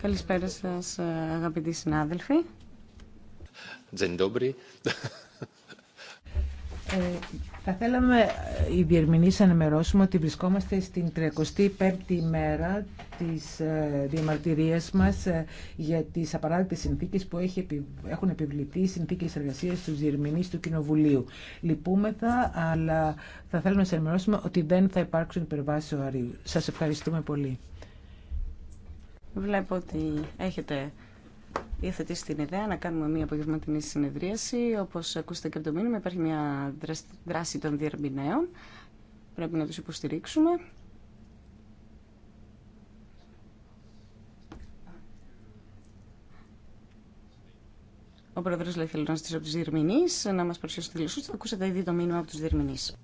Καλησπέρα σας, αγαπητοί συνάδελφοι. Ε, θα θέλαμε οι διερμηνείς να ενημερώσουμε ότι βρισκόμαστε στην 35η μέρα τις ε, διαμαρτυρίες μας ε, για τις απαράδεκτες συνθήκες που έχουν επιβληθεί οι συνθήκες εργασίας στους διερμηνείς του Κοινοβουλίου. Λυπούμεθα, αλλά θα θέλουμε να σας ενημερώσουμε ότι δεν θα υπάρξουν υπερβάσεις ωραρίου. Σας ευχαριστούμε πολύ. Βλέπω ότι έχετε υιοθετήσει την ιδέα να κάνουμε μια απογευματινή συνεδρίαση. Όπως ακούσατε και από το μήνυμα, υπάρχει μια δράση των διερμηνέων. Πρέπει να τους υποστηρίξουμε. Ο πρόεδρος λέει θέλω να ζητήσω από του διερμηνείς να μας παρουσιάσουν τη γλωσσούς. Ακούσατε ήδη το μήνυμα από τους διερμηνείς.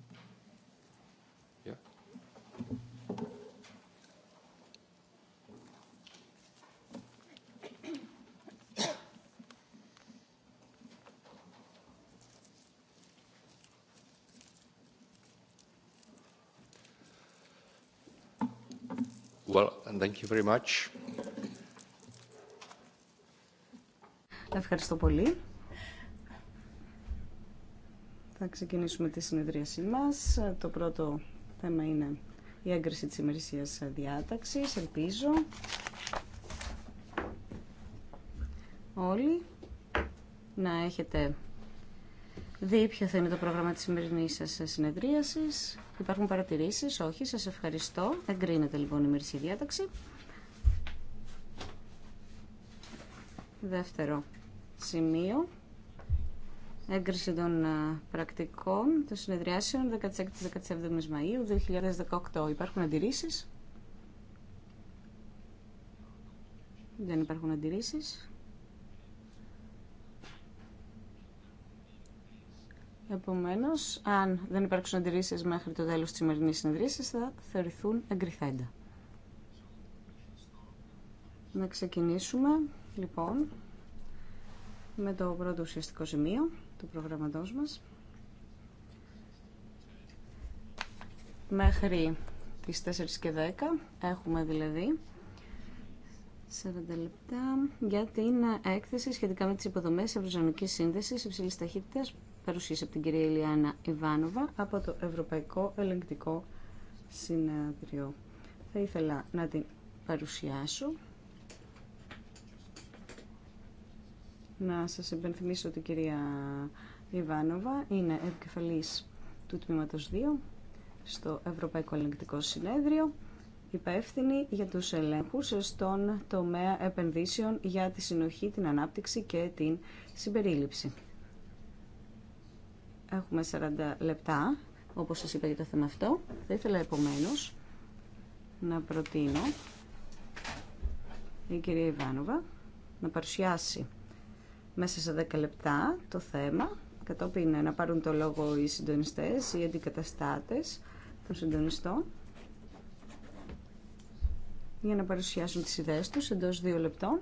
Well, and thank you very much. Ευχαριστώ πολύ. Θα ξεκινήσουμε τη συνεδρίασή μας. Το πρώτο θέμα είναι η έγκριση της ημερησίας διάταξης. Ελπίζω όλοι να έχετε δει ποιο θα είναι το πρόγραμμα της σημερινής σας συνεδρίασης. Υπάρχουν παρατηρήσεις, όχι, σας ευχαριστώ. Εγκρίνεται λοιπόν η ημερησία διάταξη. Δεύτερο σημείο έγκριση των ε, πρακτικών των συνεδριάσεων 16-17 Μαΐου 2018. Υπάρχουν αντιρρήσεις? Δεν υπάρχουν αντιρρήσεις. Επομένως, αν δεν υπάρξουν αντιρρήσεις μέχρι το τέλος της σημερινής συνεδρίασης, θα θεωρηθούν εγκριθέντα. Να ξεκινήσουμε, λοιπόν, με το πρώτο ουσιαστικό σημείο του προγραμματός μας. Μέχρι τις 4 και 10 έχουμε δηλαδή 40 λεπτά για την έκθεση σχετικά με τις υποδομές ευρωζωνικής σύνδεσης υψηλής ταχύτητας παρουσίαση από την κυρία Ηλιάνα Ιβάνοβα από το Ευρωπαϊκό Ελεγκτικό Συνέδριο. Θα ήθελα να την παρουσιάσω Να σας υπενθυμίσω ότι η κυρία Ιβάνοβα είναι επικεφαλής του τμήματος 2 στο Ευρωπαϊκό Ελεγκτικό Συνέδριο υπεύθυνη για τους ελέγχους στον τομέα επενδύσεων για τη συνοχή, την ανάπτυξη και την συμπερίληψη. Έχουμε 40 λεπτά, όπως σας είπα για το θέμα αυτό. Θα ήθελα επομένως να προτείνω η κυρία Ιβάνοβα να παρουσιάσει μέσα σε 10 λεπτά το θέμα, κατόπιν να πάρουν το λόγο οι συντονιστές, οι αντικαταστάτες των συντονιστών, για να παρουσιάσουν τις ιδέες τους εντός 2 λεπτών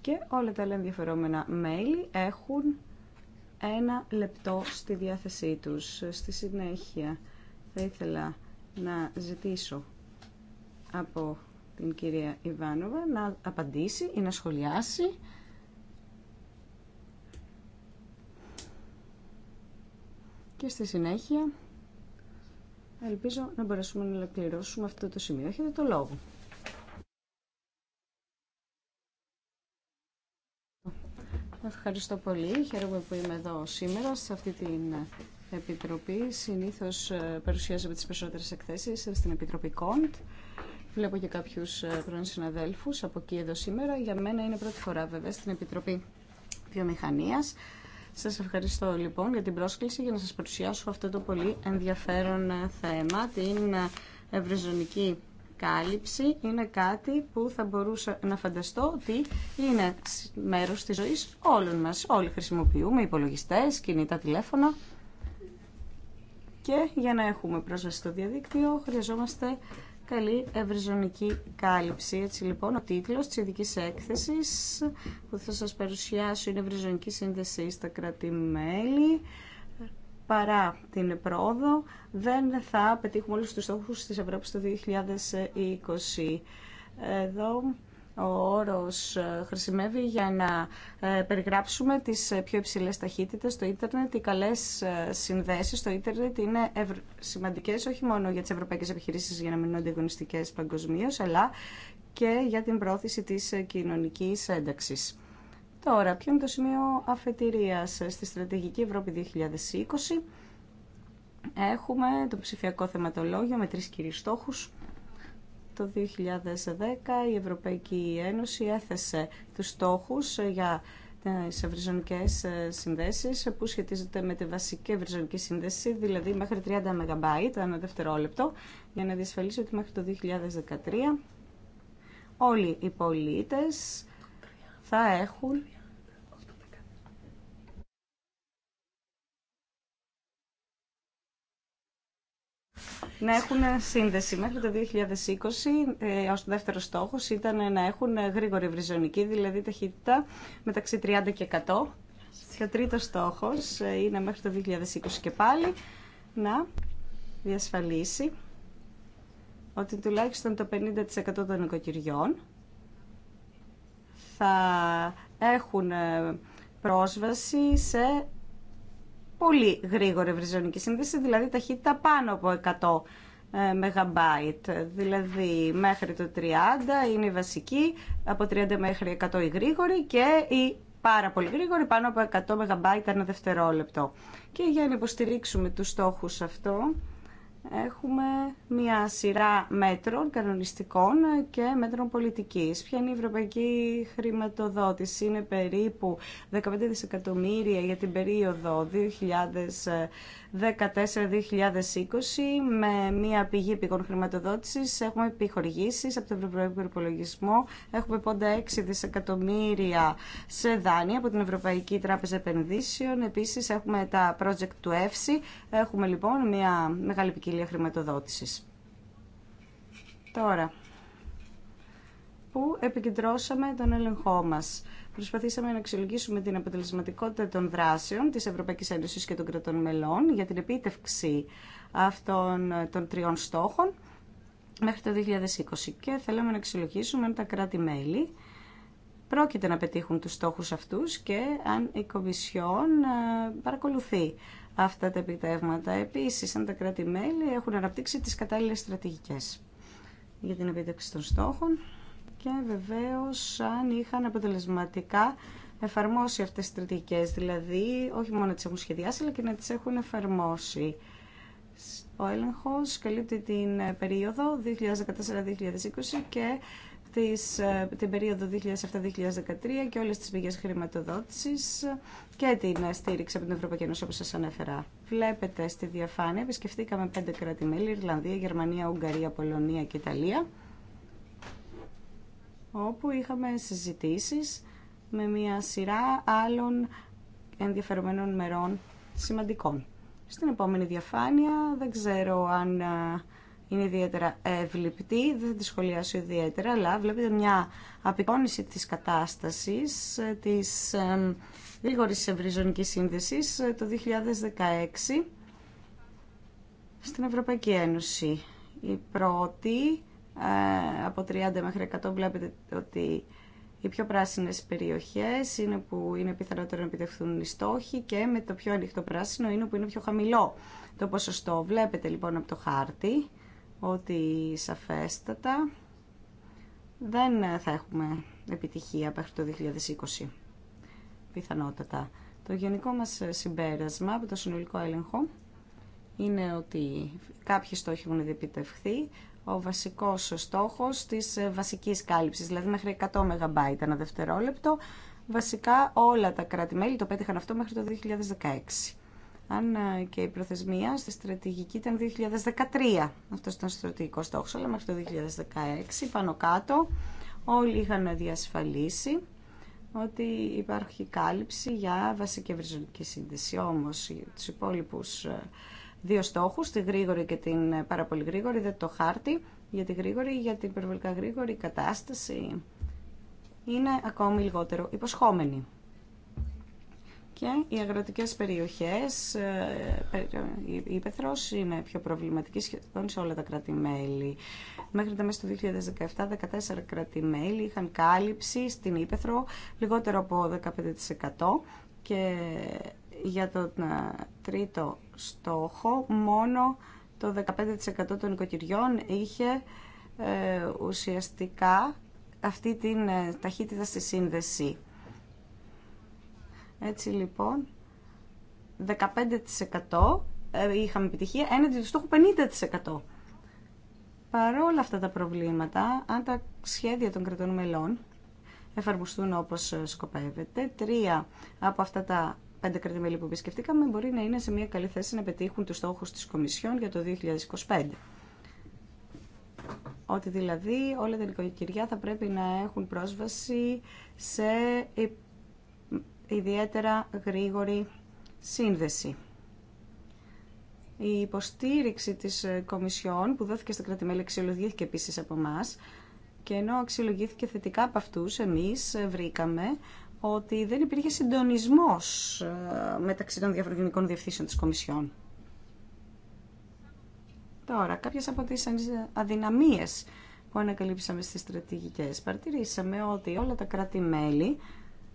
και όλα τα άλλα ενδιαφερόμενα μέλη έχουν ένα λεπτό στη διάθεσή τους. Στη συνέχεια θα ήθελα να ζητήσω από την κυρία Ιβάνοβα να απαντήσει ή να σχολιάσει Και στη συνέχεια ελπίζω να μπορέσουμε να ολοκληρώσουμε αυτό το σημείο. Έχετε το λόγο. Ευχαριστώ πολύ. Χαίρομαι που είμαι εδώ σήμερα σε αυτή την Επιτροπή. Συνήθως ε, παρουσιάζομαι τις περισσότερες εκθέσεις στην Επιτροπή Κοντ. Βλέπω και κάποιους ε, πρώην συναδέλφους από εκεί εδώ σήμερα. Για μένα είναι πρώτη φορά βέβαια στην Επιτροπή Βιομηχανίας. Σας ευχαριστώ λοιπόν για την πρόσκληση για να σας παρουσιάσω αυτό το πολύ ενδιαφέρον ε, θέμα, την ε, ευρυζωνική κάλυψη. Είναι κάτι που θα μπορούσα να φανταστώ ότι είναι μέρος της ζωής όλων μας. Όλοι χρησιμοποιούμε υπολογιστές, κινητά τηλέφωνα και για να έχουμε πρόσβαση στο διαδίκτυο χρειαζόμαστε καλή ευρυζωνική κάλυψη. Έτσι λοιπόν ο τίτλος τη Ειδική Έκθεση που θα σα παρουσιάσω είναι ευρυζωνική σύνδεση στα κρατη παρά την πρόοδο δεν θα πετύχουμε όλου τους στόχους της Ευρώπη το 2020. Εδώ ο όρος ε, χρησιμεύει για να ε, περιγράψουμε τις ε, πιο υψηλές ταχύτητες στο ίντερνετ. Οι καλές συνδέσεις στο ίντερνετ είναι σημαντικές όχι μόνο για τις ευρωπαϊκές επιχειρήσεις για να μην είναι παγκοσμίω, αλλά και για την πρόθεση της κοινωνικής ένταξης. Τώρα, ποιο είναι το σημείο αφετηρίας στη Στρατηγική Ευρώπη 2020. Έχουμε το ψηφιακό θεματολόγιο με τρεις κυρίους στόχους το 2010 η Ευρωπαϊκή Ένωση έθεσε τους στόχους ε, για τις ευρυζωνικές ε, συνδέσεις ε, που σχετίζονται με τη βασική ευρυζωνική σύνδεση, δηλαδή μέχρι 30 MB ανά δευτερόλεπτο, για να διασφαλίσει ότι μέχρι το 2013 όλοι οι πολίτες θα έχουν να έχουν σύνδεση. Μέχρι το 2020, ε, ως το δεύτερο στόχος, ήταν να έχουν γρήγορη βριζονική, δηλαδή ταχύτητα μεταξύ 30 και 100. Και ο τρίτος στόχος ε, είναι μέχρι το 2020 και πάλι να διασφαλίσει ότι τουλάχιστον το 50% των οικοκυριών θα έχουν ε, πρόσβαση σε πολύ γρήγορη ευρυζωνική σύνδεση, δηλαδή ταχύτητα πάνω από 100 ε, ΜΜ. δηλαδή μέχρι το 30 είναι η βασική, από 30 μέχρι 100 η γρήγορη και η πάρα πολύ γρήγορη, πάνω από 100 MB ένα δευτερόλεπτο. Και για να υποστηρίξουμε τους στόχους αυτό, έχουμε μια σειρά μέτρων κανονιστικών και μέτρων πολιτικής. Ποια είναι η ευρωπαϊκή χρηματοδότηση. Είναι περίπου 15 δισεκατομμύρια για την περίοδο 14-2020 με μία πηγή πηγών χρηματοδότησης. Έχουμε επιχορηγήσεις από τον Ευρωπαϊκό Υπολογισμό. Έχουμε πόντα 6 δισεκατομμύρια σε δάνεια από την Ευρωπαϊκή Τράπεζα Επενδύσεων. Επίσης έχουμε τα project του ΕΦΣΙ, Έχουμε λοιπόν μία μεγάλη ποικιλία χρηματοδότησης. Τώρα, που επικεντρώσαμε τον έλεγχό μας. Προσπαθήσαμε να αξιολογήσουμε την αποτελεσματικότητα των δράσεων της Ευρωπαϊκής Ένωσης και των κρατών μελών για την επίτευξη αυτών των τριών στόχων μέχρι το 2020 και θέλαμε να αξιολογήσουμε αν τα κράτη-μέλη πρόκειται να πετύχουν τους στόχους αυτούς και αν η Κομισιόν ε, παρακολουθεί αυτά τα επιτεύγματα. Επίσης, αν τα κράτη-μέλη έχουν αναπτύξει τις κατάλληλες στρατηγικές για την επίτευξη των στόχων και βεβαίως αν είχαν αποτελεσματικά εφαρμόσει αυτές τις στρατηγικές, δηλαδή όχι μόνο να τις έχουν σχεδιάσει αλλά και να τις έχουν εφαρμόσει. Ο έλεγχος καλύπτει την περίοδο 2014-2020 και την περίοδο 2007-2013 και όλες τις πηγές χρηματοδότησης και την στήριξη από την Ευρωπαϊκή Ένωση όπως σας ανέφερα. Βλέπετε στη διαφάνεια, επισκεφτήκαμε πέντε κράτη-μέλη, Ιρλανδία, Γερμανία, Ουγγαρία, Πολωνία και Ιταλία όπου είχαμε συζητήσεις με μια σειρά άλλων ενδιαφερομένων μερών σημαντικών. Στην επόμενη διαφάνεια δεν ξέρω αν ε, είναι ιδιαίτερα εύληπτη, δεν θα τη σχολιάσω ιδιαίτερα, αλλά βλέπετε μια απεικόνηση της κατάστασης ε, της ε, γρήγορη ευρυζωνικής σύνδεσης το 2016 στην Ευρωπαϊκή Ένωση. Η πρώτη ε, από 30 μέχρι 100 βλέπετε ότι οι πιο πράσινες περιοχές είναι που είναι πιθανότερο να επιτευχθούν οι στόχοι και με το πιο ανοιχτό πράσινο είναι που είναι πιο χαμηλό το ποσοστό. Βλέπετε λοιπόν από το χάρτη ότι σαφέστατα δεν θα έχουμε επιτυχία μέχρι το 2020. Πιθανότατα. Το γενικό μας συμπέρασμα από το συνολικό έλεγχο είναι ότι κάποιοι στόχοι έχουν επιτευχθεί, ο βασικός στόχος της ε, βασικής κάλυψης, δηλαδή μέχρι 100 MB ένα δευτερόλεπτο. Βασικά όλα τα κράτη-μέλη το πέτυχαν αυτό μέχρι το 2016. Αν ε, και η προθεσμία στη στρατηγική ήταν 2013, αυτός ήταν ο στρατηγικός στόχος, αλλά μέχρι το 2016 πάνω κάτω όλοι είχαν διασφαλίσει ότι υπάρχει κάλυψη για βασική ευρυζωνική σύνδεση. Όμως, ε, τους υπόλοιπους δύο στόχους, τη γρήγορη και την ε, πάρα πολύ γρήγορη, δεν το χάρτη για τη γρήγορη, για την υπερβολικά γρήγορη κατάσταση είναι ακόμη λιγότερο υποσχόμενη. Και οι αγροτικές περιοχές, ε, ε, η Ήπεθρος είναι πιο προβληματική σχεδόν σε όλα τα κράτη-μέλη. Μέχρι τα μέσα του 2017, 14 κράτη-μέλη είχαν κάλυψη στην Ήπεθρο λιγότερο από 15% και για τον ε, τρίτο στόχο μόνο το 15% των οικοκυριών είχε ε, ουσιαστικά αυτή την ε, ταχύτητα στη σύνδεση. Έτσι λοιπόν, 15% ε, είχαμε επιτυχία, έναντι του στόχου 50%. Παρόλα αυτά τα προβλήματα, αν τα σχέδια των κρατών μελών εφαρμοστούν όπως σκοπεύεται, τρία από αυτά τα πέντε κρατημέλη που επισκεφτήκαμε μπορεί να είναι σε μια καλή θέση να πετύχουν τους στόχους της Κομισιόν για το 2025. Ότι δηλαδή όλα τα νοικοκυριά θα πρέπει να έχουν πρόσβαση σε ιδιαίτερα γρήγορη σύνδεση. Η υποστήριξη της Κομισιόν που δόθηκε στα κρατημέλη αξιολογήθηκε επίσης από εμά και ενώ αξιολογήθηκε θετικά από αυτούς, εμείς βρήκαμε ότι δεν υπήρχε συντονισμός ε, μεταξύ των διαφορετικών διευθύνσεων της Κομισιόν. Τώρα, κάποιες από τις αδυναμίες που ανακαλύψαμε στις στρατηγικές. Παρατηρήσαμε ότι όλα τα κράτη-μέλη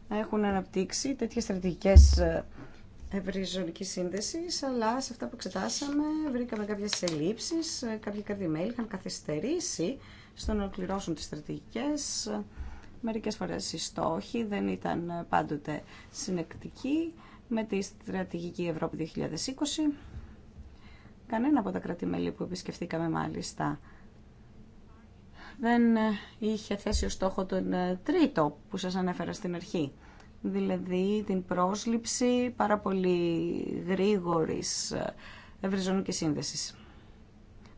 έχουν αναπτύξει τέτοιες στρατηγικές ε, ευρυζωνική σύνδεση, αλλά σε αυτά που εξετάσαμε βρήκαμε κάποιες ελλείψεις, ε, κάποια κράτη-μέλη είχαν καθυστερήσει στο να ολοκληρώσουν τι στρατηγικέ. Μερικές φορές οι στόχοι δεν ήταν πάντοτε συνεκτικοί με τη στρατηγική Ευρώπη 2020. Κανένα από τα κρατημέλη που επισκεφθήκαμε μάλιστα δεν είχε θέσει ως στόχο τον ε, τρίτο που σας ανέφερα στην αρχή. Δηλαδή την πρόσληψη πάρα πολύ γρήγορης ε, ευρυζωνικής σύνδεσης.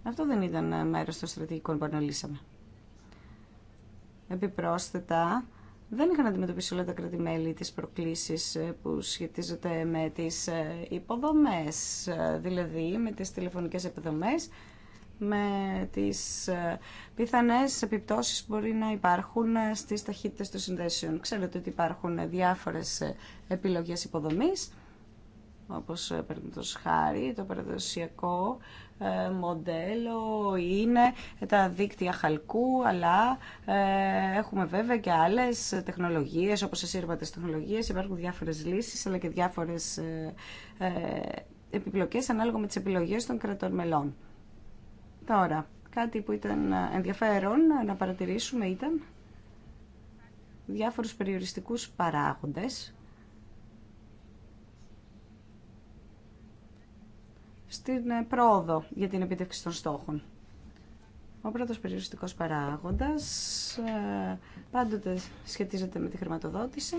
Αυτό δεν ήταν μέρος των στρατηγικών που αναλύσαμε. Επιπρόσθετα, δεν είχαν αντιμετωπίσει όλα τα κρατημέλη τις προκλήσεις ε, που σχετίζονται με τις ε, υποδομές, ε, δηλαδή με τις τηλεφωνικές επιδομές, με τις πιθανές επιπτώσεις που μπορεί να υπάρχουν στις ταχύτητες των συνδέσεων. Ξέρετε ότι υπάρχουν διάφορες επιλογές υποδομής όπως ε, το χάρη, το παραδοσιακό ε, μοντέλο είναι τα δίκτυα χαλκού, αλλά ε, έχουμε βέβαια και άλλες τεχνολογίες, όπως ασύρματες τεχνολογίες, υπάρχουν διάφορες λύσεις, αλλά και διάφορες επιπλοκές ανάλογα με τις επιλογές των κρατών μελών. Τώρα, κάτι που ήταν ενδιαφέρον να παρατηρήσουμε ήταν διάφορους περιοριστικούς παράγοντες στην ε, πρόοδο για την επίτευξη των στόχων. Ο πρώτος περιοριστικός παράγοντας ε, πάντοτε σχετίζεται με τη χρηματοδότηση.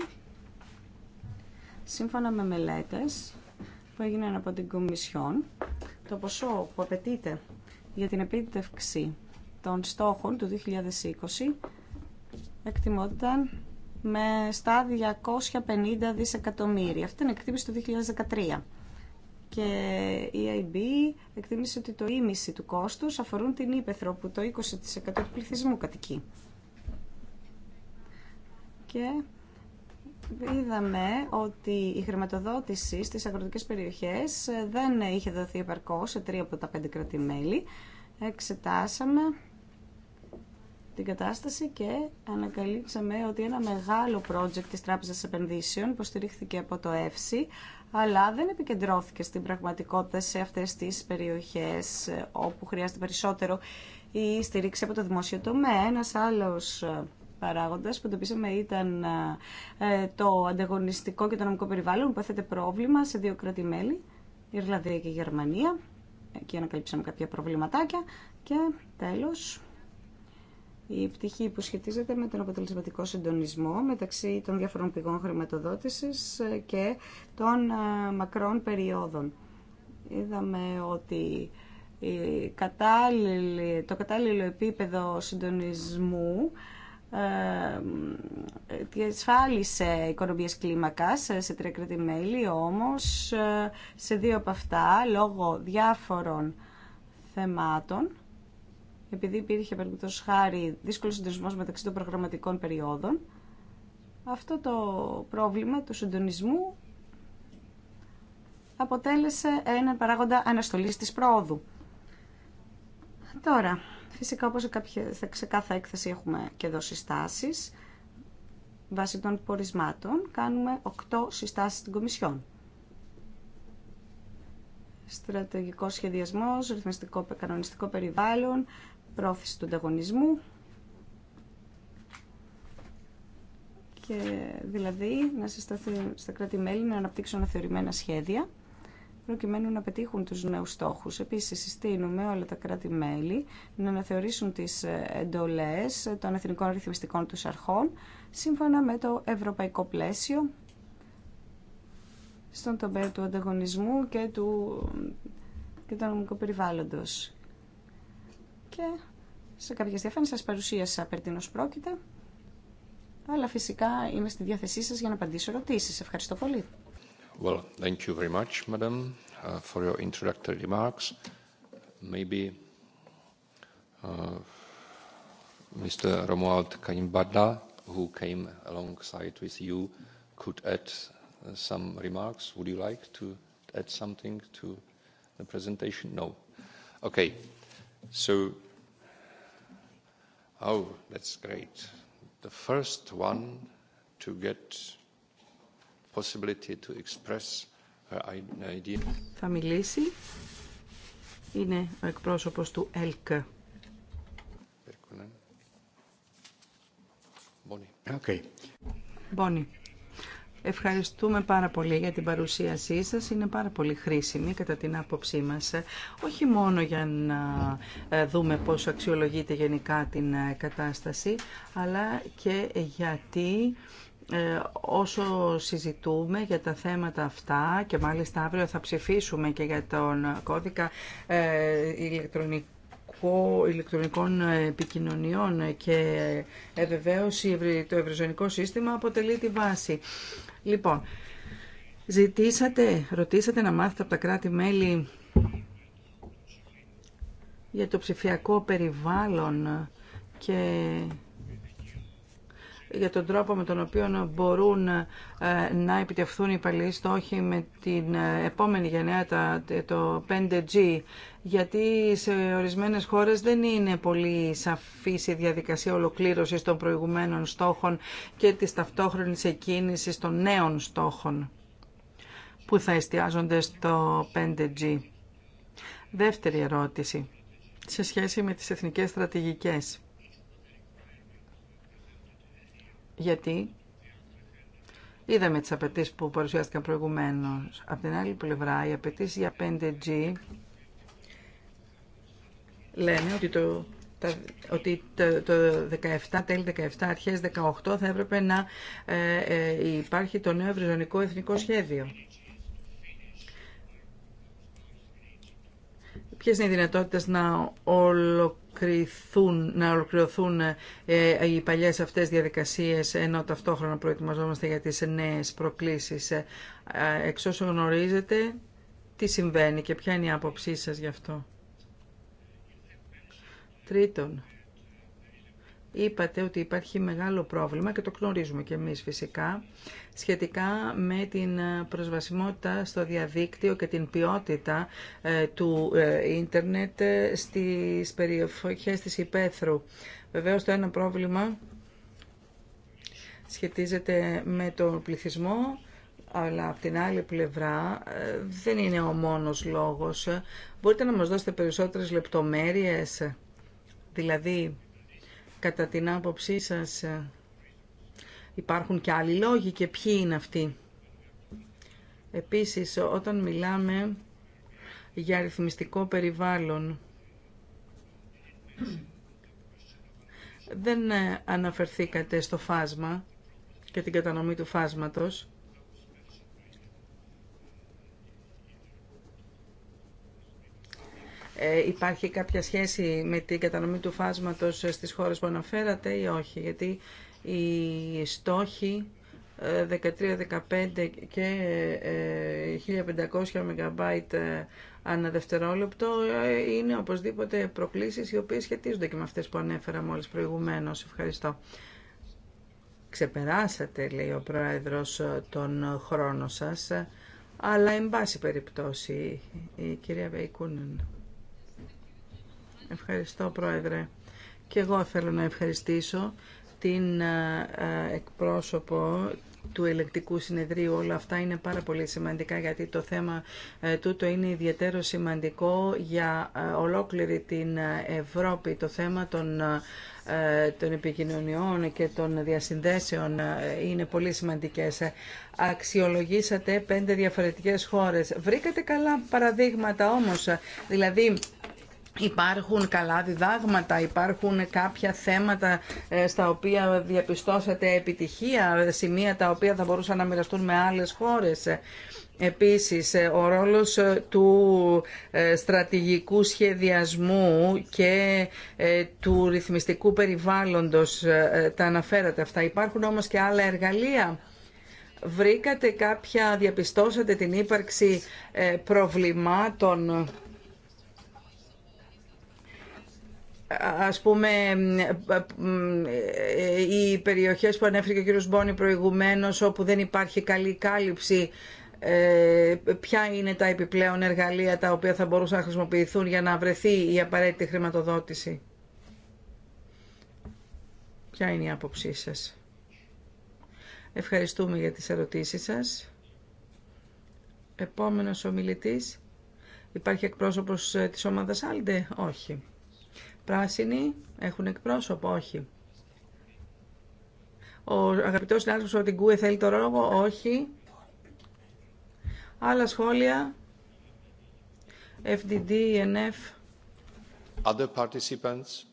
Σύμφωνα με μελέτες που έγιναν από την Κομισιόν, το ποσό που απαιτείται για την επίτευξη των στόχων του 2020 εκτιμόταν με στα 250 δισεκατομμύρια. Αυτή είναι η εκτίμηση του 2013 και η EIB εκτίμησε ότι το ίμιση του κόστους αφορούν την ύπεθρο που το 20% του πληθυσμού κατοικεί. Και είδαμε ότι η χρηματοδότηση στις αγροτικές περιοχές δεν είχε δοθεί επαρκώς σε τρία από τα πέντε κρατημέλη. Εξετάσαμε την κατάσταση και ανακαλύψαμε ότι ένα μεγάλο project της Τράπεζας Επενδύσεων στηρίχθηκε από το ΕΦΣΥ αλλά δεν επικεντρώθηκε στην πραγματικότητα σε αυτές τις περιοχές ε, όπου χρειάζεται περισσότερο η στηρίξη από το δημόσιο τομέα. Ένας άλλος ε, παράγοντας που εντοπίσαμε ήταν ε, το ανταγωνιστικό και το νομικό περιβάλλον που έθετε πρόβλημα σε δύο κράτη-μέλη, Ιρλανδία και Γερμανία. Εκεί ανακαλύψαμε κάποια προβληματάκια και τέλος η πτυχή που σχετίζεται με τον αποτελεσματικό συντονισμό μεταξύ των διαφορών πηγών χρηματοδότησης ε, και των ε, μακρών περιόδων. Είδαμε ότι το κατάλληλο επίπεδο συντονισμού εσφάλισε οικονομίες κλίμακας ε, σε τρια κρατημέλη, όμως σε δύο από αυτά, λόγω διάφορων θεμάτων, επειδή υπήρχε παραδείγματο χάρη δύσκολο συντονισμό μεταξύ των προγραμματικών περιόδων, αυτό το πρόβλημα του συντονισμού αποτέλεσε έναν παράγοντα αναστολή τη πρόοδου. Τώρα, φυσικά όπως σε κάθε έκθεση έχουμε και εδώ συστάσει βάσει των πορισμάτων κάνουμε 8 συστάσεις στην Κομισιόν. Στρατηγικό σχεδιασμός, ρυθμιστικό κανονιστικό περιβάλλον, πρόθεση του ανταγωνισμού και δηλαδή να συστάθουν στα κράτη-μέλη να αναπτύξουν αναθεωρημένα σχέδια προκειμένου να πετύχουν τους νέους στόχους. Επίσης, συστήνουμε όλα τα κράτη-μέλη να αναθεωρήσουν τις εντολές των εθνικών ρυθμιστικών τους αρχών σύμφωνα με το ευρωπαϊκό πλαίσιο στον τομέα του ανταγωνισμού και του και του νομικού και σε κάποια διαφάνειες σας παρουσίασα περί τίνος πρόκειται. Αλλά φυσικά είμαι στη διάθεσή σας για να απαντήσω ερωτήσεις. Ευχαριστώ πολύ. Well, thank you very much, madam, for your introductory remarks. Maybe uh, Mr. Romuald Kaimbada, who came alongside with you, could add some remarks. Would you like to add something to the presentation? No. Okay. So, oh, that's great. The first one to get possibility to express her idea. Θα μιλήσει. Είναι ο εκπρόσωπος του ΕΛΚ. Okay. Bonnie. Ευχαριστούμε πάρα πολύ για την παρουσίασή σας. Είναι πάρα πολύ χρήσιμη κατά την άποψή μας, όχι μόνο για να ε, δούμε πώς αξιολογείται γενικά την ε, κατάσταση, αλλά και γιατί ε, όσο συζητούμε για τα θέματα αυτά και μάλιστα αύριο θα ψηφίσουμε και για τον κώδικα ηλεκτρονικού χώρου ηλεκτρονικών επικοινωνιών και ε, βεβαίω το ευρωζωνικό σύστημα αποτελεί τη βάση. Λοιπόν, ζητήσατε, ρωτήσατε να μάθετε από τα κράτη-μέλη για το ψηφιακό περιβάλλον και για τον τρόπο με τον οποίο μπορούν ε, να επιτευχθούν οι παλιοί στόχοι με την ε, επόμενη τα το 5G, γιατί σε ορισμένες χώρες δεν είναι πολύ σαφής η διαδικασία ολοκλήρωσης των προηγουμένων στόχων και της ταυτόχρονης εκκίνηση των νέων στόχων που θα εστιάζονται στο 5G. Δεύτερη ερώτηση, σε σχέση με τις εθνικές στρατηγικές. γιατί είδαμε τις απαιτήσει που παρουσιάστηκαν προηγουμένως. Από την άλλη πλευρά, οι απαιτήσει για 5G λένε ότι το ότι το 17, τέλη 17, αρχές 18 θα έπρεπε να ε, ε, υπάρχει το νέο ευρυζωνικό εθνικό σχέδιο. ποιες είναι οι δυνατότητες να ολοκληρωθούν, να ολοκληρωθούν ε, οι παλιές αυτές διαδικασίες ενώ ταυτόχρονα προετοιμαζόμαστε για τις νέες προκλήσεις. Ε, εξ όσων γνωρίζετε, τι συμβαίνει και ποια είναι η άποψή σας γι' αυτό. Τρίτον, είπατε ότι υπάρχει μεγάλο πρόβλημα και το γνωρίζουμε και εμείς φυσικά σχετικά με την προσβασιμότητα στο διαδίκτυο και την ποιότητα ε, του ε, ίντερνετ ε, στις περιοχές της υπαίθρου. Βεβαίως το ένα πρόβλημα σχετίζεται με τον πληθυσμό αλλά από την άλλη πλευρά δεν είναι ο μόνος λόγος. Μπορείτε να μας δώσετε περισσότερες λεπτομέρειες, δηλαδή Κατά την άποψή σας ε, υπάρχουν και άλλοι λόγοι και ποιοι είναι αυτοί. Επίσης, όταν μιλάμε για αριθμιστικό περιβάλλον, δεν ε, αναφερθήκατε στο φάσμα και την κατανομή του φάσματος. Ε, υπάρχει κάποια σχέση με την κατανομή του φάσματος στις χώρες που αναφέρατε ή όχι, γιατί οι στόχοι 13-15 ε, και 1500 ε, MB ανά δευτερόλεπτο είναι οπωσδήποτε προκλήσεις οι οποίες σχετίζονται και με αυτές που ανέφερα μόλις προηγουμένως. Ευχαριστώ. Ξεπεράσατε, λέει ο Πρόεδρος, τον χρόνο σας, αλλά εν πάση περιπτώσει η κυρία Βεϊκούνεν. Ευχαριστώ, Πρόεδρε. Και εγώ θέλω να ευχαριστήσω την ε, ε, εκπρόσωπο του ελεκτικού συνεδρίου. Όλα αυτά είναι πάρα πολύ σημαντικά γιατί το θέμα ε, τούτο είναι ιδιαίτερο σημαντικό για ολόκληρη την Ευρώπη. Το θέμα των των επικοινωνιών και των διασυνδέσεων είναι πολύ σημαντικές. Αξιολογήσατε πέντε διαφορετικές χώρες. Βρήκατε καλά παραδείγματα όμως. Δηλαδή Υπάρχουν καλά διδάγματα, υπάρχουν κάποια θέματα ε, στα οποία διαπιστώσατε επιτυχία, σημεία τα οποία θα μπορούσαν να μοιραστούν με άλλες χώρες. Επίσης, ε, ο ρόλος ε, του στρατηγικού σχεδιασμού και του ρυθμιστικού περιβάλλοντος τα αναφέρατε αυτά. Υπάρχουν όμως και άλλα εργαλεία βρήκατε κάποια, διαπιστώσατε την ύπαρξη προβλημάτων ας πούμε οι περιοχές που ανέφερε και ο κύριος Μπόνη προηγουμένως όπου δεν υπάρχει καλή κάλυψη ε, ποια είναι τα επιπλέον εργαλεία τα οποία θα μπορούσαν να χρησιμοποιηθούν για να βρεθεί η απαραίτητη χρηματοδότηση. Ποια είναι η άποψή σας. Ευχαριστούμε για τις ερωτήσεις σας. Επόμενος ομιλητής. Υπάρχει εκπρόσωπος ε, της ομάδας Άλντε. Όχι. Πράσινοι έχουν εκπρόσωπο, όχι. Ο αγαπητός συνάδελφος ο Τιγκούε θέλει το λόγο, όχι. Άλλα σχόλια. FDD, NF. Other participants.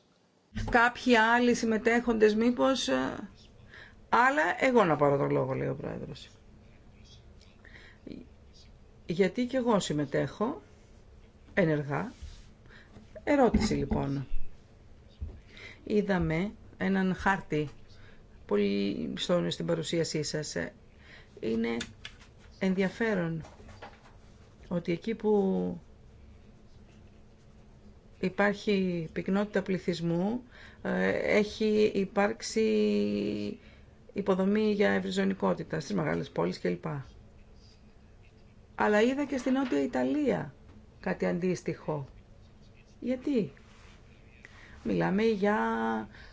Κάποιοι άλλοι συμμετέχοντες μήπως. Ε, αλλά εγώ να πάρω το λόγο, λέει ο Πρόεδρος. Γιατί και εγώ συμμετέχω ενεργά. Ερώτηση λοιπόν είδαμε έναν χάρτη πολύ στον, στην παρουσίασή σας. Είναι ενδιαφέρον ότι εκεί που υπάρχει πυκνότητα πληθυσμού ε, έχει υπάρξει υποδομή για ευρυζωνικότητα στις μεγάλες πόλεις κλπ. Αλλά είδα και στην Νότια Ιταλία κάτι αντίστοιχο. Γιατί Μιλάμε για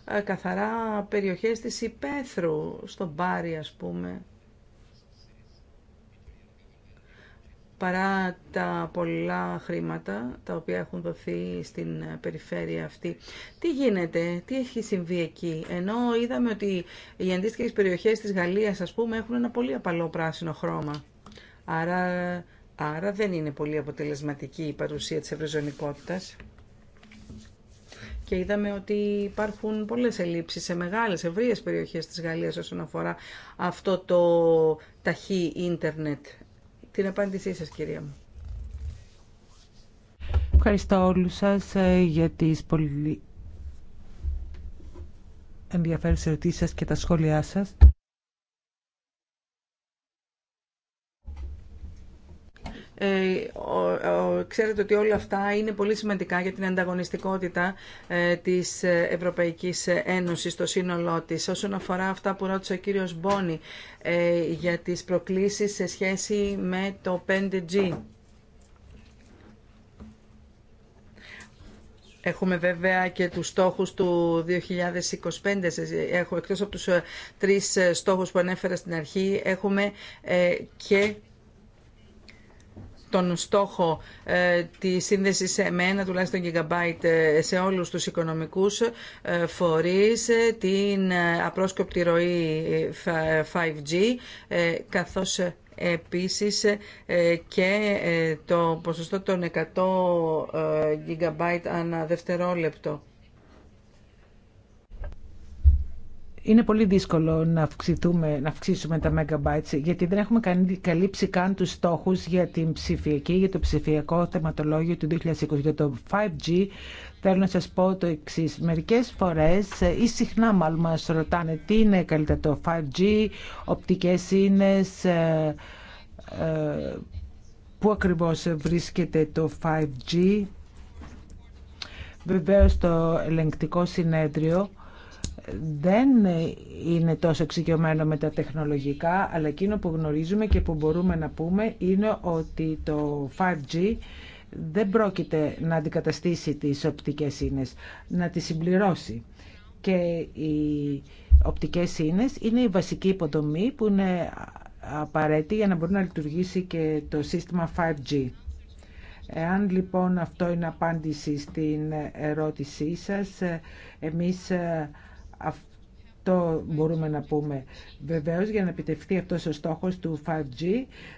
ε, καθαρά περιοχές της Υπέθρου, στον Πάρι ας πούμε. Παρά τα πολλά χρήματα τα οποία έχουν δοθεί στην ε, περιφέρεια αυτή. Τι γίνεται, τι έχει συμβεί εκεί. Ενώ είδαμε ότι οι αντίστοιχε περιοχές της Γαλλίας ας πούμε έχουν ένα πολύ απαλό πράσινο χρώμα. Άρα, άρα δεν είναι πολύ αποτελεσματική η παρουσία της ευρωζωνικότητας και είδαμε ότι υπάρχουν πολλές ελλείψεις σε μεγάλες ευρείες περιοχές της Γαλλίας όσον αφορά αυτό το ταχύ ίντερνετ. Την απάντησή σας κυρία μου. Ευχαριστώ όλους σας ε, για τις πολύ ενδιαφέρουσες ερωτήσεις και τα σχόλιά σας. Ε, ξέρετε ότι όλα αυτά είναι πολύ σημαντικά για την ανταγωνιστικότητα ε, της Ευρωπαϊκής Ένωσης στο σύνολό της. Όσον αφορά αυτά που ρώτησε ο κύριος Μπόνι ε, για τις προκλήσεις σε σχέση με το 5G. Έχουμε βέβαια και τους στόχους του 2025. Έχω, εκτός από τους τρεις στόχους που ανέφερα στην αρχή, έχουμε και τον στόχο ε, τη σύνδεση σε μένα, τουλάχιστον gigabyte, ε, σε όλους τους οικονομικούς ε, φορείς, την απρόσκοπτη ροή 5G, καθώς επίσης και το ποσοστό των 100 GB ανά δευτερόλεπτο. Είναι πολύ δύσκολο να, αυξηθούμε, να αυξήσουμε τα megabytes γιατί δεν έχουμε καλύψει καν τους στόχους για την ψηφιακή, για το ψηφιακό θεματολόγιο του 2020. Για το 5G θέλω να σας πω το εξή. Μερικές φορές ε, ή συχνά μάλλον μας ρωτάνε τι είναι καλύτερα το 5G, οπτικές ίνες, ε, ε, πού ακριβώς βρίσκεται το 5G. Βεβαίως το ελεγκτικό συνέδριο δεν είναι τόσο εξοικειωμένο με τα τεχνολογικά, αλλά εκείνο που γνωρίζουμε και που μπορούμε να πούμε είναι ότι το 5G δεν πρόκειται να αντικαταστήσει τις οπτικές ίνες, να τις συμπληρώσει. Και οι οπτικές ίνες είναι η βασική υποδομή που είναι απαραίτητη για να μπορεί να λειτουργήσει και το σύστημα 5G. Εάν λοιπόν αυτό είναι απάντηση στην ερώτησή σας, εμείς αυτό μπορούμε να πούμε. Βεβαίως για να επιτευχθεί αυτός ο στόχος του 5G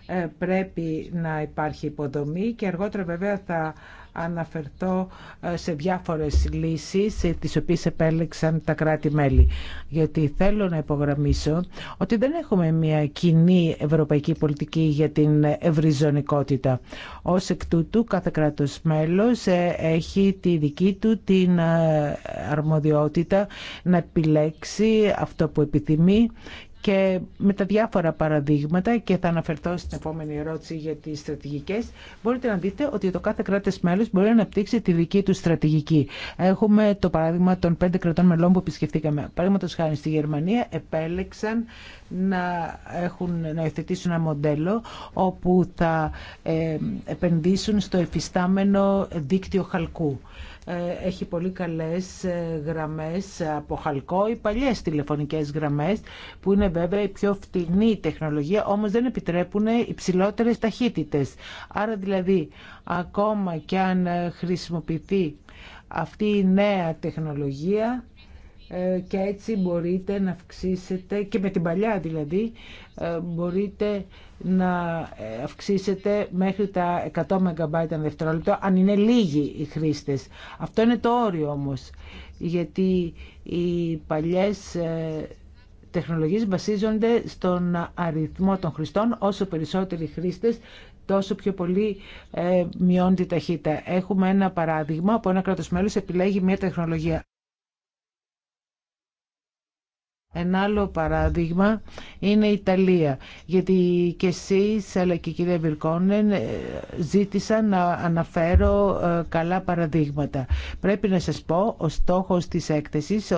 ε, πρέπει να υπάρχει υποδομή και αργότερα βέβαια θα αναφερθώ ε, σε διάφορες λύσεις ε, τις οποίες επέλεξαν τα κράτη-μέλη. Γιατί θέλω να υπογραμμίσω ότι δεν έχουμε μια κοινή ευρωπαϊκή πολιτική για την ευρυζωνικότητα. Ως εκ τούτου κάθε κράτος μέλος ε, έχει τη δική του την αρμοδιότητα να επιλέξει αυτό που επιθυμεί και με τα διάφορα παραδείγματα και θα αναφερθώ στην επόμενη ερώτηση για τις στρατηγικές μπορείτε να δείτε ότι το κάθε κράτος μέλος μπορεί να αναπτύξει τη δική του στρατηγική. Έχουμε το παράδειγμα των πέντε κρατών μελών που επισκεφτήκαμε. Παραδείγματος χάρη στη Γερμανία επέλεξαν να, έχουν, να υιοθετήσουν ένα μοντέλο όπου θα ε, επενδύσουν στο εφιστάμενο δίκτυο χαλκού. Ε, έχει πολύ καλές ε, γραμμές από χαλκό, οι παλιές τηλεφωνικές γραμμές που είναι βέβαια η πιο φτηνή τεχνολογία, όμως δεν επιτρέπουν υψηλότερε ταχύτητες. Άρα δηλαδή ακόμα και αν ε, χρησιμοποιηθεί αυτή η νέα τεχνολογία ε, και έτσι μπορείτε να αυξήσετε και με την παλιά δηλαδή ε, μπορείτε να ε, αυξήσετε μέχρι τα 100 MB δευτερόλεπτο αν είναι λίγοι οι χρήστες. Αυτό είναι το όριο όμως γιατί οι παλιές τεχνολογίες βασίζονται στον αριθμό των χρηστών όσο περισσότεροι χρήστες τόσο πιο πολύ μειώνει τη ταχύτητα. Έχουμε ένα παράδειγμα που ένα κράτος μέλος επιλέγει μια τεχνολογία ένα άλλο παράδειγμα είναι η Ιταλία, γιατί και εσείς αλλά και η κυρία Βιρκόνεν ε, ζήτησαν να αναφέρω ε, καλά παραδείγματα. Πρέπει να σας πω, ο στόχος της έκθεσης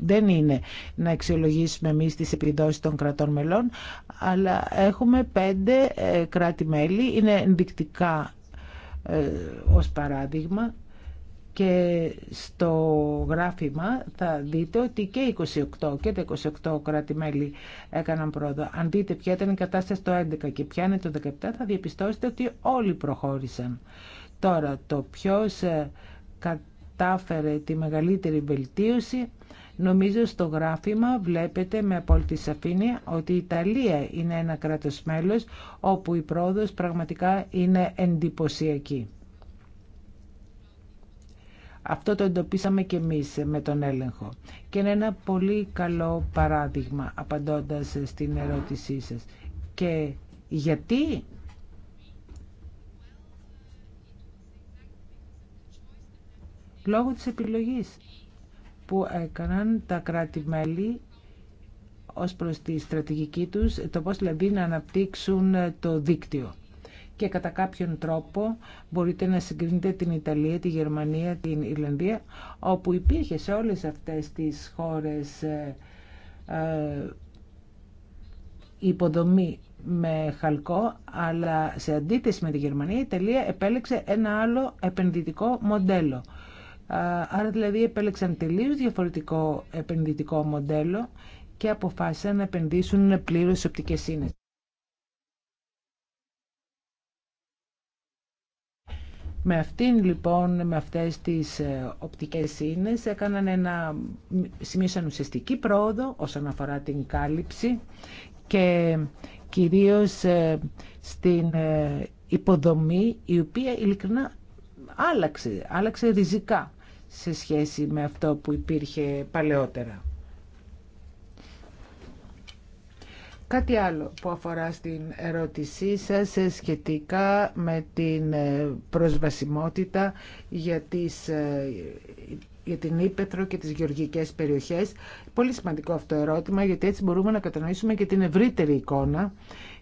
δεν είναι να αξιολογήσουμε εμείς τις επιδόσεις των κρατών μελών, αλλά έχουμε πέντε ε, κράτη-μέλη, είναι ενδεικτικά ως παράδειγμα και στο γράφημα θα δείτε ότι και 28 και 28 κράτη-μέλη έκαναν πρόοδο. Αν δείτε ποια ήταν η κατάσταση το 11 και ποια είναι το 17 θα διαπιστώσετε ότι όλοι προχώρησαν. Τώρα το ποιος ε, κατάφερε τη μεγαλύτερη βελτίωση Νομίζω στο γράφημα βλέπετε με απόλυτη σαφήνεια ότι η Ιταλία είναι ένα κράτος μέλος όπου η πρόοδος πραγματικά είναι εντυπωσιακή. Αυτό το εντοπίσαμε και εμείς με τον έλεγχο. Και είναι ένα πολύ καλό παράδειγμα απαντώντας στην ερώτησή σας. Και γιατί λόγω της επιλογής που έκαναν τα κράτη-μέλη ως προς τη στρατηγική τους, το πώς δηλαδή να αναπτύξουν το δίκτυο και κατά κάποιον τρόπο μπορείτε να συγκρίνετε την Ιταλία, τη Γερμανία, την Ιρλανδία, όπου υπήρχε σε όλες αυτές τις χώρες ε, ε, υποδομή με χαλκό, αλλά σε αντίθεση με τη Γερμανία, η Ιταλία επέλεξε ένα άλλο επενδυτικό μοντέλο. Ε, άρα δηλαδή επέλεξαν τελείως διαφορετικό επενδυτικό μοντέλο και αποφάσισαν να επενδύσουν πλήρως σε οπτικές σύνες. Με αυτήν λοιπόν, με αυτές τις ε, οπτικές ίνες έκαναν ένα, σαν ουσιαστική πρόοδο όσον αφορά την κάλυψη και κυρίως ε, στην ε, υποδομή η οποία ειλικρινά άλλαξε, άλλαξε ριζικά σε σχέση με αυτό που υπήρχε παλαιότερα. Κάτι άλλο που αφορά στην ερώτησή σας σχετικά με την ε, προσβασιμότητα για, τις, ε, για την Ήπεθρο και τις γεωργικές περιοχές. Πολύ σημαντικό αυτό το ερώτημα γιατί έτσι μπορούμε να κατανοήσουμε και την ευρύτερη εικόνα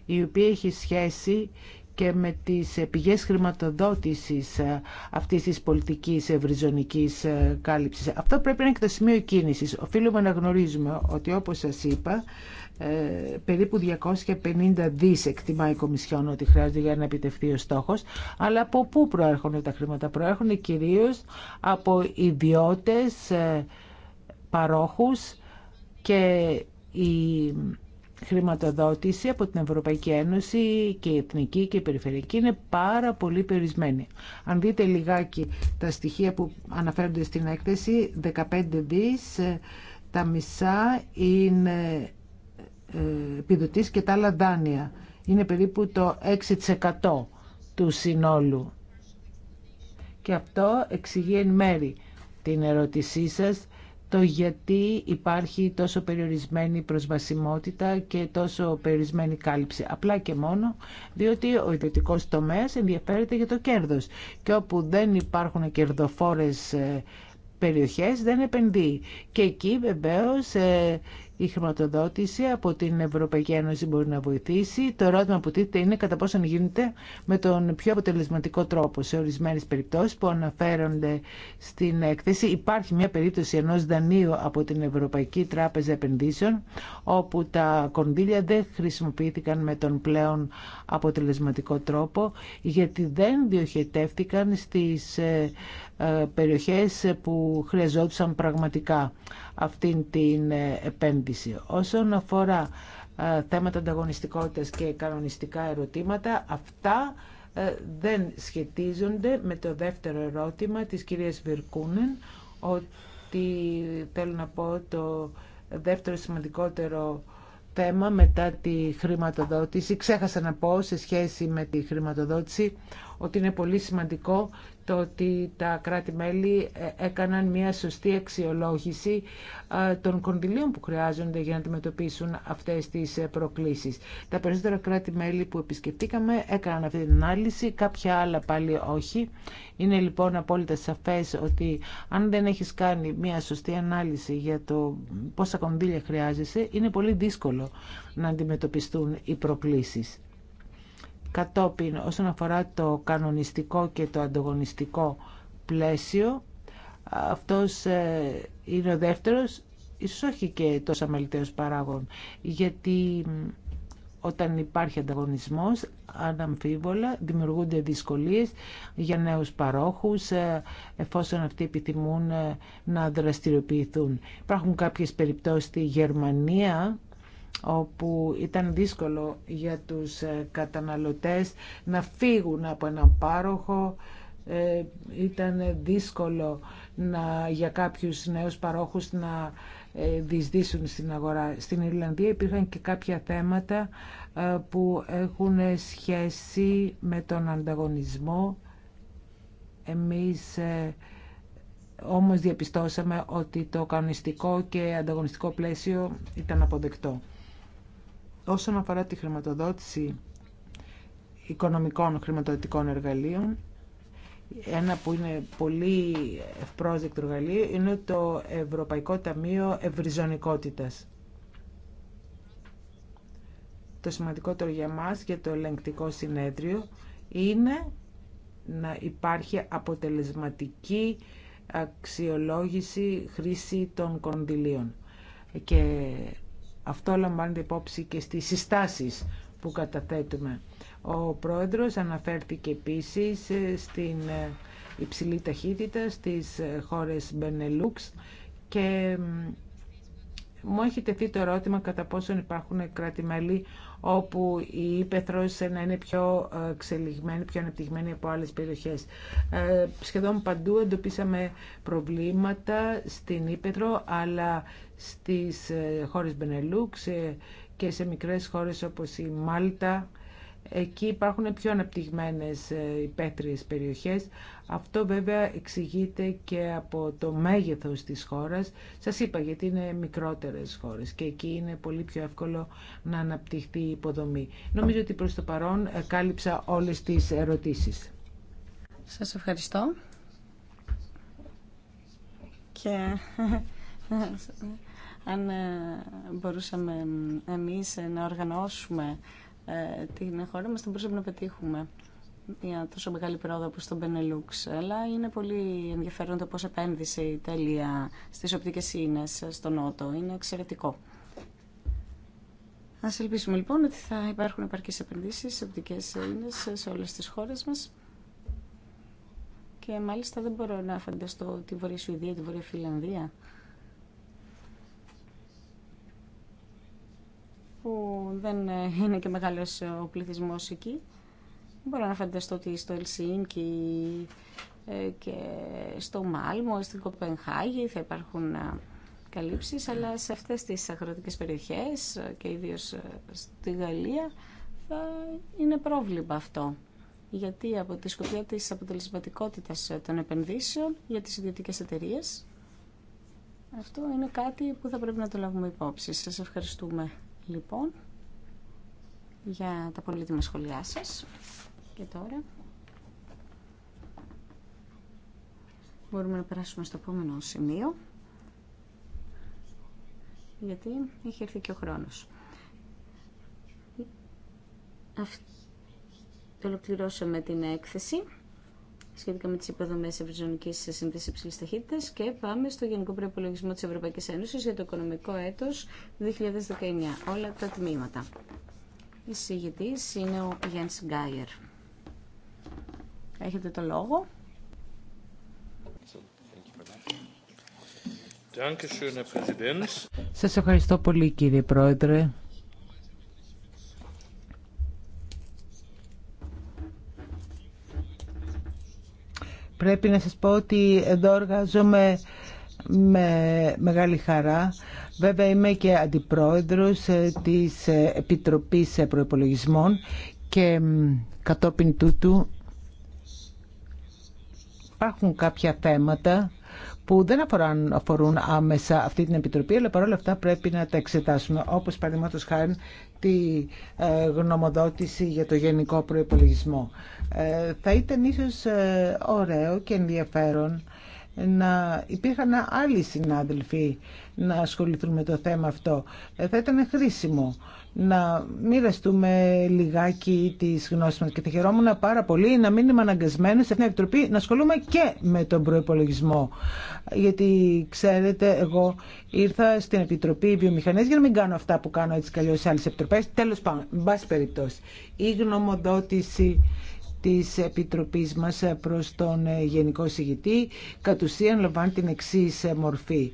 η οποία έχει σχέση και με τις ε, πηγές χρηματοδότησης αυτής της πολιτικής ευρυζωνικής κάλυψης. Αυτό πρέπει να είναι και το σημείο κίνησης. Οφείλουμε να γνωρίζουμε ότι όπως σας είπα ε, περίπου 250 δις εκτιμά η Κομισιόν ότι χρειάζεται για να επιτευχθεί ο στόχος. Αλλά από πού προέρχονται τα χρήματα. Προέρχονται κυρίως από ιδιώτες, ε, παρόχους και η χρηματοδότηση από την Ευρωπαϊκή Ένωση και η εθνική και η περιφερειακή είναι πάρα πολύ περισμένη Αν δείτε λιγάκι τα στοιχεία που αναφέρονται στην έκθεση, 15 δις, ε, τα μισά είναι ε, επιδοτήσει και τα άλλα δάνεια. Είναι περίπου το 6% του συνόλου. Και αυτό εξηγεί εν μέρη την ερώτησή σας το γιατί υπάρχει τόσο περιορισμένη προσβασιμότητα και τόσο περιορισμένη κάλυψη. Απλά και μόνο διότι ο ιδιωτικός τομέας ενδιαφέρεται για το κέρδος και όπου δεν υπάρχουν κερδοφόρες ε, περιοχές δεν επενδύει. Και εκεί βεβαίως ε, η χρηματοδότηση από την Ευρωπαϊκή Ένωση μπορεί να βοηθήσει. Το ερώτημα που τίθεται είναι κατά πόσον γίνεται με τον πιο αποτελεσματικό τρόπο. Σε ορισμένε περιπτώσει που αναφέρονται στην έκθεση, υπάρχει μια περίπτωση ενό δανείου από την Ευρωπαϊκή Τράπεζα Επενδύσεων, όπου τα κονδύλια δεν χρησιμοποιήθηκαν με τον πλέον αποτελεσματικό τρόπο, γιατί δεν διοχετεύτηκαν στι ε, ε, περιοχέ που χρειαζόντουσαν πραγματικά αυτήν την ε, επένδυση. Όσον αφορά ε, θέματα ανταγωνιστικότητας και κανονιστικά ερωτήματα, αυτά ε, δεν σχετίζονται με το δεύτερο ερώτημα της κυρίας Βιρκούνεν, ότι θέλω να πω το δεύτερο σημαντικότερο θέμα μετά τη χρηματοδότηση. Ξέχασα να πω σε σχέση με τη χρηματοδότηση ότι είναι πολύ σημαντικό το ότι τα κράτη-μέλη ε, έκαναν μια σωστή αξιολόγηση ε, των κονδυλίων που χρειάζονται για να αντιμετωπίσουν αυτές τις ε, προκλήσεις. Τα περισσότερα κράτη-μέλη που επισκεφτήκαμε έκαναν αυτή την ανάλυση, κάποια άλλα πάλι όχι. Είναι λοιπόν απόλυτα σαφές ότι αν δεν έχεις κάνει μια σωστή ανάλυση για το πόσα κονδύλια χρειάζεσαι, είναι πολύ δύσκολο να αντιμετωπιστούν οι προκλήσεις. Κατόπιν, όσον αφορά το κανονιστικό και το ανταγωνιστικό πλαίσιο, αυτός ε, είναι ο δεύτερος, ίσως όχι και τόσο αμεληταίος παράγων, γιατί όταν υπάρχει ανταγωνισμός, αναμφίβολα, δημιουργούνται δυσκολίες για νέους παρόχους, ε, εφόσον αυτοί επιθυμούν ε, να δραστηριοποιηθούν. Υπάρχουν κάποιες περιπτώσεις στη Γερμανία, όπου ήταν δύσκολο για τους ε, καταναλωτές να φύγουν από έναν πάροχο, ε, ήταν δύσκολο να, για κάποιους νέους παρόχους να ε, στην αγορά. Στην Ιρλανδία υπήρχαν και κάποια θέματα ε, που έχουν σχέση με τον ανταγωνισμό. Εμείς όμως διαπιστώσαμε ότι το κανονιστικό και ανταγωνιστικό πλαίσιο ήταν αποδεκτό. Όσον αφορά τη χρηματοδότηση οικονομικών χρηματοδοτικών εργαλείων, ένα που είναι πολύ ευπρόσδεκτο εργαλείο είναι το Ευρωπαϊκό Ταμείο Ευρυζωνικότητας. Το σημαντικότερο για μας και το ελεγκτικό συνέδριο είναι να υπάρχει αποτελεσματική αξιολόγηση χρήση των κονδυλίων. Και αυτό λαμβάνεται υπόψη και στις συστάσεις που καταθέτουμε. Ο Πρόεδρος αναφέρθηκε επίσης ε, στην ε, υψηλή ταχύτητα στις ε, χώρες Μπενελούξ και μου έχει τεθεί το ερώτημα κατά πόσον υπάρχουν κράτη-μέλη όπου η ύπεθρος να είναι πιο εξελιγμένη, πιο ανεπτυγμένη από άλλες περιοχές. σχεδόν παντού εντοπίσαμε προβλήματα στην ύπεθρο, αλλά στις ε, χώρες Μπενελούξ και σε μικρές χώρες όπως η Μάλτα. Εκεί υπάρχουν πιο αναπτυγμένες ε, υπαίθριες περιοχές. Αυτό βέβαια εξηγείται και από το μέγεθος της χώρας. Σας είπα γιατί είναι μικρότερες χώρες και εκεί είναι πολύ πιο εύκολο να αναπτυχθεί η υποδομή. Νομίζω ότι προς το παρόν ε, κάλυψα όλες τις ερωτήσεις. Σας ευχαριστώ αν ε, μπορούσαμε εμείς να οργανώσουμε ε, την χώρα μας, θα μπορούσαμε να πετύχουμε μια τόσο μεγάλη πρόοδο όπως τον Benelux. Αλλά είναι πολύ ενδιαφέρον το πώς επένδυσε η Ιταλία στις οπτικές ίνες στο Νότο. Είναι εξαιρετικό. Ας ελπίσουμε λοιπόν ότι θα υπάρχουν επαρκείς επενδύσεις σε οπτικές ίνες σε όλες τις χώρες μας. Και μάλιστα δεν μπορώ να φανταστώ τη Βόρεια Σουηδία, τη Βόρεια Φιλανδία που δεν ε, είναι και μεγάλος ε, ο πληθυσμός εκεί. Μπορώ να φανταστώ ότι στο Ελσίνκι ε, και στο Μάλμο, στην Κοπενχάγη θα υπάρχουν καλύψεις, αλλά σε αυτές τις αγροτικές περιοχές και ιδίως στη Γαλλία θα είναι πρόβλημα αυτό. Γιατί από τη σκοπιά της αποτελεσματικότητας των επενδύσεων για τις ιδιωτικέ εταιρείε αυτό είναι κάτι που θα πρέπει να το λάβουμε υπόψη. Σας ευχαριστούμε λοιπόν για τα πολύτιμα σχολιά σας και τώρα μπορούμε να περάσουμε στο επόμενο σημείο γιατί είχε έρθει και ο χρόνος ολοκληρώσαμε την έκθεση σχετικά με τι υποδομέ ευρυζωνική σύνδεση υψηλή ταχύτητα και πάμε στο Γενικό Προπολογισμό τη Ευρωπαϊκή Ένωση για το οικονομικό έτο 2019. Όλα τα τμήματα. Η συγητή είναι ο Γιάννη Γκάιερ. Έχετε το λόγο. Σας ευχαριστώ πολύ κύριε Πρόεδρε. Πρέπει να σας πω ότι εδώ εργάζομαι με μεγάλη χαρά. Βέβαια είμαι και αντιπρόεδρος ε, της ε, Επιτροπής ε, Προϋπολογισμών και κατόπιν τούτου υπάρχουν κάποια θέματα που δεν αφορούν, αφορούν άμεσα αυτή την Επιτροπή, αλλά παρόλα αυτά πρέπει να τα εξετάσουμε. Όπω παραδείγματος χάρη ε, γνωμοδότηση για το γενικό προϋπολογισμό. Ε, θα ήταν ίσως ε, ωραίο και ενδιαφέρον να υπήρχαν άλλοι συνάδελφοι να ασχοληθούν με το θέμα αυτό. Ε, θα ήταν χρήσιμο να μοιραστούμε λιγάκι τις γνώσει μα και θα χαιρόμουν πάρα πολύ να μην είμαι αναγκασμένη σε αυτήν την επιτροπή να ασχολούμαι και με τον προπολογισμό. γιατί ξέρετε εγώ ήρθα στην Επιτροπή βιομηχανία, για να μην κάνω αυτά που κάνω έτσι καλώ σε άλλε επιτροπές τέλος πάντων, μπας περιπτώσει η γνωμοδότηση της Επιτροπής μας προς τον Γενικό Συγητή κατ' ουσίαν λαμβάνει την εξής μορφή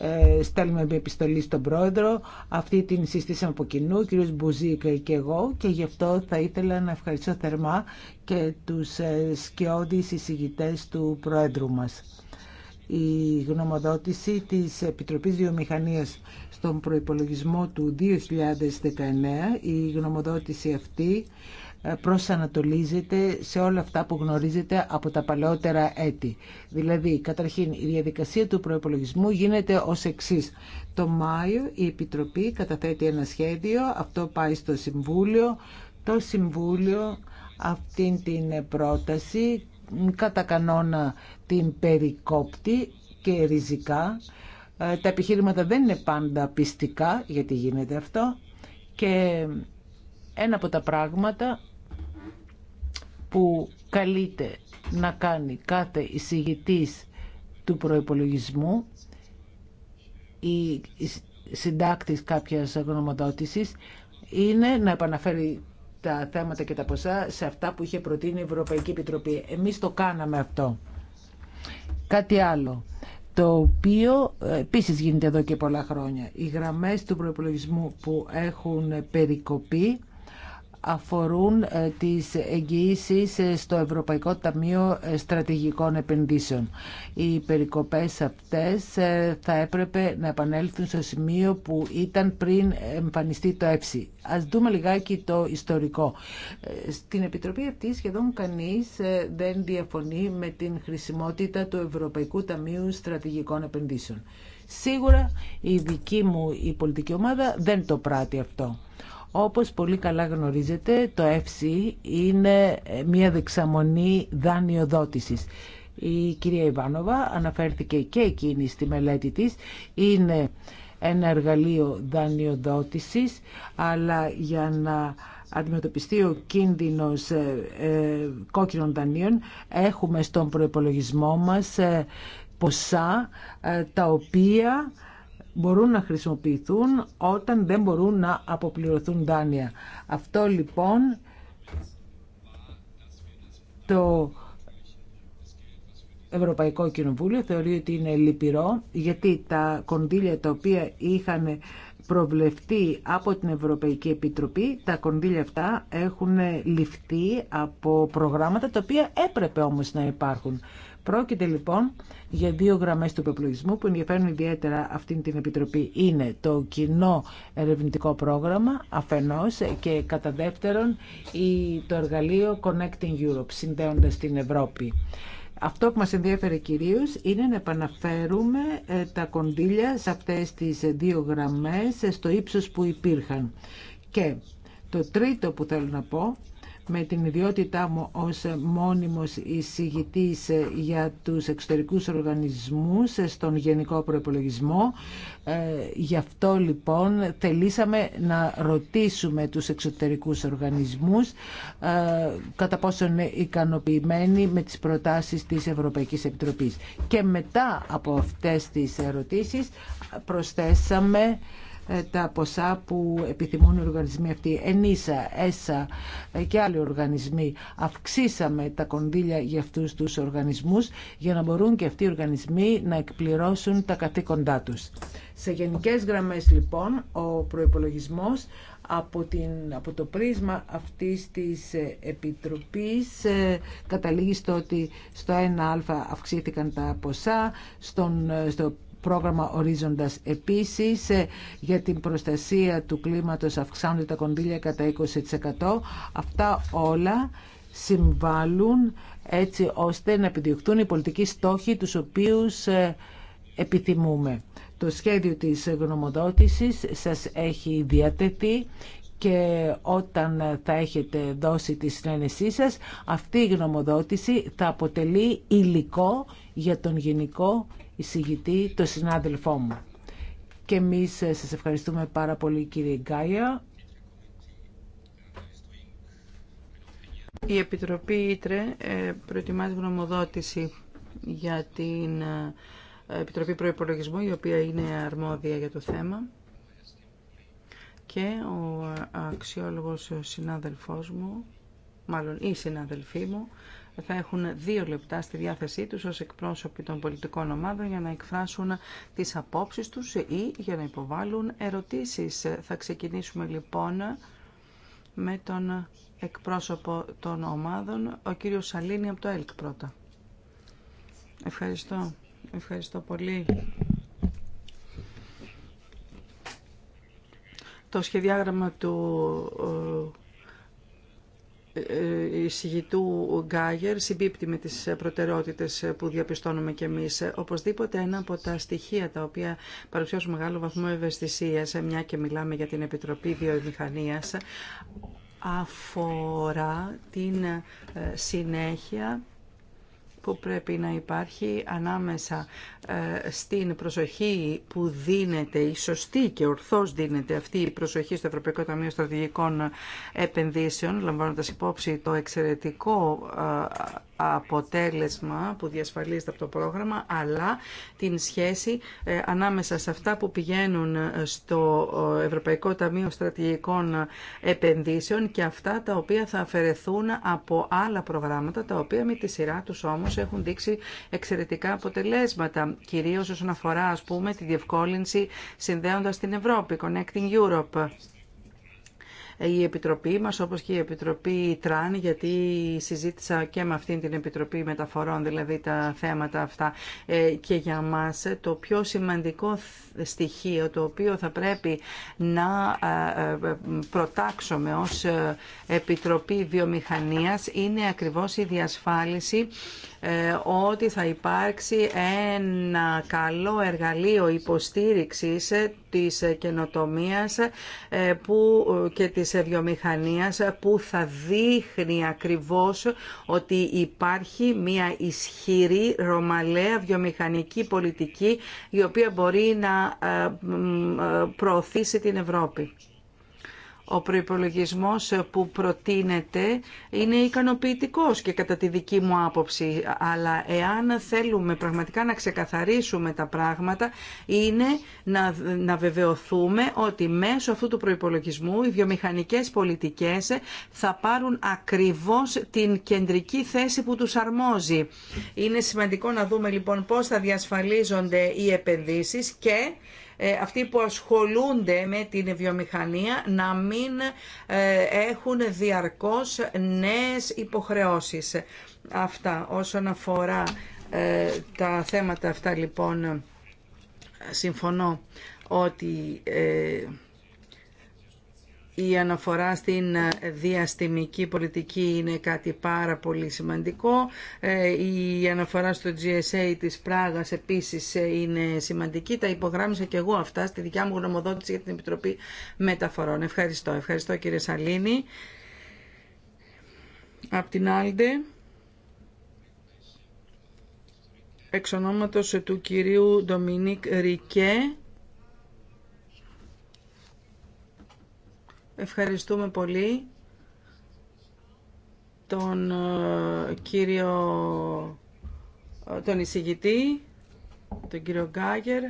ε, στέλνουμε μια επιστολή στον πρόεδρο. Αυτή την συστήσαμε από κοινού, κύριο Μπουζίκα και εγώ και γι' αυτό θα ήθελα να ευχαριστώ θερμά και τους ε, σκιώδεις εισηγητές του πρόεδρου μας. Η γνωμοδότηση της Επιτροπής Βιομηχανίας στον προϋπολογισμό του 2019, η γνωμοδότηση αυτή ε, προσανατολίζεται σε όλα αυτά που γνωρίζετε από τα παλαιότερα έτη. Δηλαδή, καταρχήν, η διαδικασία του προπολογισμού γίνεται ως εξής. Το Μάιο η Επιτροπή καταθέτει ένα σχέδιο, αυτό πάει στο Συμβούλιο. Το Συμβούλιο αυτήν την πρόταση κατά κανόνα την περικόπτη και ριζικά. Ε, τα επιχείρηματα δεν είναι πάντα πιστικά, γιατί γίνεται αυτό. Και ένα από τα πράγματα που καλείται να κάνει κάθε εισηγητής του προϋπολογισμού ή συντάκτης κάποιας γνωμοδότησης είναι να επαναφέρει τα θέματα και τα ποσά σε αυτά που είχε προτείνει η Ευρωπαϊκή Επιτροπή. Εμείς το κάναμε αυτό. Κάτι άλλο, το οποίο επίση γίνεται εδώ και πολλά χρόνια. Οι γραμμές του προϋπολογισμού που έχουν περικοπεί αφορούν ε, τις εγγυήσει ε, στο Ευρωπαϊκό Ταμείο ε, Στρατηγικών Επενδύσεων. Οι περικοπές αυτές θα έπρεπε να επανέλθουν στο σημείο που ήταν πριν εμφανιστεί το ΕΦΣΥ. Ας δούμε λιγάκι το ιστορικό. Στην Επιτροπή αυτή σχεδόν κανείς δεν διαφωνεί με την χρησιμότητα του Ευρωπαϊκού Ταμείου Στρατηγικών Επενδύσεων. Σίγουρα η δική μου η πολιτική ομάδα δεν το πράττει αυτό. Όπως πολύ καλά γνωρίζετε, το FC είναι μια δεξαμονή δάνειοδότησης. Η κυρία Ιβάνοβα αναφέρθηκε και εκείνη στη μελέτη της. Είναι ένα εργαλείο δανειοδότησης, αλλά για να αντιμετωπιστεί ο κίνδυνος ε, ε, κόκκινων δανείων, έχουμε στον προϋπολογισμό μας ε, ποσά τα οποία μπορούν να χρησιμοποιηθούν όταν δεν μπορούν να αποπληρωθούν δάνεια. Αυτό λοιπόν το Ευρωπαϊκό Κοινοβούλιο θεωρεί ότι είναι λυπηρό γιατί τα κονδύλια τα οποία είχαν προβλεφτεί από την Ευρωπαϊκή Επιτροπή, τα κονδύλια αυτά έχουν ληφθεί από προγράμματα τα οποία έπρεπε όμως να υπάρχουν. Πρόκειται λοιπόν για δύο γραμμές του πεπλογισμού που ενδιαφέρουν ιδιαίτερα αυτήν την Επιτροπή. Είναι το κοινό ερευνητικό πρόγραμμα αφενός και κατά δεύτερον το εργαλείο Connecting Europe, συνδέοντας την Ευρώπη. Αυτό που μας ενδιαφέρει κυρίως είναι να επαναφέρουμε ε, τα κονδύλια σε αυτές τις δύο γραμμές ε, στο ύψος που υπήρχαν. Και το τρίτο που θέλω να πω με την ιδιότητά μου ως μόνιμος εισηγητής για τους εξωτερικούς οργανισμούς στον Γενικό Προπολογισμό. Ε, γι' αυτό λοιπόν θελήσαμε να ρωτήσουμε τους εξωτερικούς οργανισμούς ε, κατά πόσο είναι ικανοποιημένοι με τις προτάσεις της Ευρωπαϊκής Επιτροπής. Και μετά από αυτές τις ερωτήσεις προσθέσαμε ε, τα ποσά που επιθυμούν οι οργανισμοί αυτοί. Ενίσα, ΕΣΑ και άλλοι οργανισμοί. Αυξήσαμε τα κονδύλια για αυτούς τους οργανισμούς για να μπορούν και αυτοί οι οργανισμοί να εκπληρώσουν τα καθήκοντά τους. Σε γενικές γραμμές λοιπόν ο προϋπολογισμός από, την, από το πρίσμα αυτής της ε, Επιτροπής ε, καταλήγει στο ότι στο 1α αυξήθηκαν τα ποσά, στον, στο πρόγραμμα ορίζοντας επίσης ε, για την προστασία του κλίματος αυξάνονται τα κονδύλια κατά 20%. Αυτά όλα συμβάλλουν έτσι ώστε να επιδιωχθούν οι πολιτικοί στόχοι τους οποίους ε, επιθυμούμε. Το σχέδιο της γνωμοδότησης σας έχει διατεθεί και όταν θα έχετε δώσει τη συνένεσή σας, αυτή η γνωμοδότηση θα αποτελεί υλικό για τον γενικό εισηγητή, το συνάδελφό μου. Και εμείς ε, σας ευχαριστούμε πάρα πολύ κύριε Γκάια. Η Επιτροπή Ήτρε ε, προετοιμάζει γνωμοδότηση για την ε, Επιτροπή Προϋπολογισμού, η οποία είναι αρμόδια για το θέμα. Και ο αξιόλογος συνάδελφός μου, μάλλον η συνάδελφή μου, θα έχουν δύο λεπτά στη διάθεσή τους ως εκπρόσωποι των πολιτικών ομάδων για να εκφράσουν τις απόψεις τους ή για να υποβάλουν ερωτήσεις. Θα ξεκινήσουμε λοιπόν με τον εκπρόσωπο των ομάδων, ο κύριος Σαλίνη από το ΕΛΚ πρώτα. Ευχαριστώ. Ευχαριστώ πολύ. Το σχεδιάγραμμα του ε, ε, εισηγητού Γκάγερ συμπίπτει με τις προτεραιότητες που διαπιστώνουμε κι εμείς. Οπωσδήποτε ένα από τα στοιχεία τα οποία παρουσιάζουν μεγάλο βαθμό ευαισθησίας, μια και μιλάμε για την Επιτροπή βιομηχανία, αφορά την ε, συνέχεια που πρέπει να υπάρχει ανάμεσα ε, στην προσοχή που δίνεται, η σωστή και ορθώς δίνεται αυτή η προσοχή στο Ευρωπαϊκό Ταμείο Στρατηγικών Επενδύσεων, λαμβάνοντας υπόψη το εξαιρετικό ε, αποτέλεσμα που διασφαλίζεται από το πρόγραμμα, αλλά την σχέση ε, ανάμεσα σε αυτά που πηγαίνουν ε, στο ε, Ευρωπαϊκό Ταμείο Στρατηγικών Επενδύσεων και αυτά τα οποία θα αφαιρεθούν από άλλα προγράμματα, τα οποία με τη σειρά τους όμως έχουν δείξει εξαιρετικά αποτελέσματα, κυρίως όσον αφορά ας πούμε τη διευκόλυνση συνδέοντας την Ευρώπη, Connecting Europe η Επιτροπή μας όπως και η Επιτροπή Τραν γιατί συζήτησα και με αυτήν την Επιτροπή Μεταφορών δηλαδή τα θέματα αυτά ε, και για μας το πιο σημαντικό στοιχείο το οποίο θα πρέπει να ε, ε, προτάξουμε ως Επιτροπή Βιομηχανίας είναι ακριβώς η διασφάλιση ε, ότι θα υπάρξει ένα καλό εργαλείο υποστήριξης της καινοτομίας ε, που, και της βιομηχανίας που θα δείχνει ακριβώς ότι υπάρχει μια ισχυρή ρωμαλαία βιομηχανική πολιτική η οποία μπορεί να ε, προωθήσει την Ευρώπη. Ο προϋπολογισμός που προτείνεται είναι ικανοποιητικός και κατά τη δική μου άποψη, αλλά εάν θέλουμε πραγματικά να ξεκαθαρίσουμε τα πράγματα, είναι να, να βεβαιωθούμε ότι μέσω αυτού του προϋπολογισμού οι βιομηχανικές πολιτικές θα πάρουν ακριβώς την κεντρική θέση που τους αρμόζει. Είναι σημαντικό να δούμε λοιπόν πώς θα διασφαλίζονται οι επενδύσεις και ε, αυτοί που ασχολούνται με την βιομηχανία να μην ε, έχουν διαρκώς νέες υποχρεώσεις. Αυτά όσον αφορά ε, τα θέματα αυτά λοιπόν συμφωνώ ότι η αναφορά στην ε, διαστημική πολιτική είναι κάτι πάρα πολύ σημαντικό. Ε, η αναφορά στο GSA της Πράγας επίσης ε, είναι σημαντική. Τα υπογράμμισα και εγώ αυτά στη δικιά μου γνωμοδότηση για την Επιτροπή Μεταφορών. Ευχαριστώ. Ευχαριστώ κύριε Σαλίνη. Απ' την Άλντε, εξ ονόματος του κυρίου Ντομινίκ Ρικέ, Ευχαριστούμε πολύ τον ε, κύριο ε, τον εισηγητή, τον κύριο Γκάγερ.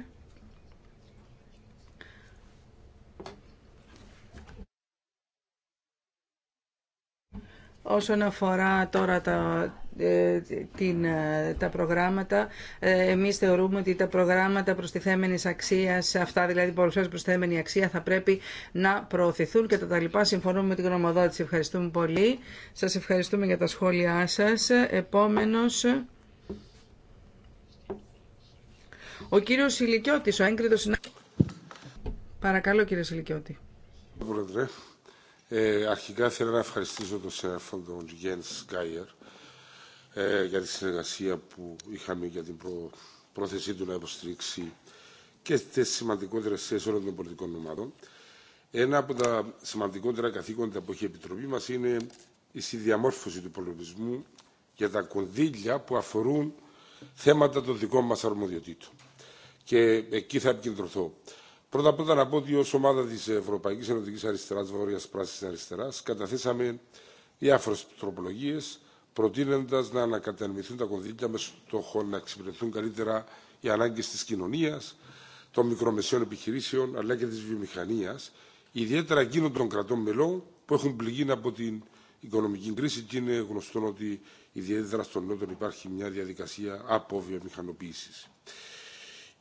Όσον αφορά τώρα τα, ε, την, ε, τα προγράμματα. Ε, εμείς θεωρούμε ότι τα προγράμματα προστιθέμενης αξίας, αυτά δηλαδή που προστιθέμενη αξία, θα πρέπει να προωθηθούν και τα λοιπά. Συμφωνούμε με την γνωμοδότηση. Ευχαριστούμε πολύ. Σας ευχαριστούμε για τα σχόλιά σας. Επόμενος... Ο κύριος Σιλικιώτης, ο έγκριτος Παρακαλώ κύριε Σιλικιώτη. ε, αρχικά θέλω να ευχαριστήσω τον Σεραφόν τον Γκάιερ ε, για τη συνεργασία που είχαμε για την πρόθεσή του να υποστηρίξει και τι σημαντικότερε θέσει όλων των πολιτικών ομάδων. Ένα από τα σημαντικότερα καθήκοντα που έχει η Επιτροπή μα είναι η συνδιαμόρφωση του πολιτισμού για τα κονδύλια που αφορούν θέματα των δικών μα αρμοδιοτήτων. Και εκεί θα επικεντρωθώ. Πρώτα απ' όλα να πω ότι ω ομάδα τη Ευρωπαϊκή Ενωτική Αριστερά, Βόρεια Πράσινη Αριστερά, καταθέσαμε διάφορε τροπολογίε προτείνοντα να ανακατανεμηθούν τα κονδύλια με στόχο να εξυπηρετούν καλύτερα οι ανάγκε τη κοινωνία, των μικρομεσαίων επιχειρήσεων αλλά και τη βιομηχανία, ιδιαίτερα εκείνων των κρατών μελών που έχουν πληγεί από την οικονομική κρίση και είναι γνωστό ότι ιδιαίτερα στον Νότο υπάρχει μια διαδικασία αποβιομηχανοποίηση.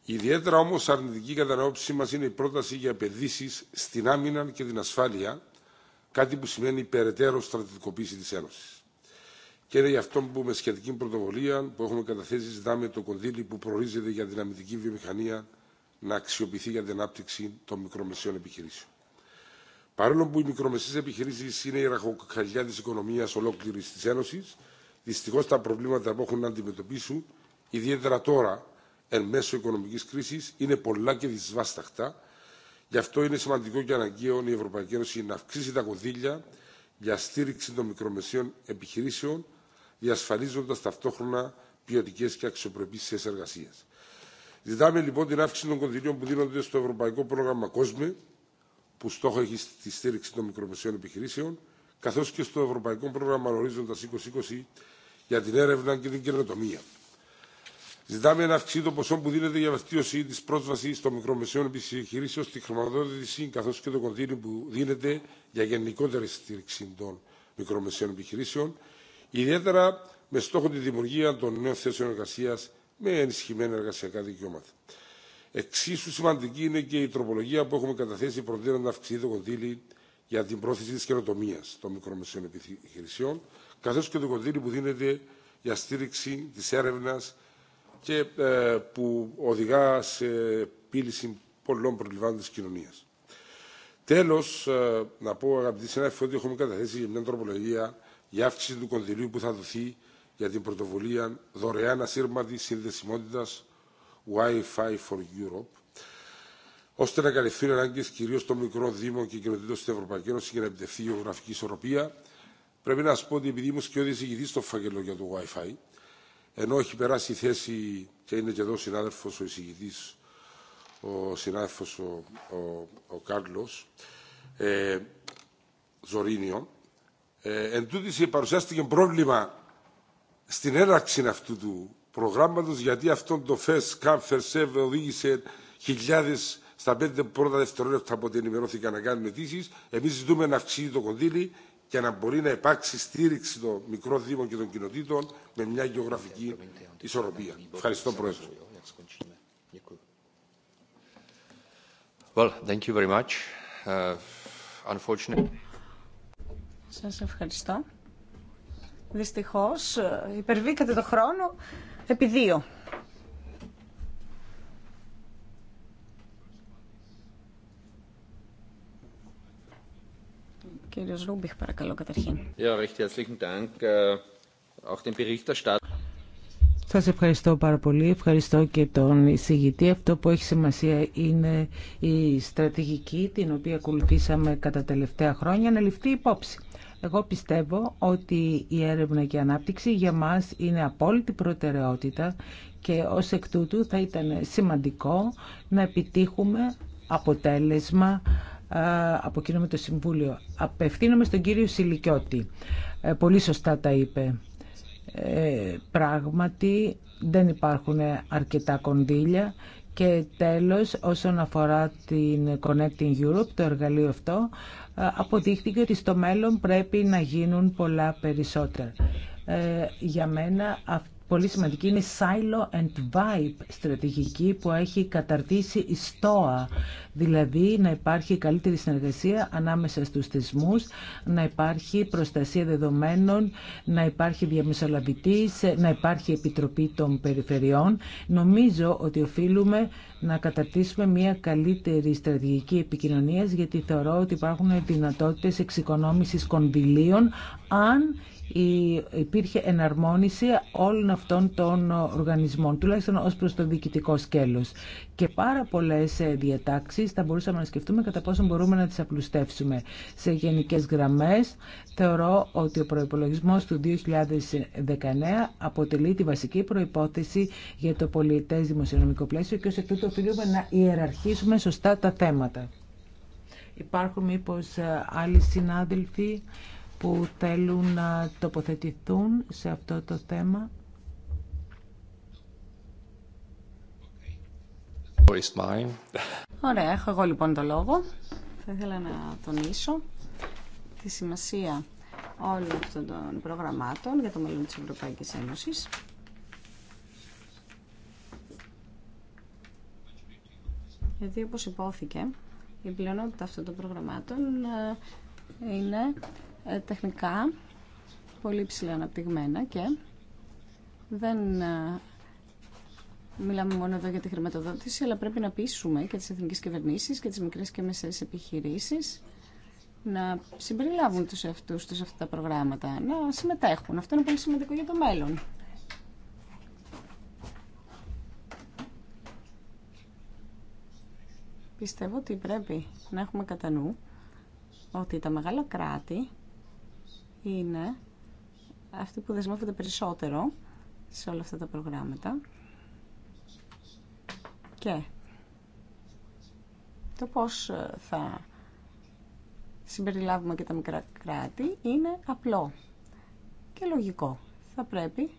Ιδιαίτερα όμω αρνητική κατά την άποψή μα είναι η πρόταση για επενδύσει στην άμυνα και την ασφάλεια, κάτι που σημαίνει περαιτέρω στρατιωτικοποίηση τη Ένωση. Και είναι γι' αυτό που με σχετική πρωτοβολία που έχουμε καταθέσει ζητάμε το κονδύλι που προορίζεται για δυναμική βιομηχανία να αξιοποιηθεί για την ανάπτυξη των μικρομεσαίων επιχειρήσεων. Παρόλο που οι μικρομεσαίε επιχειρήσει είναι η ραχοκαλιά τη οικονομία ολόκληρη τη Ένωση, δυστυχώ τα προβλήματα που έχουν να αντιμετωπίσουν, ιδιαίτερα τώρα εν μέσω οικονομική κρίση, είναι πολλά και δυσβάσταχτα. Γι' αυτό είναι σημαντικό και αναγκαίο η Ευρωπαϊκή Ένωση να αυξήσει τα κονδύλια για στήριξη των μικρομεσαίων επιχειρήσεων διασφαλίζοντα ταυτόχρονα ποιοτικέ και αξιοπρεπεί θέσει εργασία. Ζητάμε λοιπόν την αύξηση των κονδυλίων που δίνονται στο Ευρωπαϊκό Πρόγραμμα COSME, που στόχο έχει στη στήριξη των μικρομεσαίων επιχειρήσεων, καθώ και στο Ευρωπαϊκό Πρόγραμμα Ορίζοντα 2020 για την έρευνα και την καινοτομία. Ζητάμε να αυξηθεί το ποσό που δίνεται για βελτίωση τη πρόσβαση των μικρομεσαίων επιχειρήσεων στη χρηματοδότηση, καθώ και το κονδύλι που δίνεται για γενικότερη στήριξη των μικρομεσαίων επιχειρήσεων, ιδιαίτερα με στόχο τη δημιουργία των νέων θέσεων εργασία με ενισχυμένα εργασιακά δικαιώματα. Εξίσου σημαντική είναι και η τροπολογία που έχουμε καταθέσει προτείνοντα να αυξηθεί το κονδύλι για την πρόθεση τη καινοτομία των μικρομεσαίων επιχειρησιών, καθώ και το κονδύλι που δίνεται για στήριξη τη έρευνα και ε, που οδηγά σε πύληση πολλών προβλημάτων τη κοινωνία. Τέλο, ε, να πω αγαπητοί συνάδελφοι ότι έχουμε καταθέσει μια τροπολογία η αύξηση του κονδυλίου που θα δοθεί για την πρωτοβουλία δωρεάν ασύρματη συνδεσιμότητα Wi-Fi for Europe, ώστε να καλυφθούν ανάγκε κυρίω των μικρών Δήμων και κοινοτήτων στην Ευρωπαϊκή Ένωση και να επιτευχθεί η γεωγραφική ισορροπία. Πρέπει να σα πω ότι επειδή ήμουν και ο διεισηγητή στο φάκελο για το Wi-Fi, ενώ έχει περάσει η θέση και είναι και εδώ ο συνάδελφο ο εισηγητή, ο συνάδελφο ο, ο, ο Κάρλο ε, Ζωρίνιο, ε, εν τούτης παρουσιάστηκε πρόβλημα στην έναρξη αυτού του προγράμματος γιατί αυτό το FES ΚΑΜ, ΦΕΡΣΕΒ οδήγησε χιλιάδες στα πέντε πρώτα δευτερόλεπτα από ό,τι ενημερώθηκαν να κάνουν αιτήσει. Εμεί ζητούμε να αυξήσει το κονδύλι και να μπορεί να υπάρξει στήριξη των μικρών Δήμων και των κοινοτήτων με μια γεωγραφική ισορροπία. Ευχαριστώ, Πρόεδρε. Well, thank you very much. Uh, unfortunately... Σας ευχαριστώ. Δυστυχώς ε, υπερβήκατε το χρόνο επί δύο. Κύριος Ρούμπιχ, παρακαλώ, καταρχήν. Äh, Σας ευχαριστώ πάρα πολύ. Ευχαριστώ και τον εισηγητή. Αυτό που έχει σημασία είναι η στρατηγική την οποία ακολουθήσαμε κατά τελευταία χρόνια να ληφθεί υπόψη. Εγώ πιστεύω ότι η έρευνα και η ανάπτυξη για μας είναι απόλυτη προτεραιότητα και ως εκ τούτου θα ήταν σημαντικό να επιτύχουμε αποτέλεσμα από εκείνο το Συμβούλιο. Απευθύνομαι στον κύριο Σιλικιώτη. Ε, πολύ σωστά τα είπε. Ε, πράγματι δεν υπάρχουν αρκετά κονδύλια και τέλος, όσον αφορά την Connecting Europe, το εργαλείο αυτό, ε, αποδείχθηκε ότι στο μέλλον πρέπει να γίνουν πολλά περισσότερα. Ε, για μένα αυτό πολύ σημαντική είναι η Silo and Vibe στρατηγική που έχει καταρτήσει η ΣΤΟΑ. Δηλαδή να υπάρχει καλύτερη συνεργασία ανάμεσα στους θεσμούς, να υπάρχει προστασία δεδομένων, να υπάρχει διαμεσολαβητής, να υπάρχει επιτροπή των περιφερειών. Νομίζω ότι οφείλουμε να καταρτήσουμε μια καλύτερη στρατηγική επικοινωνίας γιατί θεωρώ ότι υπάρχουν δυνατότητες εξοικονόμησης κονδυλίων αν υπήρχε εναρμόνιση όλων αυτών των οργανισμών, τουλάχιστον ως προς το διοικητικό σκέλος. Και πάρα πολλές ε, διατάξεις θα μπορούσαμε να σκεφτούμε κατά πόσο μπορούμε να τις απλουστεύσουμε. Σε γενικές γραμμές θεωρώ ότι ο προϋπολογισμός του 2019 αποτελεί τη βασική προϋπόθεση για το πολιτές δημοσιονομικό πλαίσιο και ως εκ τούτου οφείλουμε να ιεραρχήσουμε σωστά τα θέματα. Υπάρχουν μήπως ε, άλλοι συνάδελφοι που θέλουν να τοποθετηθούν σε αυτό το θέμα. Ωραία, έχω εγώ λοιπόν το λόγο. Θα ήθελα να τονίσω τη σημασία όλων αυτών των προγραμμάτων για το μέλλον της Ευρωπαϊκής Ένωσης. Γιατί όπως υπόθηκε, η πλειονότητα αυτών των προγραμμάτων ε, είναι ε, τεχνικά πολύ ψηλά αναπτυγμένα και δεν ε, μιλάμε μόνο εδώ για τη χρηματοδότηση, αλλά πρέπει να πείσουμε και τις εθνικές κυβερνήσεις και τις μικρές και μεσαίες επιχειρήσεις να συμπεριλάβουν τους εαυτούς τους αυτά τα προγράμματα, να συμμετέχουν. Αυτό είναι πολύ σημαντικό για το μέλλον. Πιστεύω ότι πρέπει να έχουμε κατά νου ότι τα μεγάλα κράτη είναι αυτοί που δεσμεύονται περισσότερο σε όλα αυτά τα προγράμματα και το πώς ε, θα συμπεριλάβουμε και τα μικρά κράτη είναι απλό και λογικό. Θα πρέπει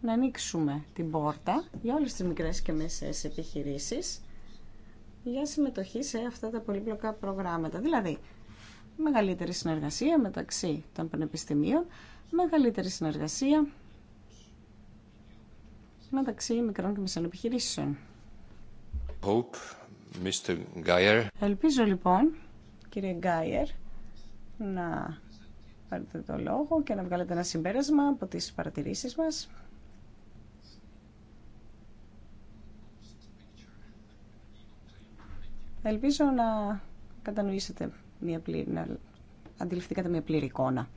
να ανοίξουμε την πόρτα για όλες τις μικρές και μέσες επιχειρήσεις για συμμετοχή σε αυτά τα πολύπλοκα προγράμματα. Δηλαδή, μεγαλύτερη συνεργασία μεταξύ των πανεπιστημίων, μεγαλύτερη συνεργασία μεταξύ μικρών και μεσανεπιχειρήσεων. επιχειρήσεων. Hope, Mr. Geyer. Ελπίζω λοιπόν, κύριε Γκάιερ, να πάρετε το λόγο και να βγάλετε ένα συμπέρασμα από τις παρατηρήσεις μας. Ελπίζω να κατανοήσετε μια πλήρη, να αντιληφθήκατε μια πλήρη εικόνα.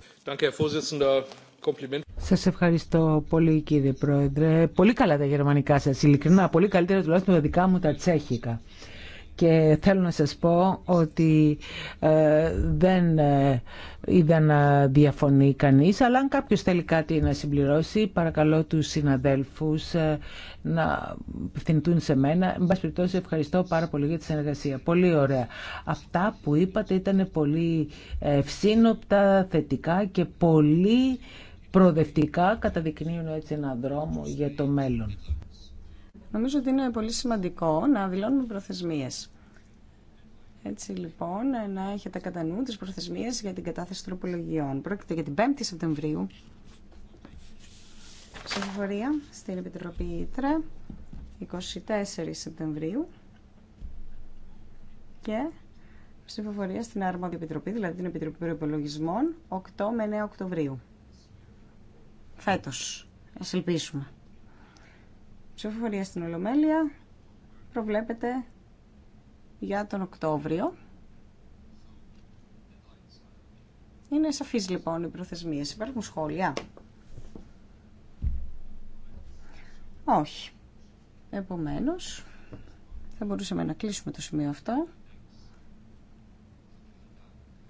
Σας ευχαριστώ πολύ κύριε Πρόεδρε. Πολύ καλά τα γερμανικά σα ειλικρινά. Πολύ καλύτερα τουλάχιστον τα δικά μου τα τσέχικα και θέλω να σας πω ότι ε, δεν ε, είδα να διαφωνεί κανείς αλλά αν κάποιος θέλει κάτι να συμπληρώσει παρακαλώ τους συναδέλφους ε, να απευθυνθούν σε μένα. Εν πάση περιπτώσει ευχαριστώ πάρα πολύ για τη συνεργασία. Πολύ ωραία. Αυτά που είπατε ήταν πολύ ευσύνοπτα, θετικά και πολύ προοδευτικά καταδεικνύουν έτσι έναν δρόμο για το μέλλον. Νομίζω ότι είναι πολύ σημαντικό να δηλώνουμε προθεσμίες. Έτσι λοιπόν, να έχετε κατά νου τις προθεσμίες για την κατάθεση τροπολογιών. Πρόκειται για την 5η Σεπτεμβρίου. Ψηφοφορία στην Επιτροπή Ήτρε, 24 Σεπτεμβρίου. Και ψηφοφορία στην Αρμόδια Επιτροπή, δηλαδή την Επιτροπή Προπολογισμών, 8 με 9 Οκτωβρίου. Φέτος. Ας ελπίσουμε ψηφοφορία στην Ολομέλεια προβλέπεται για τον Οκτώβριο. Είναι σαφείς λοιπόν οι προθεσμίες. Υπάρχουν σχόλια. Όχι. Επομένως, θα μπορούσαμε να κλείσουμε το σημείο αυτό.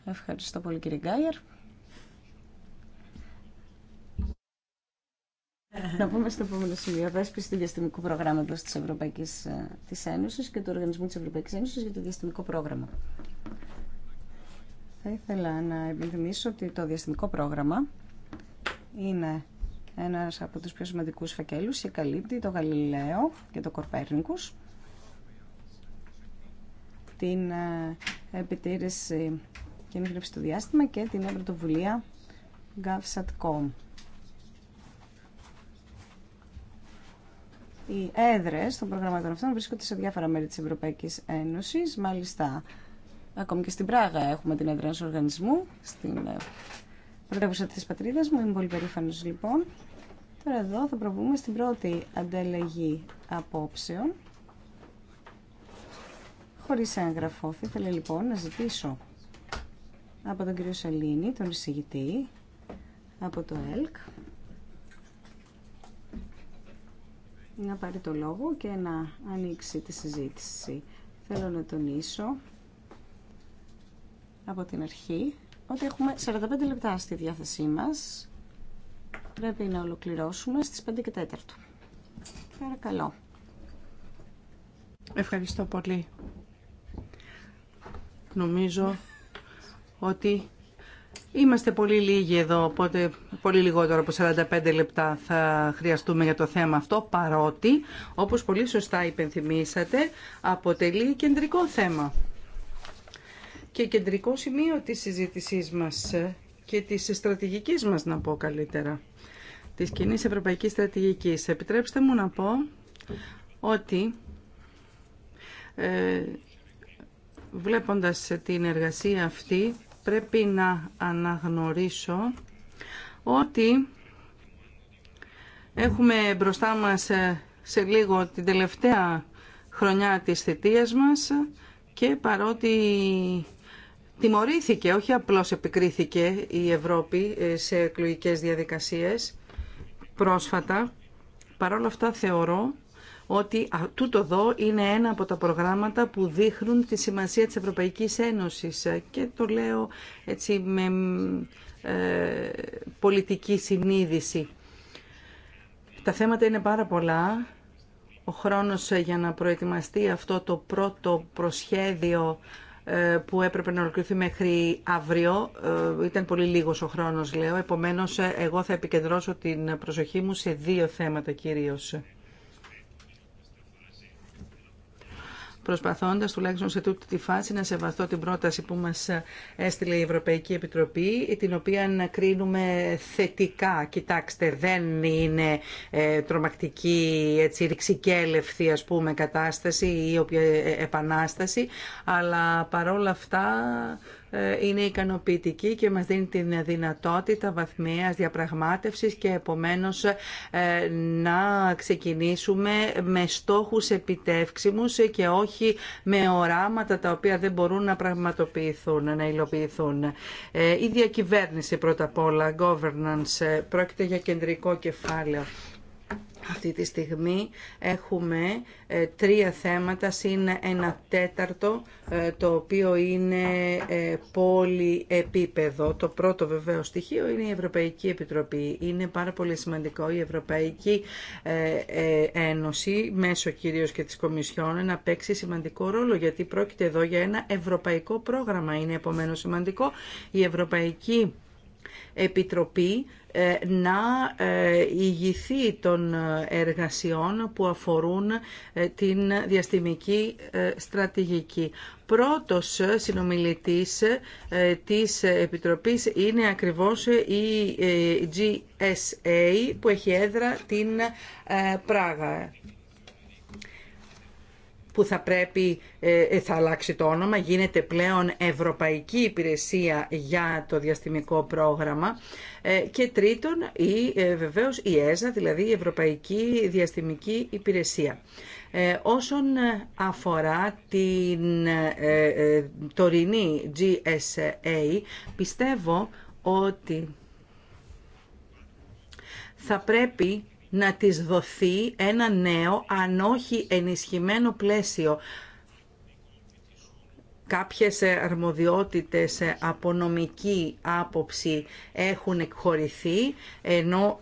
Ευχαριστώ πολύ κύριε Γκάιερ. Να πούμε στο επόμενο σημείο. Δέσπιση του διαστημικού προγράμματο τη Ευρωπαϊκή ε, Ένωση και του Οργανισμού τη Ευρωπαϊκή Ένωση για το διαστημικό πρόγραμμα. Θα ήθελα να υπενθυμίσω ότι το διαστημικό πρόγραμμα είναι ένα από του πιο σημαντικού φακέλου και καλύπτει το Γαλιλαίο και το Κορπέρνικου, την ε, επιτήρηση και του του διάστημα και την πρωτοβουλία GovSatcom. Οι έδρες των προγραμμάτων αυτών βρίσκονται σε διάφορα μέρη της Ευρωπαϊκής Ένωσης. Μάλιστα, ακόμη και στην Πράγα έχουμε την έδρα του οργανισμού, στην ε, πρωτεύουσα τη Πατρίδα. μου. Είμαι πολύ περήφανο λοιπόν. Τώρα εδώ θα προβούμε στην πρώτη ανταλλαγή απόψεων. χωρί έγγραφο, θα ήθελα λοιπόν να ζητήσω από τον κύριο Σαλίνη, τον εισηγητή, από το ΕΛΚ, να πάρει το λόγο και να ανοίξει τη συζήτηση. Θέλω να τονίσω από την αρχή ότι έχουμε 45 λεπτά στη διάθεσή μας. Πρέπει να ολοκληρώσουμε στις 5 και 4. Παρακαλώ. Ευχαριστώ πολύ. Νομίζω ότι Είμαστε πολύ λίγοι εδώ, οπότε πολύ λιγότερο από 45 λεπτά θα χρειαστούμε για το θέμα αυτό, παρότι, όπως πολύ σωστά υπενθυμίσατε, αποτελεί κεντρικό θέμα και κεντρικό σημείο της συζήτησής μας και της στρατηγικής μας, να πω καλύτερα, της κοινή ευρωπαϊκής στρατηγικής. Επιτρέψτε μου να πω ότι... Ε, βλέποντας την εργασία αυτή πρέπει να αναγνωρίσω ότι έχουμε μπροστά μας ε, σε λίγο την τελευταία χρονιά της θητείας μας και παρότι τιμωρήθηκε, όχι απλώς επικρίθηκε η Ευρώπη ε, σε εκλογικές διαδικασίες πρόσφατα, παρόλα αυτά θεωρώ ότι τούτο εδώ είναι ένα από τα προγράμματα που δείχνουν τη σημασία της Ευρωπαϊκής Ένωσης ε, και το λέω έτσι με ε, πολιτική συνείδηση. Τα θέματα είναι πάρα πολλά. Ο χρόνος ε, για να προετοιμαστεί αυτό το πρώτο προσχέδιο που έπρεπε να ολοκληρωθεί μέχρι αύριο. Ήταν πολύ λίγος ο χρόνος, λέω. Επομένως, εγώ θα επικεντρώσω την προσοχή μου σε δύο θέματα κυρίως. προσπαθώντας τουλάχιστον σε τούτη τη φάση να σεβαστώ την πρόταση που μας έστειλε η Ευρωπαϊκή Επιτροπή, την οποία κρίνουμε θετικά. Κοιτάξτε, δεν είναι ε, τρομακτική, έτσι, ρηξικέλευθη, ας πούμε, κατάσταση ή όποια ε, επανάσταση, αλλά παρόλα αυτά ε, είναι ικανοποιητική και μας δίνει την δυνατότητα βαθμίας διαπραγμάτευσης και επομένως ε, να ξεκινήσουμε με στόχους επιτεύξιμους και όχι με οράματα τα οποία δεν μπορούν να πραγματοποιηθούν, να υλοποιηθούν. Ε, η διακυβέρνηση πρώτα απ' όλα, governance, πρόκειται για κεντρικό κεφάλαιο. Αυτή τη στιγμή έχουμε ε, τρία θέματα, συν ένα τέταρτο, ε, το οποίο είναι ε, επίπεδο, Το πρώτο βεβαίω στοιχείο είναι η Ευρωπαϊκή Επιτροπή. Είναι πάρα πολύ σημαντικό η Ευρωπαϊκή Ένωση, μέσω κυρίως και της Κομισιόν, να παίξει σημαντικό ρόλο, γιατί πρόκειται εδώ για ένα ευρωπαϊκό πρόγραμμα. Είναι επομένως σημαντικό η Ευρωπαϊκή Επιτροπή ε, να ε, ηγηθεί των εργασιών που αφορούν ε, την διαστημική στρατηγική. Πρώτος συνομιλητής της Επιτροπής είναι ακριβώς η GSA που έχει έδρα την Πράγα που θα πρέπει, ε, ε, θα αλλάξει το όνομα, γίνεται πλέον Ευρωπαϊκή Υπηρεσία για το Διαστημικό Πρόγραμμα ε, και τρίτον η, βεβαίως η ΕΖΑ, δηλαδή η Ευρωπαϊκή Διαστημική Υπηρεσία. Ε, όσον αφορά την ε, τωρινή GSA, πιστεύω ότι θα πρέπει να της δοθεί ένα νέο, αν όχι ενισχυμένο πλαίσιο. Κάποιες αρμοδιότητες από νομική άποψη έχουν εκχωρηθεί, ενώ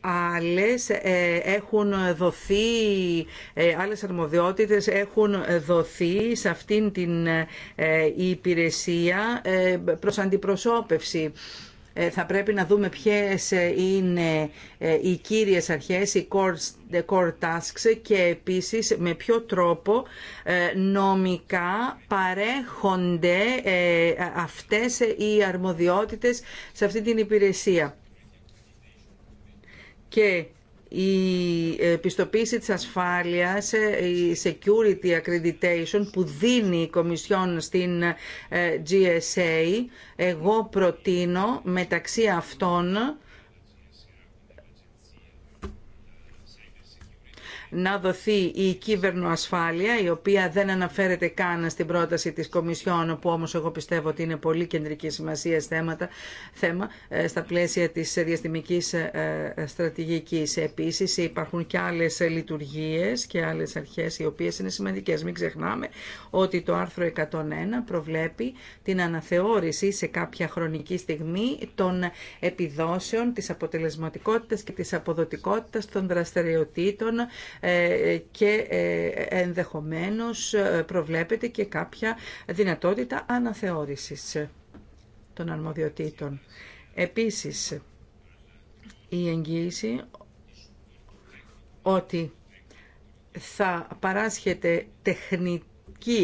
άλλες ε, έχουν δοθεί, ε, άλλες αρμοδιότητες έχουν δοθεί σε αυτήν την ε, υπηρεσία προς αντιπροσώπευση. Ε, θα πρέπει να δούμε ποιες ε, είναι ε, οι κύριες αρχές, οι core, tasks και επίσης με ποιο τρόπο νομικά παρέχονται αυτές οι αρμοδιότητες σε αυτή την υπηρεσία η ε, πιστοποίηση της ασφάλειας, ε, η security accreditation που δίνει η Κομισιόν στην ε, GSA, εγώ προτείνω μεταξύ αυτών να δοθεί η ασφάλεια, η οποία δεν αναφέρεται καν στην πρόταση της Κομισιόν, που όμως εγώ πιστεύω ότι είναι πολύ κεντρική σημασία θέματα, θέμα ε, στα πλαίσια της διαστημικής ε, ε, στρατηγικής. Επίσης υπάρχουν και άλλες λειτουργίες και άλλες αρχές οι οποίες είναι σημαντικές. Μην ξεχνάμε ότι το άρθρο 101 προβλέπει την αναθεώρηση σε κάποια χρονική στιγμή των επιδόσεων της αποτελεσματικότητας και της αποδοτικότητας των δραστηριοτήτων ε, και ε, ενδεχομένως ε, προβλέπεται και κάποια δυνατότητα αναθεώρησης των αρμοδιοτήτων. Επίσης, η εγγύηση ότι θα παράσχεται τεχνητή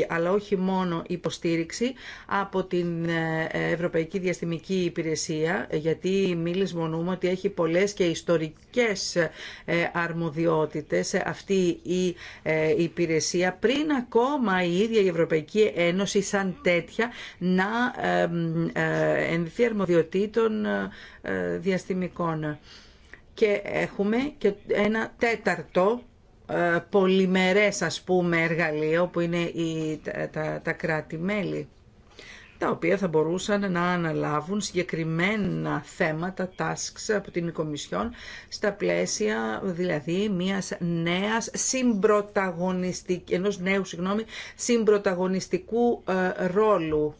αλλά όχι μόνο υποστήριξη από την ε, Ευρωπαϊκή Διαστημική Υπηρεσία γιατί μίλης ότι έχει πολλές και ιστορικές ε, αρμοδιότητες αυτή η ε, υπηρεσία πριν ακόμα η ίδια η Ευρωπαϊκή Ένωση σαν τέτοια να ενδυθεί των διαστημικών. Και έχουμε και ένα τέταρτο ε, πολυμερές ας πούμε εργαλείο που είναι τα, τα, τα κράτη-μέλη τα οποία θα μπορούσαν να αναλάβουν συγκεκριμένα θέματα, tasks από την Κομισιόν, στα πλαίσια δηλαδή μιας νέας συμπροταγωνιστικ... ενός νέου συγγνώμη, συμπροταγωνιστικού ε, ρόλου.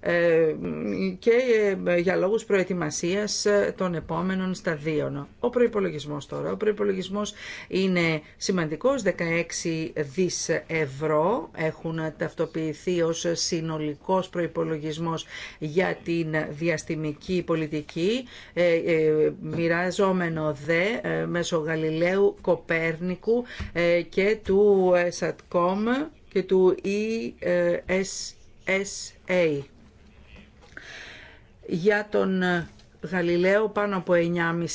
Ε, και ε, για λόγους προετοιμασίας ε, των επόμενων σταδίων. Ο προϋπολογισμός τώρα. Ο προϋπολογισμός είναι σημαντικός, 16 δις ευρώ έχουν ταυτοποιηθεί ως συνολικός προϋπολογισμός για την διαστημική πολιτική, μοιραζόμενο δε μέσω Γαλιλαίου, Κοπέρνικου και του SATCOM και του ESSA για τον ε, Γαλιλαίο πάνω από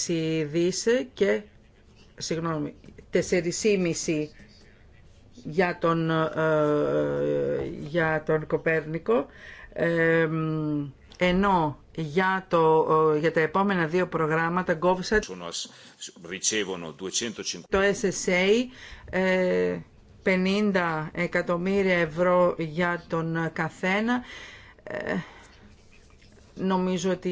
9,5 δις και συγγνώμη, 4,5 για τον, ε, ε, για τον Κοπέρνικο ε, ενώ για, το, ε, για τα επόμενα δύο προγράμματα GovSat το SSA ε, 50 εκατομμύρια ευρώ για τον καθένα νομίζω ότι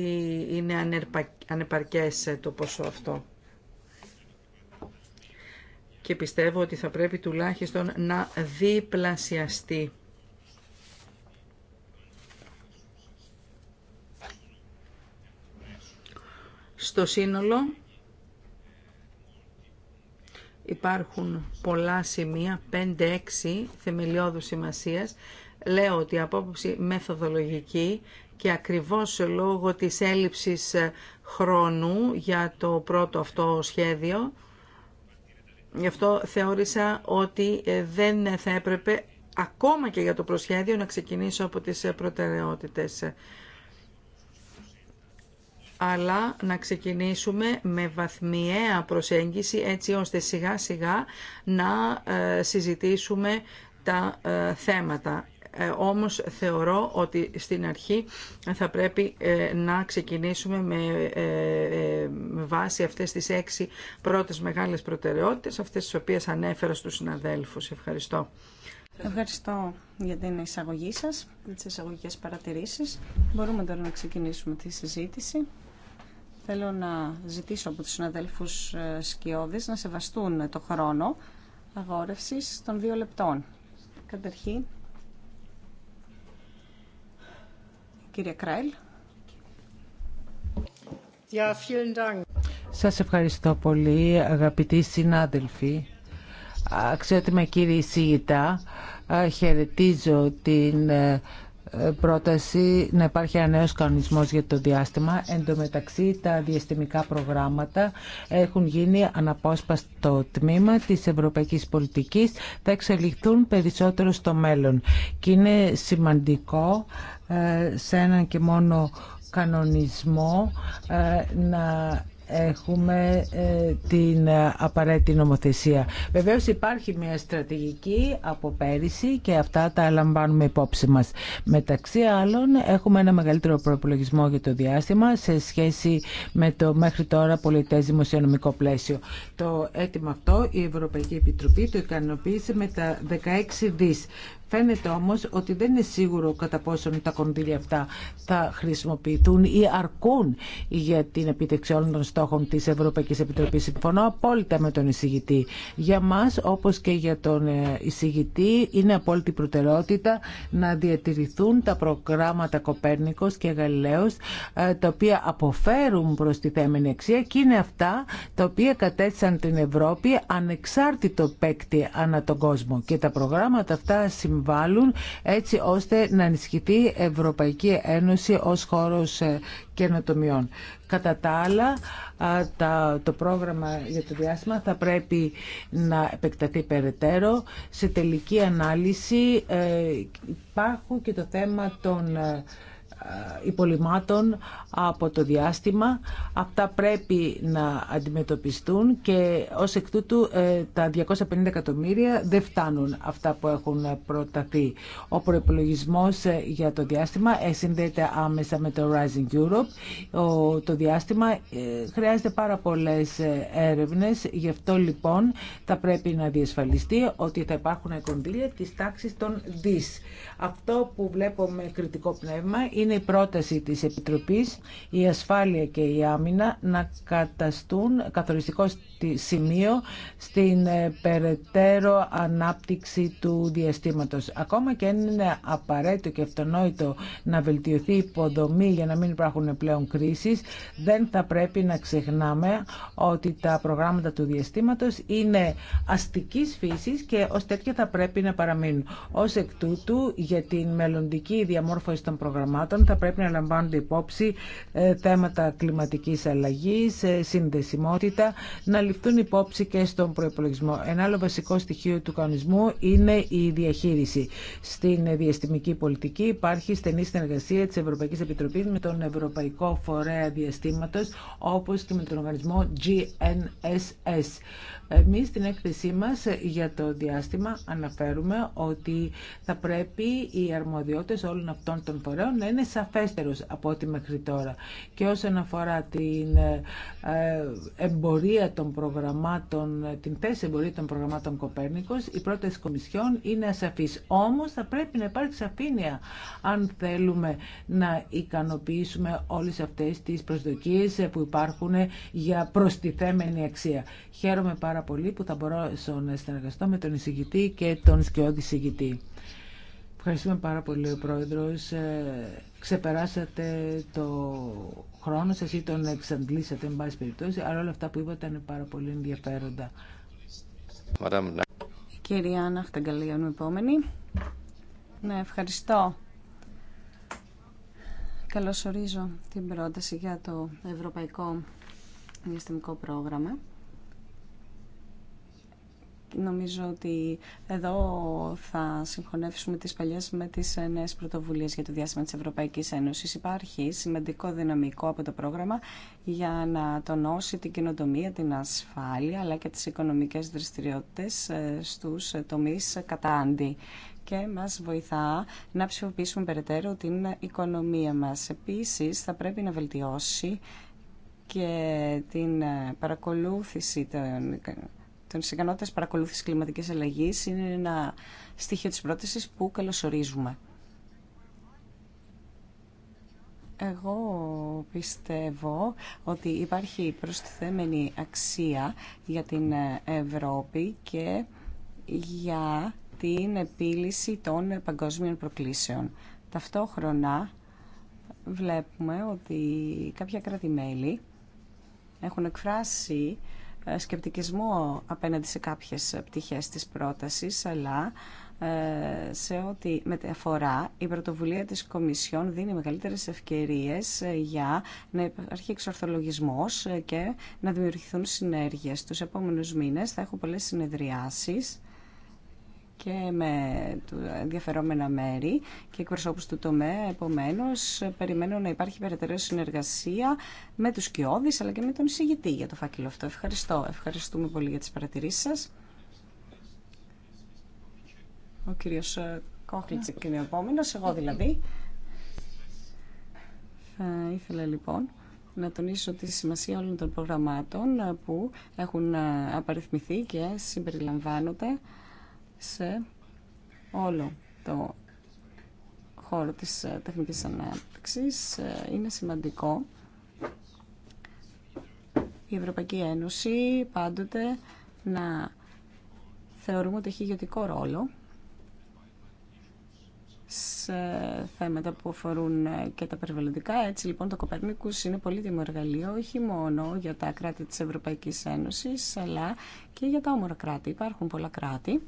είναι ανεπαρκές ε, το ποσό αυτό. Και πιστεύω ότι θα πρέπει τουλάχιστον να διπλασιαστεί. Στο σύνολο υπάρχουν πολλά σημεία, 5-6 θεμελιώδους σημασίας. Λέω ότι η απόψη μεθοδολογική και ακριβώς λόγω της έλλειψης χρόνου για το πρώτο αυτό σχέδιο, γι' αυτό θεώρησα ότι δεν θα έπρεπε ακόμα και για το προσχέδιο να ξεκινήσω από τις προτεραιότητες αλλά να ξεκινήσουμε με βαθμιαία προσέγγιση έτσι ώστε σιγά σιγά να ε, συζητήσουμε τα ε, θέματα. Ε, όμως θεωρώ ότι στην αρχή ε, θα πρέπει ε, να ξεκινήσουμε με βάση αυτές τις έξι πρώτες μεγάλες προτεραιότητες, αυτές τις οποίες ανέφερα στους συναδέλφους. Ευχαριστώ. Ευχαριστώ για την εισαγωγή σας, για τις εισαγωγικές παρατηρήσεις. Μπορούμε τώρα να ξεκινήσουμε τη συζήτηση. Θέλω να ζητήσω από τους συναδέλφους Σκιώδης να σεβαστούν το χρόνο αγόρευσης των δύο λεπτών. Καταρχήν, Σα Σας ευχαριστώ πολύ αγαπητοί συνάδελφοι. Αξιότιμα κύριε Σίγητα, χαιρετίζω την ε, ε, πρόταση να υπάρχει ένα νέο κανονισμός για το διάστημα. Εν τω μεταξύ τα διαστημικά προγράμματα έχουν γίνει αναπόσπαστο τμήμα της ευρωπαϊκής πολιτικής, θα εξελιχθούν περισσότερο στο μέλλον. Και είναι σημαντικό ε, σε έναν και μόνο κανονισμό ε, να έχουμε ε, την απαραίτητη νομοθεσία. Βεβαίως υπάρχει μια στρατηγική από πέρυσι και αυτά τα λαμβάνουμε υπόψη μας. Μεταξύ άλλων έχουμε ένα μεγαλύτερο προπολογισμό για το διάστημα σε σχέση με το μέχρι τώρα πολιτές δημοσιονομικό πλαίσιο. Το έτοιμο αυτό η Ευρωπαϊκή Επιτροπή το ικανοποίησε με τα 16 δις. Φαίνεται όμω ότι δεν είναι σίγουρο κατά πόσον τα κονδύλια αυτά θα χρησιμοποιηθούν ή αρκούν για την επίτευξη όλων των στόχων τη Ευρωπαϊκή Επιτροπή. Συμφωνώ απόλυτα με τον εισηγητή. Για μα, όπω και για τον ε, εισηγητή, είναι απόλυτη προτεραιότητα να διατηρηθούν τα προγράμματα Κοπέρνικος και Γαλιλαίο, ε, τα οποία αποφέρουν προ τη θέμενη αξία και είναι αυτά τα οποία κατέστησαν την Ευρώπη ανεξάρτητο παίκτη ανά τον κόσμο. Και τα προγράμματα αυτά συμβάλλουν έτσι ώστε να ενισχυθεί η Ευρωπαϊκή Ένωση ως χώρος ε, καινοτομιών. Κατά τα άλλα, το πρόγραμμα για το διάστημα θα πρέπει να επεκταθεί περαιτέρω. Σε τελική ανάλυση ε, υπάρχουν και το θέμα των ε, υπολοιμάτων από το διάστημα. Αυτά πρέπει να αντιμετωπιστούν και ως εκ τούτου ε, τα 250 εκατομμύρια δεν φτάνουν αυτά που έχουν προταθεί. Ο προπολογισμό ε, για το διάστημα ε, συνδέεται άμεσα με το Rising Europe. Το διάστημα χρειάζεται πάρα πολλές έρευνες, γι' αυτό λοιπόν θα πρέπει να διασφαλιστεί ότι θα υπάρχουν κονδύλια της τάξης των δις. Αυτό που βλέπω με κριτικό πνεύμα είναι είναι η πρόταση της Επιτροπής η ασφάλεια και η άμυνα να καταστούν καθοριστικό σημείο στην ε, περαιτέρω ανάπτυξη του διαστήματος. Ακόμα και αν είναι απαραίτητο και αυτονόητο να βελτιωθεί η υποδομή για να μην υπάρχουν πλέον κρίσεις, δεν θα πρέπει να ξεχνάμε ότι τα προγράμματα του διαστήματος είναι αστικής φύσης και ως τέτοια θα πρέπει να παραμείνουν. Ως εκ τούτου, για την μελλοντική διαμόρφωση των προγραμμάτων, θα πρέπει να λαμβάνονται υπόψη ε, θέματα κλιματικής αλλαγής, ε, συνδεσιμότητα, να ληφθούν υπόψη και στον προπολογισμό. Ένα άλλο βασικό στοιχείο του κανονισμού είναι η διαχείριση. Στην διαστημική πολιτική υπάρχει στενή συνεργασία της Ευρωπαϊκής Επιτροπής με τον Ευρωπαϊκό Φορέα Διαστήματος όπως και με τον οργανισμό GNSS. Εμείς στην έκθεσή μας για το διάστημα αναφέρουμε ότι θα πρέπει οι αρμοδιότητες όλων αυτών των φορέων να είναι σαφέστερος από ό,τι μέχρι τώρα. Και όσον αφορά την ε, εμπορία των προγραμμάτων, την θέση εμπορία των προγραμμάτων Κοπέρνικος, η πρόταση Κομισιόν είναι ασαφής. Όμως θα πρέπει να υπάρχει σαφήνεια αν θέλουμε να ικανοποιήσουμε όλες αυτές τις προσδοκίες που υπάρχουν για προστιθέμενη αξία. Χαίρομαι πάρα πολύ που θα μπορώ να συνεργαστώ με τον εισηγητή και τον σκιώδη εισηγητή. Ευχαριστούμε πάρα πολύ, ο Πρόεδρος. Ε, ξεπεράσατε το χρόνο σας ή τον εξαντλήσατε, εν πάση περιπτώσει, αλλά όλα αυτά που είπατε είναι πάρα πολύ ενδιαφέροντα. Κυρία Άννα Χταγκαλίων, επόμενη. Ναι, ευχαριστώ. ορίζω την πρόταση για το Ευρωπαϊκό Διαστημικό Πρόγραμμα. Νομίζω ότι εδώ θα συγχωνεύσουμε τις παλιές με τις νέες πρωτοβουλίες για το διάστημα της Ευρωπαϊκής Ένωσης. Υπάρχει σημαντικό δυναμικό από το πρόγραμμα για να τονώσει την κοινοτομία, την ασφάλεια αλλά και τις οικονομικές δραστηριότητες ε, στους τομείς κατά αντί και μας βοηθά να ψηφοποιήσουμε περαιτέρω την οικονομία μας. Επίσης θα πρέπει να βελτιώσει και την παρακολούθηση των των ικανότητα παρακολούθηση κλιματική αλλαγή είναι ένα στοιχείο τη πρόταση που καλωσορίζουμε. Εγώ πιστεύω ότι υπάρχει προστιθέμενη αξία για την Ευρώπη και για την επίλυση των παγκόσμιων προκλήσεων. Ταυτόχρονα βλέπουμε ότι κάποια κράτη-μέλη έχουν εκφράσει ε, σκεπτικισμό απέναντι σε κάποιες πτυχές της πρότασης, αλλά ε, σε ό,τι μεταφορά η πρωτοβουλία της Κομισιόν δίνει μεγαλύτερες ευκαιρίες ε, για να υπάρχει εξορθολογισμός και να δημιουργηθούν συνέργειες. Τους επόμενους μήνες θα έχω πολλές συνεδριάσεις και με ενδιαφερόμενα μέρη και εκπροσώπους του τομέα. Επομένως, περιμένω να υπάρχει περαιτέρω συνεργασία με τους κοιόδης αλλά και με τον εισηγητή για το φάκελο αυτό. Ευχαριστώ. Ευχαριστούμε πολύ για τις παρατηρήσεις σας. Ο κύριος ε, Κόχλητσικ είναι ο επόμενος, εγώ δηλαδή. Θα ήθελα λοιπόν να τονίσω τη σημασία όλων των προγραμμάτων που έχουν ε, απαριθμηθεί και συμπεριλαμβάνονται σε όλο το χώρο της ε, τεχνικής ανάπτυξης ε, είναι σημαντικό. Η Ευρωπαϊκή Ένωση πάντοτε να θεωρούμε ότι έχει ηγετικό ρόλο σε θέματα που αφορούν ε, και τα περιβαλλοντικά. Έτσι λοιπόν το Κοπέρνικους είναι πολύ εργαλείο όχι μόνο για τα κράτη της Ευρωπαϊκής Ένωσης αλλά και για τα όμορα κράτη. Υπάρχουν πολλά κράτη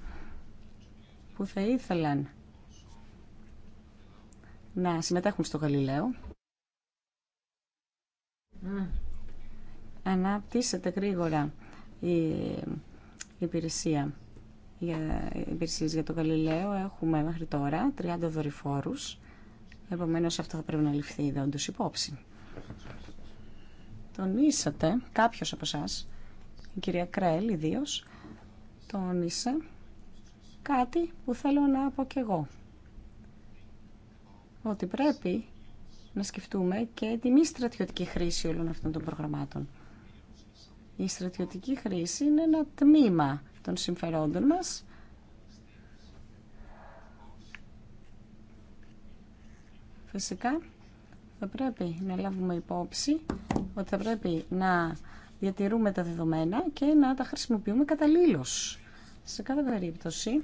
που θα ήθελαν να συμμετέχουν στο Γαλιλαίο. Mm. Αναπτύσσεται γρήγορα η υπηρεσία για, υπηρεσίες για το Γαλιλαίο. Έχουμε μέχρι τώρα 30 δορυφόρους. Επομένως αυτό θα πρέπει να ληφθεί όντως υπόψη. Τονίσατε κάποιος από εσά, η κυρία Κρέλ ιδίως, τόνισε κάτι που θέλω να πω και εγώ. Ότι πρέπει να σκεφτούμε και τη μη στρατιωτική χρήση όλων αυτών των προγραμμάτων. Η στρατιωτική χρήση είναι ένα τμήμα των συμφερόντων μας Φυσικά θα πρέπει να λάβουμε υπόψη ότι θα πρέπει να διατηρούμε τα δεδομένα και να τα χρησιμοποιούμε καταλήλως. Σε κάθε περίπτωση,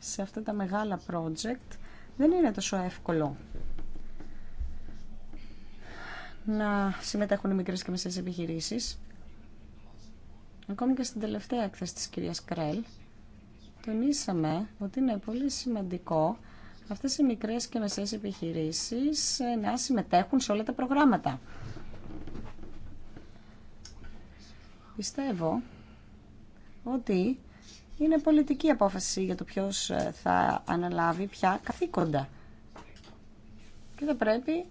σε αυτά τα μεγάλα project δεν είναι τόσο εύκολο να συμμετέχουν οι μικρές και μεσαίες επιχειρήσεις. Ακόμη και στην τελευταία έκθεση της κυρίας Κρέλ, τονίσαμε ότι είναι πολύ σημαντικό αυτές οι μικρές και μεσαίες επιχειρήσεις ε, να συμμετέχουν σε όλα τα προγράμματα. Πιστεύω ότι είναι πολιτική απόφαση για το ποιο ε, θα αναλάβει πια καθήκοντα. Και θα πρέπει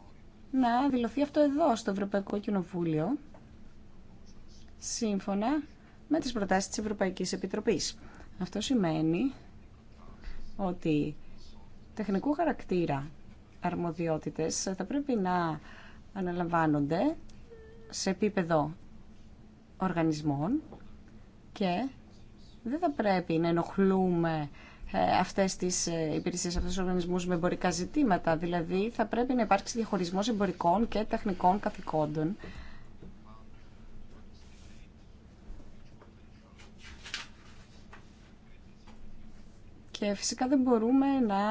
να δηλωθεί αυτό εδώ, στο Ευρωπαϊκό Κοινοβούλιο, σύμφωνα με τις προτάσεις της Ευρωπαϊκής Επιτροπής. Αυτό σημαίνει ότι τεχνικού χαρακτήρα αρμοδιότητες θα πρέπει να αναλαμβάνονται σε επίπεδο οργανισμών και δεν θα πρέπει να ενοχλούμε ε, αυτές τις ε, υπηρεσίες, αυτού του οργανισμού με εμπορικά ζητήματα. Δηλαδή θα πρέπει να υπάρξει διαχωρισμό εμπορικών και τεχνικών καθηκόντων. Και φυσικά δεν μπορούμε να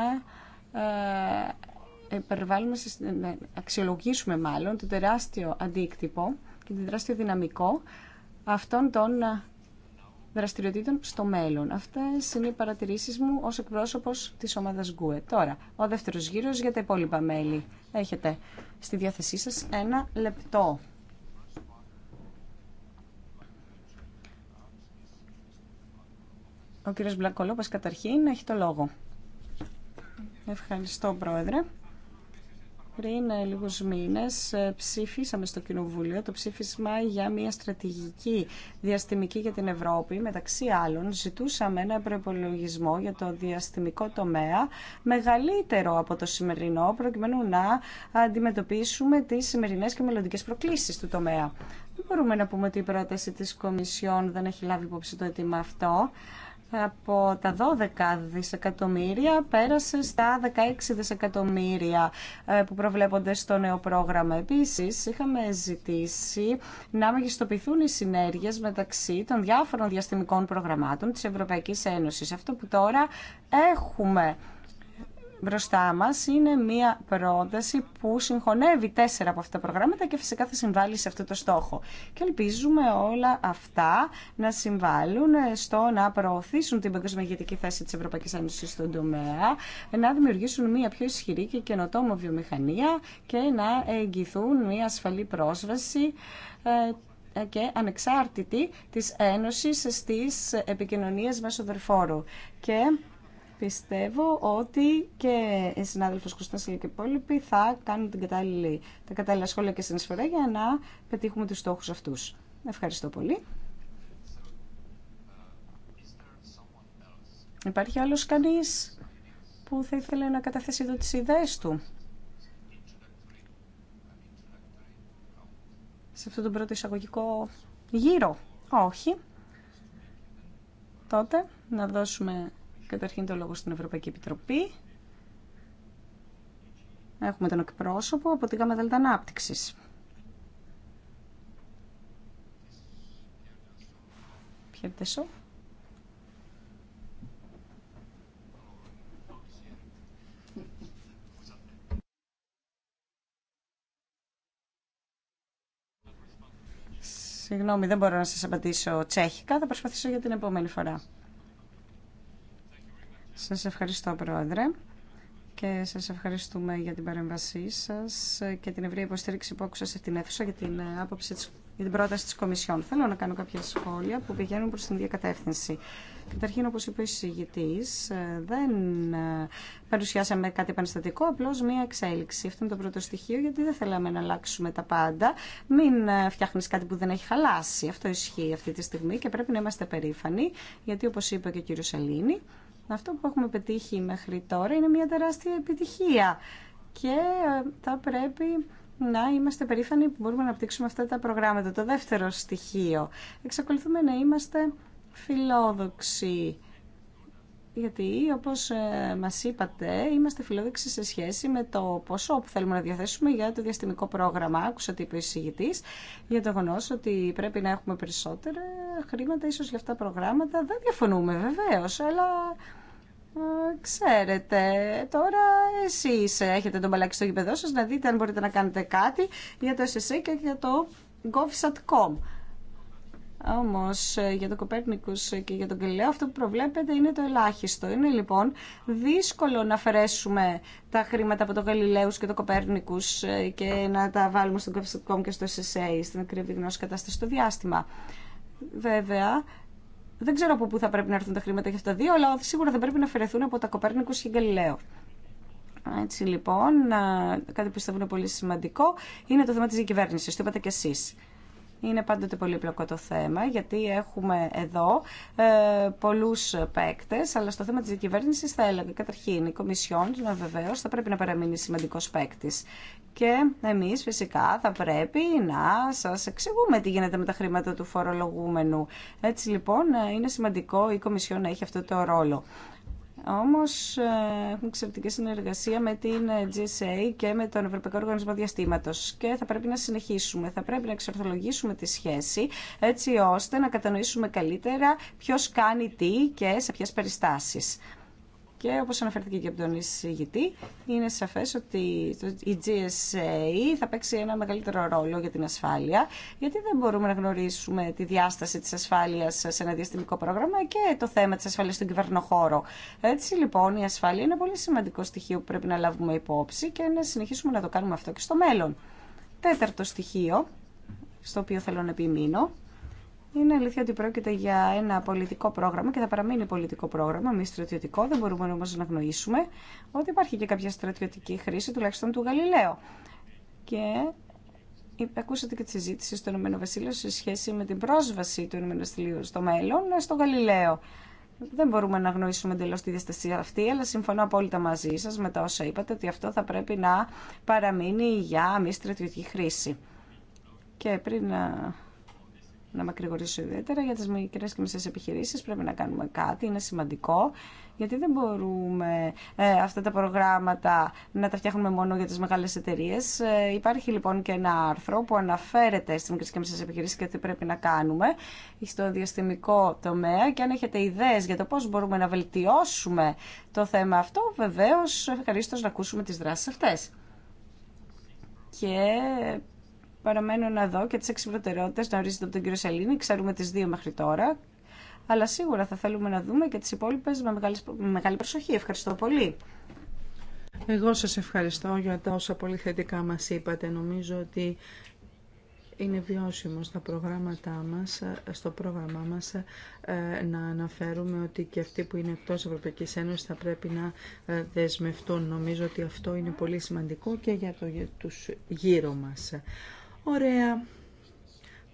ε, υπερβάλλουμε, να αξιολογήσουμε μάλλον το τεράστιο αντίκτυπο και το τεράστιο δυναμικό αυτών των δραστηριοτήτων στο μέλλον. Αυτέ είναι οι παρατηρήσει μου ως εκπρόσωπο της ομάδας ΓΚΟΕ. Τώρα, ο δεύτερος γύρος για τα υπόλοιπα μέλη. Έχετε στη διάθεσή σας ένα λεπτό. Ο κύριος Μπλακολόπας καταρχήν έχει το λόγο. Ευχαριστώ, Πρόεδρε. Πριν ε, λίγους μήνες ε, ψήφισαμε στο Κοινοβούλιο το ψήφισμα για μια στρατηγική διαστημική για την Ευρώπη. Μεταξύ άλλων ζητούσαμε ένα προπολογισμό για το διαστημικό τομέα μεγαλύτερο από το σημερινό προκειμένου να αντιμετωπίσουμε τις σημερινές και μελλοντικές προκλήσεις του τομέα. Δεν μπορούμε να πούμε ότι η πρόταση της Κομισιόν δεν έχει λάβει υπόψη το αίτημα αυτό από τα 12 δισεκατομμύρια πέρασε στα 16 δισεκατομμύρια ε, που προβλέπονται στο νέο πρόγραμμα. Επίσης, είχαμε ζητήσει να μεγιστοποιηθούν οι συνέργειες μεταξύ των διάφορων διαστημικών προγραμμάτων της Ευρωπαϊκής Ένωσης. Αυτό που τώρα έχουμε μπροστά μας είναι μία πρόταση που συγχωνεύει τέσσερα από αυτά τα προγράμματα και φυσικά θα συμβάλλει σε αυτό το στόχο. Και ελπίζουμε όλα αυτά να συμβάλλουν στο να προωθήσουν την παγκοσμιακή θέση της Ευρωπαϊκής Ένωση στον τομέα, να δημιουργήσουν μία πιο ισχυρή και καινοτόμο βιομηχανία και να εγγυθούν μία ασφαλή πρόσβαση ε, και ανεξάρτητη της Ένωσης στις επικοινωνίες μέσω δορυφόρου. Και Πιστεύω ότι και οι συνάδελφο Κωνσταντίνα και οι υπόλοιποι θα κάνουν τα κατάλληλα σχόλια και συνεισφορά για να πετύχουμε του στόχου αυτού. Ευχαριστώ πολύ. Υπάρχει άλλος κανείς που θα ήθελε να καταθέσει εδώ τις ιδέες του. Σε αυτόν τον πρώτο εισαγωγικό γύρο. Όχι. Τότε να δώσουμε Καταρχήν το λόγο στην Ευρωπαϊκή Επιτροπή. Έχουμε τον εκπρόσωπο από τη ΓΑΜΑ Ανάπτυξη. Συγγνώμη, δεν μπορώ να σας απαντήσω τσέχικα. Θα προσπαθήσω για την επόμενη φορά. Σας ευχαριστώ, Πρόεδρε και σας ευχαριστούμε για την παρέμβασή σας και την ευρία υποστήριξη που άκουσα σε την αίθουσα για την, ε, άποψη για την πρόταση της Κομισιόν. Θέλω να κάνω κάποια σχόλια που πηγαίνουν προς την ίδια κατεύθυνση. Καταρχήν, όπως είπε ο εισηγητής, ε, δεν ε, παρουσιάσαμε κάτι επαναστατικό, απλώς μία εξέλιξη. Αυτό είναι το πρώτο στοιχείο, γιατί δεν θέλαμε να αλλάξουμε τα πάντα. Μην φτιάχνεις κάτι που δεν έχει χαλάσει. Αυτό ισχύει αυτή τη στιγμή και πρέπει να είμαστε περήφανοι, γιατί όπω είπε και ο κύριος Σελήνη, αυτό που έχουμε πετύχει μέχρι τώρα είναι μια τεράστια επιτυχία και ε, θα πρέπει να είμαστε περήφανοι που μπορούμε να απτύξουμε αυτά τα προγράμματα. Το δεύτερο στοιχείο. Εξακολουθούμε να είμαστε φιλόδοξοι. Γιατί, όπως ε, μας είπατε, είμαστε φιλόδοξοι σε σχέση με το ποσό που θέλουμε να διαθέσουμε για το διαστημικό πρόγραμμα. Άκουσα τι είπε ο εισηγητής για το γνώσο ότι πρέπει να έχουμε περισσότερα χρήματα, ίσως για αυτά τα προγράμματα. Δεν διαφωνούμε βεβαίως, αλλά ε, ξέρετε, τώρα εσείς έχετε τον μπαλάκι στο γήπεδό σας να δείτε αν μπορείτε να κάνετε κάτι για το SSA και για το govsat.com. Όμω, ε, για το Κοπέρνικου και για τον Κελαιό αυτό που προβλέπετε είναι το ελάχιστο. Είναι λοιπόν δύσκολο να αφαιρέσουμε τα χρήματα από το Γαλιλαίους και το Κοπέρνικου ε, και να τα βάλουμε στον Govsat.com και στο SSA, στην ακριβή γνώση κατάσταση στο διάστημα. Βέβαια, δεν ξέρω από πού θα πρέπει να έρθουν τα χρήματα για αυτά τα δύο, αλλά σίγουρα δεν πρέπει να αφαιρεθούν από τα Κοπέρνικου και Γκαλιλαίο. Έτσι λοιπόν, κάτι που πιστεύω είναι πολύ σημαντικό, είναι το θέμα τη διακυβέρνηση. Το είπατε κι εσεί. Είναι πάντοτε πολύπλοκο το θέμα, γιατί έχουμε εδώ ε, πολλού παίκτε, αλλά στο θέμα τη διακυβέρνηση θα έλεγα καταρχήν η Κομισιόν, βεβαίω, θα πρέπει να παραμείνει σημαντικό παίκτη. Και εμεί φυσικά θα πρέπει να σα εξηγούμε τι γίνεται με τα χρήματα του φορολογούμενου. Έτσι λοιπόν ε, είναι σημαντικό η Κομισιόν να έχει αυτό το ρόλο. Όμως ε, έχουμε εξαιρετική συνεργασία με την GSA και με τον Ευρωπαϊκό Οργανισμό Διαστήματος και θα πρέπει να συνεχίσουμε. Θα πρέπει να εξορθολογήσουμε τη σχέση έτσι ώστε να κατανοήσουμε καλύτερα ποιος κάνει τι και σε ποιες περιστάσεις. Και όπως αναφέρθηκε και από τον εισηγητή, είναι σαφές ότι η GSA θα παίξει ένα μεγαλύτερο ρόλο για την ασφάλεια, γιατί δεν μπορούμε να γνωρίσουμε τη διάσταση της ασφάλειας σε ένα διαστημικό πρόγραμμα και το θέμα της ασφάλειας στον κυβερνοχώρο. Έτσι λοιπόν η ασφάλεια είναι ένα πολύ σημαντικό στοιχείο που πρέπει να λάβουμε υπόψη και να συνεχίσουμε να το κάνουμε αυτό και στο μέλλον. Τέταρτο στοιχείο, στο οποίο θέλω να επιμείνω, είναι αλήθεια ότι πρόκειται για ένα πολιτικό πρόγραμμα και θα παραμείνει πολιτικό πρόγραμμα, μη στρατιωτικό. Δεν μπορούμε όμω να γνωρίσουμε ότι υπάρχει και κάποια στρατιωτική χρήση, τουλάχιστον του Γαλιλαίου. Και ακούσατε και τη συζήτηση στο Ηνωμένο Βασίλειο σε σχέση με την πρόσβαση του Ηνωμένου Βασιλείου στο μέλλον στο Γαλιλαίο. Δεν μπορούμε να γνωρίσουμε εντελώ τη διαστασία αυτή, αλλά συμφωνώ απόλυτα μαζί σα με τα όσα είπατε ότι αυτό θα πρέπει να παραμείνει για μη στρατιωτική χρήση. Και πριν να να μακρηγορήσω ιδιαίτερα για τις μικρές και μισές επιχειρήσεις πρέπει να κάνουμε κάτι, είναι σημαντικό γιατί δεν μπορούμε ε, αυτά τα προγράμματα να τα φτιάχνουμε μόνο για τις μεγάλες εταιρείε. Ε, υπάρχει λοιπόν και ένα άρθρο που αναφέρεται στις μικρές και μισές επιχειρήσεις και τι πρέπει να κάνουμε στο διαστημικό τομέα και αν έχετε ιδέες για το πώς μπορούμε να βελτιώσουμε το θέμα αυτό βεβαίως ευχαρίστως να ακούσουμε τις δράσεις αυτές. Και Παραμένω να δω και τις εξυπροτεραιότητες να ορίζονται από τον κύριο Σελήνη. Ξέρουμε τι δύο μέχρι τώρα. Αλλά σίγουρα θα θέλουμε να δούμε και τι υπόλοιπε με μεγάλη προσοχή. Ευχαριστώ πολύ. Εγώ σας ευχαριστώ για τα όσα πολύ θετικά μας είπατε. Νομίζω ότι είναι βιώσιμο στα προγράμματά μας, στο πρόγραμμά μας ε, να αναφέρουμε ότι και αυτοί που είναι εκτός Ευρωπαϊκής Ένωσης θα πρέπει να ε, δεσμευτούν. Νομίζω ότι αυτό είναι πολύ σημαντικό και για το, γύρω μας. Ωραία.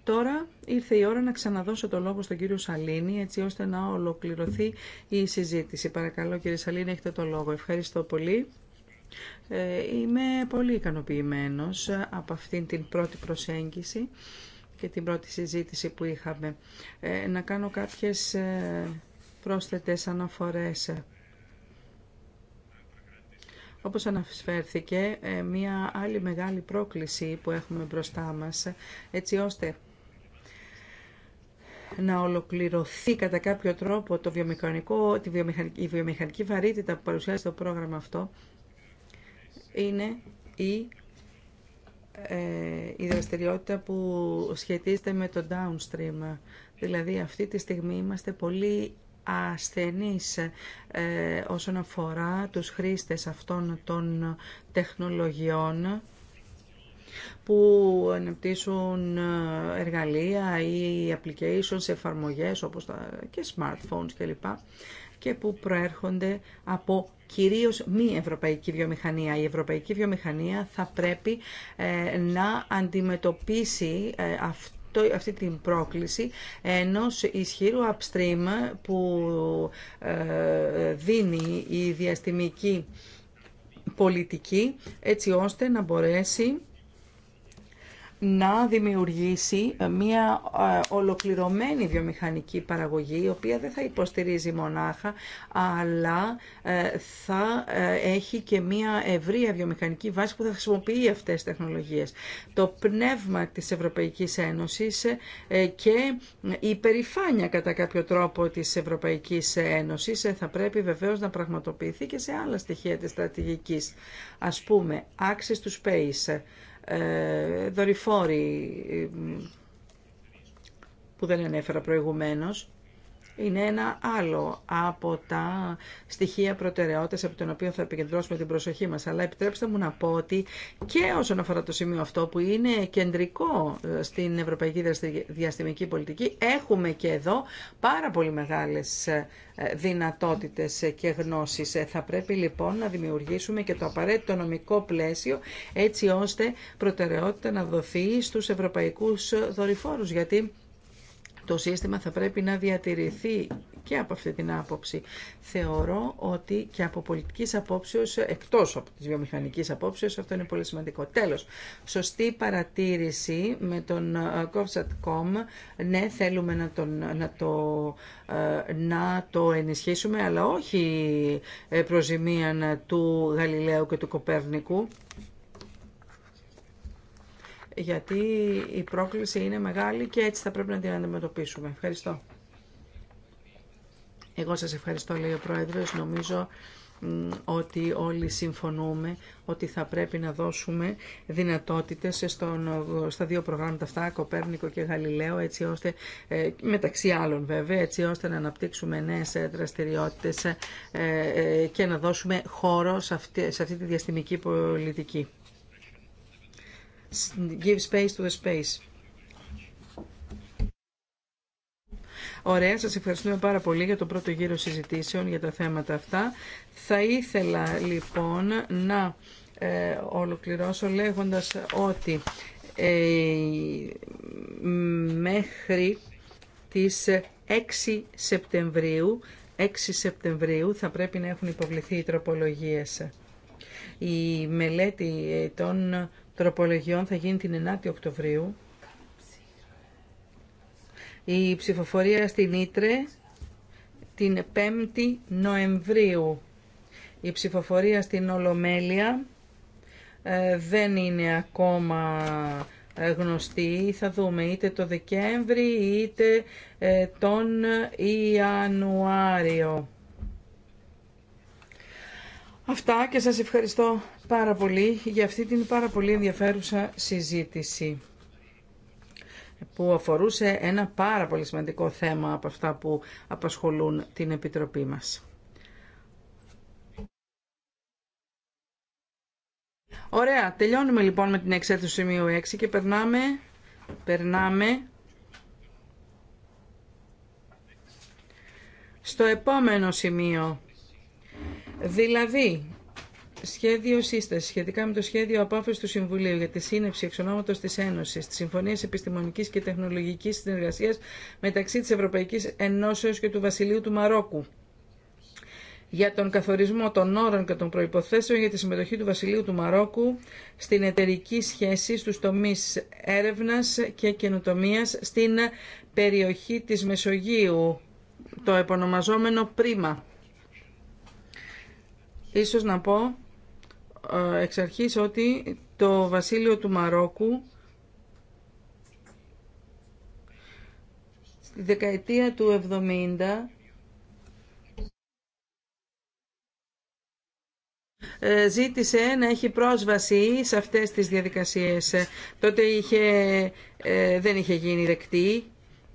Τώρα ήρθε η ώρα να ξαναδώσω το λόγο στον κύριο Σαλίνη, έτσι ώστε να ολοκληρωθεί η συζήτηση. Παρακαλώ κύριε Σαλίνη, έχετε το λόγο. Ευχαριστώ πολύ. Ε, είμαι πολύ ικανοποιημένος από αυτήν την πρώτη προσέγγιση και την πρώτη συζήτηση που είχαμε. Ε, να κάνω κάποιες ε, πρόσθετες αναφορές. Όπως αναφέρθηκε, ε, μια άλλη μεγάλη πρόκληση που έχουμε μπροστά μας, έτσι ώστε να ολοκληρωθεί κατά κάποιο τρόπο το βιομηχανικό, τη βιομηχανική, η βιομηχανική βαρύτητα που παρουσιάζει το πρόγραμμα αυτό, είναι η ε, η δραστηριότητα που σχετίζεται με το downstream. Δηλαδή αυτή τη στιγμή είμαστε πολύ ασθενείς ε, όσον αφορά τους χρήστες αυτών των τεχνολογιών που αναπτύσσουν ε, εργαλεία ή applications, εφαρμογές όπως τα και smartphones κλπ και που προέρχονται από κυρίως μη ευρωπαϊκή βιομηχανία. Η ευρωπαϊκή βιομηχανία θα πρέπει ε, να αντιμετωπίσει αυτό αυτή την πρόκληση ενός ισχύρου upstream που ε, δίνει η διαστημική πολιτική έτσι ώστε να μπορέσει να δημιουργήσει ε, μια ε, ολοκληρωμένη βιομηχανική παραγωγή η οποία δεν θα υποστηρίζει μονάχα αλλά ε, θα έχει και μια ευρεία βιομηχανική βάση που θα χρησιμοποιεί αυτές τις τεχνολογίες. Το πνεύμα της Ευρωπαϊκής Ένωσης και η περηφάνεια κατά κάποιο τρόπο της Ευρωπαϊκής Ένωσης θα πρέπει βεβαίως να πραγματοποιηθεί και σε άλλα στοιχεία της στρατηγικής. Ας πούμε, access to space ε, δορυφόροι ε, που δεν ανέφερα προηγουμένως είναι ένα άλλο από τα στοιχεία προτεραιότητας από τον οποίο θα επικεντρώσουμε την προσοχή μας. Αλλά επιτρέψτε μου να πω ότι και όσον αφορά το σημείο αυτό που είναι κεντρικό ε, στην Ευρωπαϊκή Διαστημική Πολιτική έχουμε και εδώ πάρα πολύ μεγάλες ε, δυνατότητες και γνώσεις. Ε, θα πρέπει λοιπόν να δημιουργήσουμε και το απαραίτητο νομικό πλαίσιο έτσι ώστε προτεραιότητα να δοθεί στους ευρωπαϊκούς δορυφόρους γιατί το σύστημα θα πρέπει να διατηρηθεί και από αυτή την άποψη. Θεωρώ ότι και από πολιτική απόψεω, εκτός από τη βιομηχανική απόψεω, αυτό είναι πολύ σημαντικό. Τέλος, σωστή παρατήρηση με τον Govsat.com. Ε, ναι, θέλουμε να, να, το, ε, να το ενισχύσουμε, αλλά όχι ε, προζημίαν του Γαλιλαίου και του Κοπέρνικου γιατί η πρόκληση είναι μεγάλη και έτσι θα πρέπει να την αντιμετωπίσουμε. Ευχαριστώ. Εγώ σας ευχαριστώ, λέει ο Πρόεδρος. Νομίζω ότι όλοι συμφωνούμε ότι θα πρέπει να δώσουμε δυνατότητες στον, στα δύο προγράμματα αυτά, Κοπέρνικο και Γαλιλαίο, έτσι ώστε, ε, μεταξύ άλλων βέβαια, έτσι ώστε να αναπτύξουμε νέες ε, δραστηριότητες ε, και να δώσουμε χώρο αυτή, σε αυτή τη διαστημική πολιτική. Give space to a space. Ωραία, σας ευχαριστούμε πάρα πολύ για τον πρώτο γύρο συζητήσεων για τα θέματα αυτά. Θα ήθελα λοιπόν να ε, ολοκληρώσω λέγοντας ότι ε, μέχρι τις 6 Σεπτεμβρίου, 6 Σεπτεμβρίου θα πρέπει να έχουν υποβληθεί οι τροπολογίες. Η μελέτη των τροπολογιών θα γίνει την 9η Οκτωβρίου. Η ψηφοφορία στην Ήτρε την 5η Νοεμβρίου. Η ψηφοφορία στην Ολομέλεια ε, δεν είναι ακόμα ε, γνωστή. Θα δούμε είτε το Δεκέμβρη είτε ε, τον Ιανουάριο. Αυτά και σας ευχαριστώ πάρα πολύ για αυτή την πάρα πολύ ενδιαφέρουσα συζήτηση που αφορούσε ένα πάρα πολύ σημαντικό θέμα από αυτά που απασχολούν την Επιτροπή μας. Ωραία, τελειώνουμε λοιπόν με την εξέταση του σημείου 6 και περνάμε, περνάμε στο επόμενο σημείο. Δηλαδή, Σχέδιο σύσταση σχετικά με το σχέδιο απόφαση του Συμβουλίου για τη σύνευση εξ ονόματο τη Ένωση τη Συμφωνία Επιστημονική και Τεχνολογική Συνεργασία μεταξύ τη Ευρωπαϊκή Ενώσεω και του Βασιλείου του Μαρόκου για τον καθορισμό των όρων και των προϋποθέσεων για τη συμμετοχή του Βασιλείου του Μαρόκου στην εταιρική σχέση στους τομείς έρευνας και καινοτομίας στην περιοχή της Μεσογείου, το επωνομαζόμενο πρίμα. Ίσως να πω ε, εξ αρχής ότι το βασίλειο του Μαρόκου στη δεκαετία του 70 ε, ζήτησε να έχει πρόσβαση σε αυτές τις διαδικασίες. Τότε είχε, ε, δεν είχε γίνει δεκτή,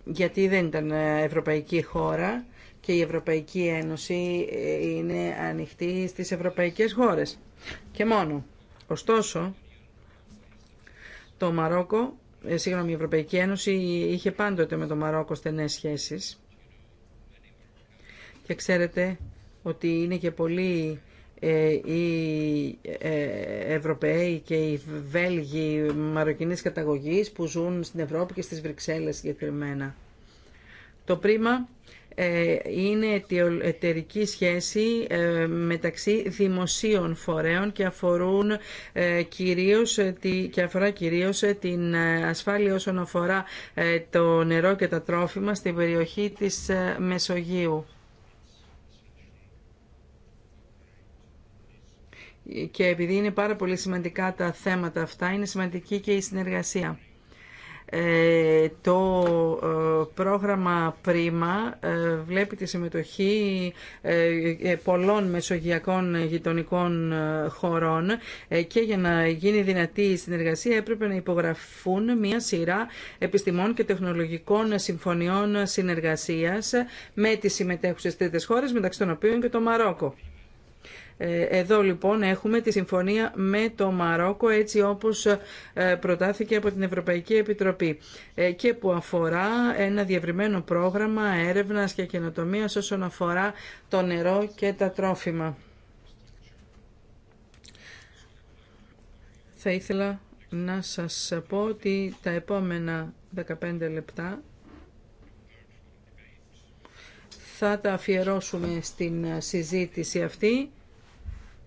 γιατί δεν ήταν ευρωπαϊκή χώρα και η Ευρωπαϊκή Ένωση ε, είναι ανοιχτή στις ευρωπαϊκές χώρες. Και μόνο. Ωστόσο, το Μαρόκο, ε, η Ευρωπαϊκή Ένωση είχε πάντοτε με το Μαρόκο στενές σχέσεις. Και ξέρετε ότι είναι και πολύ ε, οι Ευρωπαίοι και οι Βέλγοι μαροκινής καταγωγής που ζουν στην Ευρώπη και στις Βρυξέλλες συγκεκριμένα. Το πρίμα ε, είναι εταιρική σχέση ε, μεταξύ δημοσίων φορέων και αφορούν ε, κυρίως και αφορά κυρίως την ασφάλεια όσον αφορά το νερό και τα τρόφιμα στην περιοχή της Μεσογείου. Και επειδή είναι πάρα πολύ σημαντικά τα θέματα αυτά, είναι σημαντική και η συνεργασία. Ε, το ε, πρόγραμμα Πρίμα ε, βλέπει τη συμμετοχή πολλών μεσογειακών γειτονικών χωρών και για να γίνει δυνατή η συνεργασία έπρεπε να υπογραφούν μια σειρά επιστημών και τεχνολογικών συμφωνιών συνεργασίας με τις συμμετέχουσες τρίτες χώρες μεταξύ των οποίων και το Μαρόκο. Ε, εδώ λοιπόν έχουμε τη συμφωνία με το Μαρόκο έτσι όπως ε, προτάθηκε από την Ευρωπαϊκή Επιτροπή ε, και που αφορά ένα διευρυμένο πρόγραμμα έρευνας και καινοτομίας όσον αφορά το νερό και τα τρόφιμα. Θα ήθελα να σας πω ότι τα επόμενα 15 λεπτά θα τα αφιερώσουμε στην συζήτηση αυτή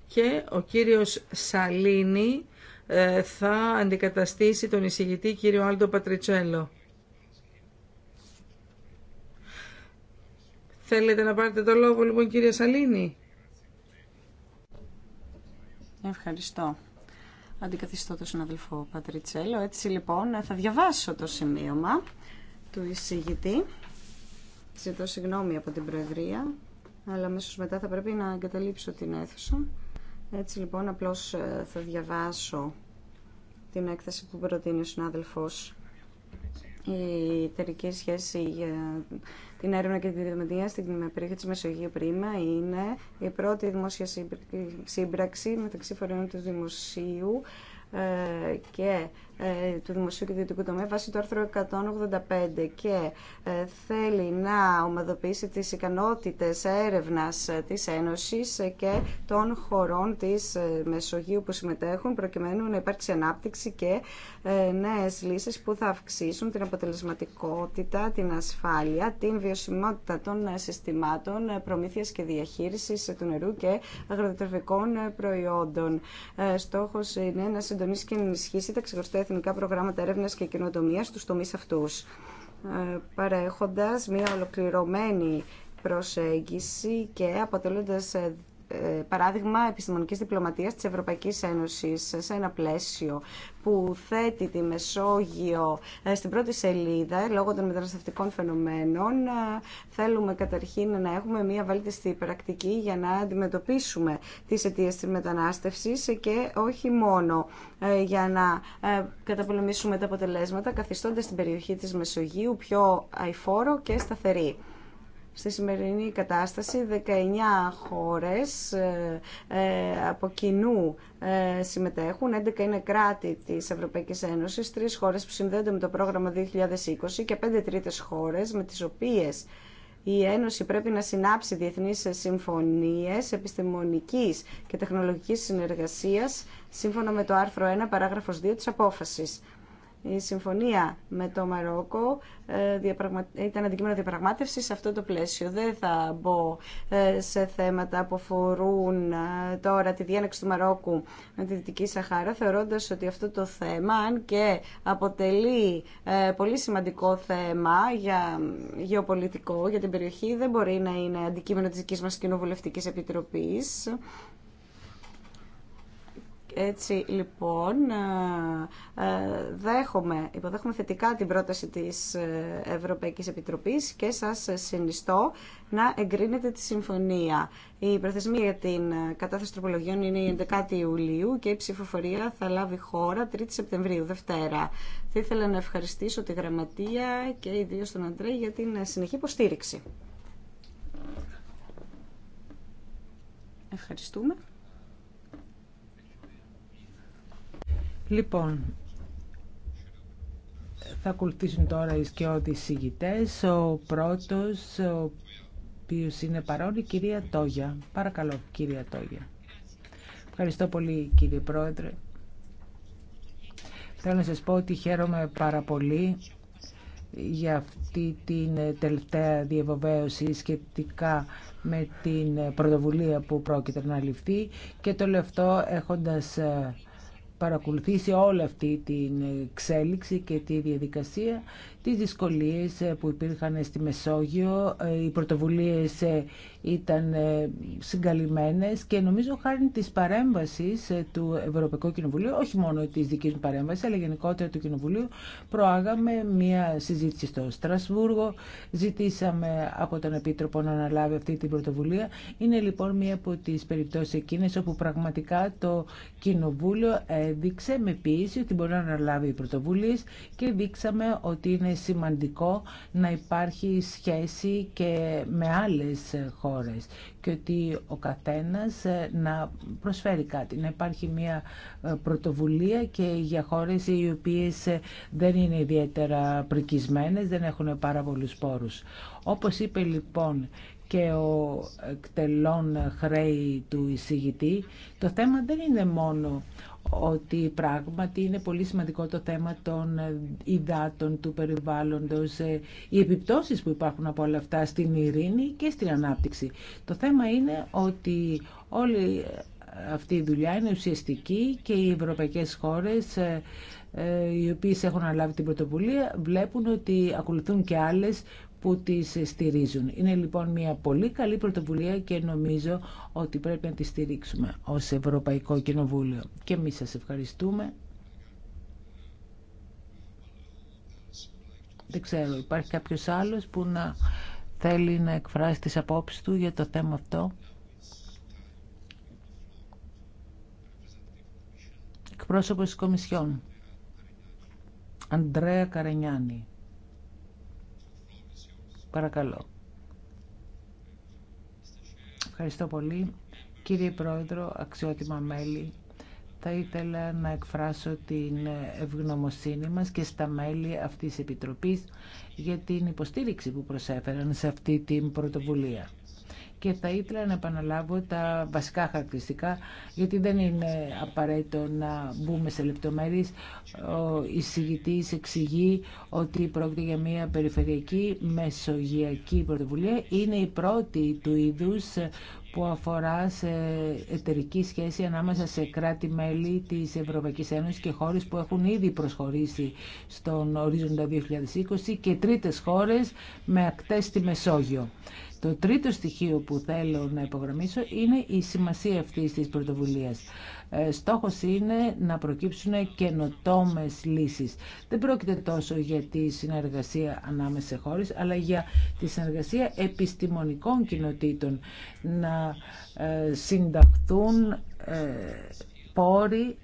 και ο κύριος Σαλίνη ε, θα αντικαταστήσει τον εισηγητή κύριο Άλτο Πατριτσέλο. Θέλετε να πάρετε το λόγο λοιπόν κύριε Σαλίνη. Ευχαριστώ. Αντικαθιστώ τον συναδελφό Πατριτσέλο. Έτσι λοιπόν θα διαβάσω το σημείωμα του εισηγητή. Ζητώ συγγνώμη από την Προεδρία, αλλά αμέσω μετά θα πρέπει να εγκαταλείψω την αίθουσα. Έτσι λοιπόν απλώς ε, θα διαβάσω την έκθεση που προτείνει ο συνάδελφος η εταιρική σχέση για την έρευνα και τη δημοκρατία στην περιοχή της Μεσογείου Πρίμα είναι η πρώτη δημόσια σύμπραξη μεταξύ φορέων του δημοσίου ε, και ε, του δημοσίου και ιδιωτικού τομέα βάσει το άρθρο 185 και ε, θέλει να ομαδοποιήσει τις ικανότητες έρευνας ε, της Ένωσης και των χωρών της Μεσογείου που συμμετέχουν προκειμένου να υπάρξει ανάπτυξη και νέες λύσεις που θα αυξήσουν την αποτελεσματικότητα, την ασφάλεια, την βιωσιμότητα των συστημάτων προμήθειας και διαχείρισης του νερού και αγροδιτροφικών προϊόντων. Στόχος είναι να συντονίσει και να ενισχύσει τα εθνικά προγράμματα έρευνας και κοινοτομία στους τομείς αυτούς, ε, παρέχοντας μια ολοκληρωμένη προσέγγιση και αποτελώντας ε, ε, παράδειγμα επιστημονικής διπλωματίας της Ευρωπαϊκής Ένωσης σε ένα πλαίσιο που θέτει τη Μεσόγειο ε, στην πρώτη σελίδα λόγω των μεταναστευτικών φαινομένων. Ε, θέλουμε καταρχήν να έχουμε μια βέλτιστη πρακτική για να αντιμετωπίσουμε τις αιτίε της μετανάστευσης και όχι μόνο για να καταπολεμήσουμε τα αποτελέσματα καθιστώντας την περιοχή της Μεσογείου πιο αηφόρο και σταθερή. Στη σημερινή κατάσταση 19 χώρες ε, ε, από κοινού ε, συμμετέχουν, 11 είναι κράτη της Ευρωπαϊκής Ένωσης, 3 χώρες που συνδέονται με το πρόγραμμα 2020 και 5 τρίτες χώρες με τις οποίες η Ένωση πρέπει να συνάψει διεθνείς συμφωνίες επιστημονικής και τεχνολογικής συνεργασίας σύμφωνα με το άρθρο 1 παράγραφος 2 της απόφασης. Η συμφωνία με το Μαρόκο ε, ήταν αντικείμενο διαπραγμάτευση σε αυτό το πλαίσιο. Δεν θα μπω ε, σε θέματα που αφορούν ε, τώρα τη διένεξη του Μαρόκου με τη Δυτική Σαχάρα, θεωρώντα ότι αυτό το θέμα, αν και αποτελεί πολύ σημαντικό θέμα για γεωπολιτικό για την περιοχή, δεν μπορεί να είναι αντικείμενο τη δική μα κοινοβουλευτική επιτροπή. Έτσι λοιπόν ε, ε, δέχομαι, υποδέχομαι θετικά την πρόταση της ε, Ευρωπαϊκής Επιτροπής και σας συνιστώ να εγκρίνετε τη συμφωνία. Η προθεσμία για την κατάθεση τροπολογιών είναι η 11η Ιουλίου και η ψηφοφορία θα λάβει χώρα 3η Σεπτεμβρίου, Δευτέρα. Θα ήθελα να ευχαριστήσω τη Γραμματεία και ιδίως τον Αντρέ για την συνεχή υποστήριξη. Ευχαριστούμε. Λοιπόν, θα ακολουθήσουν τώρα οι σκιώδεις συγητές. Ο πρώτος, ο οποίος είναι παρόν, η κυρία Τόγια. Παρακαλώ, κυρία Τόγια. Ευχαριστώ πολύ, κύριε Πρόεδρε. Θέλω να σας πω ότι χαίρομαι πάρα πολύ για αυτή την τελευταία διαβεβαίωση σχετικά με την πρωτοβουλία που πρόκειται να ληφθεί και το λεφτό έχοντας ε, παρακολουθήσει όλη αυτή την εξέλιξη και τη διαδικασία τις δυσκολίες ε, που υπήρχαν στη Μεσόγειο. Ε, οι πρωτοβουλίες ε, ήταν συγκαλυμμένες και νομίζω χάρη της παρέμβασης του Ευρωπαϊκού Κοινοβουλίου, όχι μόνο της δικής μου παρέμβασης, αλλά γενικότερα του Κοινοβουλίου, προάγαμε μια συζήτηση στο Στρασβούργο, ζητήσαμε από τον Επίτροπο να αναλάβει αυτή την πρωτοβουλία. Είναι λοιπόν μια από τις περιπτώσεις εκείνες όπου πραγματικά το Κοινοβούλιο έδειξε με ποιήση ότι μπορεί να αναλάβει οι πρωτοβουλίες και δείξαμε ότι είναι είναι σημαντικό να υπάρχει σχέση και με άλλες χώρες και ότι ο καθένας ε, να προσφέρει κάτι, να υπάρχει μια ε, πρωτοβουλία και για χώρες οι οποίες ε, δεν είναι ιδιαίτερα πρικισμένες, δεν έχουν πάρα πολλούς πόρους. Όπως είπε λοιπόν και ο εκτελών χρέη του εισηγητή, το θέμα δεν είναι μόνο ότι πράγματι είναι πολύ σημαντικό το θέμα των υδάτων του περιβάλλοντος, ε, οι επιπτώσεις που υπάρχουν από όλα αυτά στην ειρήνη και στην ανάπτυξη. Το θέμα είναι ότι όλη αυτή η δουλειά είναι ουσιαστική και οι ευρωπαϊκές χώρες ε, ε, οι οποίες έχουν αναλάβει την πρωτοβουλία βλέπουν ότι ακολουθούν και άλλες που τις στηρίζουν. Είναι λοιπόν μια πολύ καλή πρωτοβουλία και νομίζω ότι πρέπει να τη στηρίξουμε ως Ευρωπαϊκό Κοινοβούλιο. Και εμείς σας ευχαριστούμε. Δεν ξέρω, υπάρχει κάποιος άλλος που να θέλει να εκφράσει τις απόψεις του για το θέμα αυτό. Εκπρόσωπος της Κομισιόν. Αντρέα Καρενιάνη. Παρακαλώ. Ευχαριστώ πολύ. Κύριε Πρόεδρο, αξιότιμα μέλη, θα ήθελα να εκφράσω την ευγνωμοσύνη μας και στα μέλη αυτής της Επιτροπής για την υποστήριξη που προσέφεραν σε αυτή την πρωτοβουλία και θα ήθελα να επαναλάβω τα βασικά χαρακτηριστικά γιατί δεν είναι απαραίτητο να μπούμε σε λεπτομέρειες. Ο εισηγητής εξηγεί ότι πρόκειται για μια περιφερειακή μεσογειακή πρωτοβουλία. Είναι η πρώτη του είδους που αφορά σε εταιρική σχέση ανάμεσα σε κράτη-μέλη της Ευρωπαϊκής Ένωσης και χώρες που έχουν ήδη προσχωρήσει στον ορίζοντα 2020 και τρίτες χώρες με ακτές στη Μεσόγειο. Το τρίτο στοιχείο που θέλω να υπογραμμίσω είναι η σημασία αυτής της πρωτοβουλίας. Ε, στόχος είναι να προκύψουν καινοτόμε λύσεις. Δεν πρόκειται τόσο για τη συνεργασία ανάμεσα σε χώρες, αλλά για τη συνεργασία επιστημονικών κοινοτήτων να ε, συνταχθούν ε, πόροι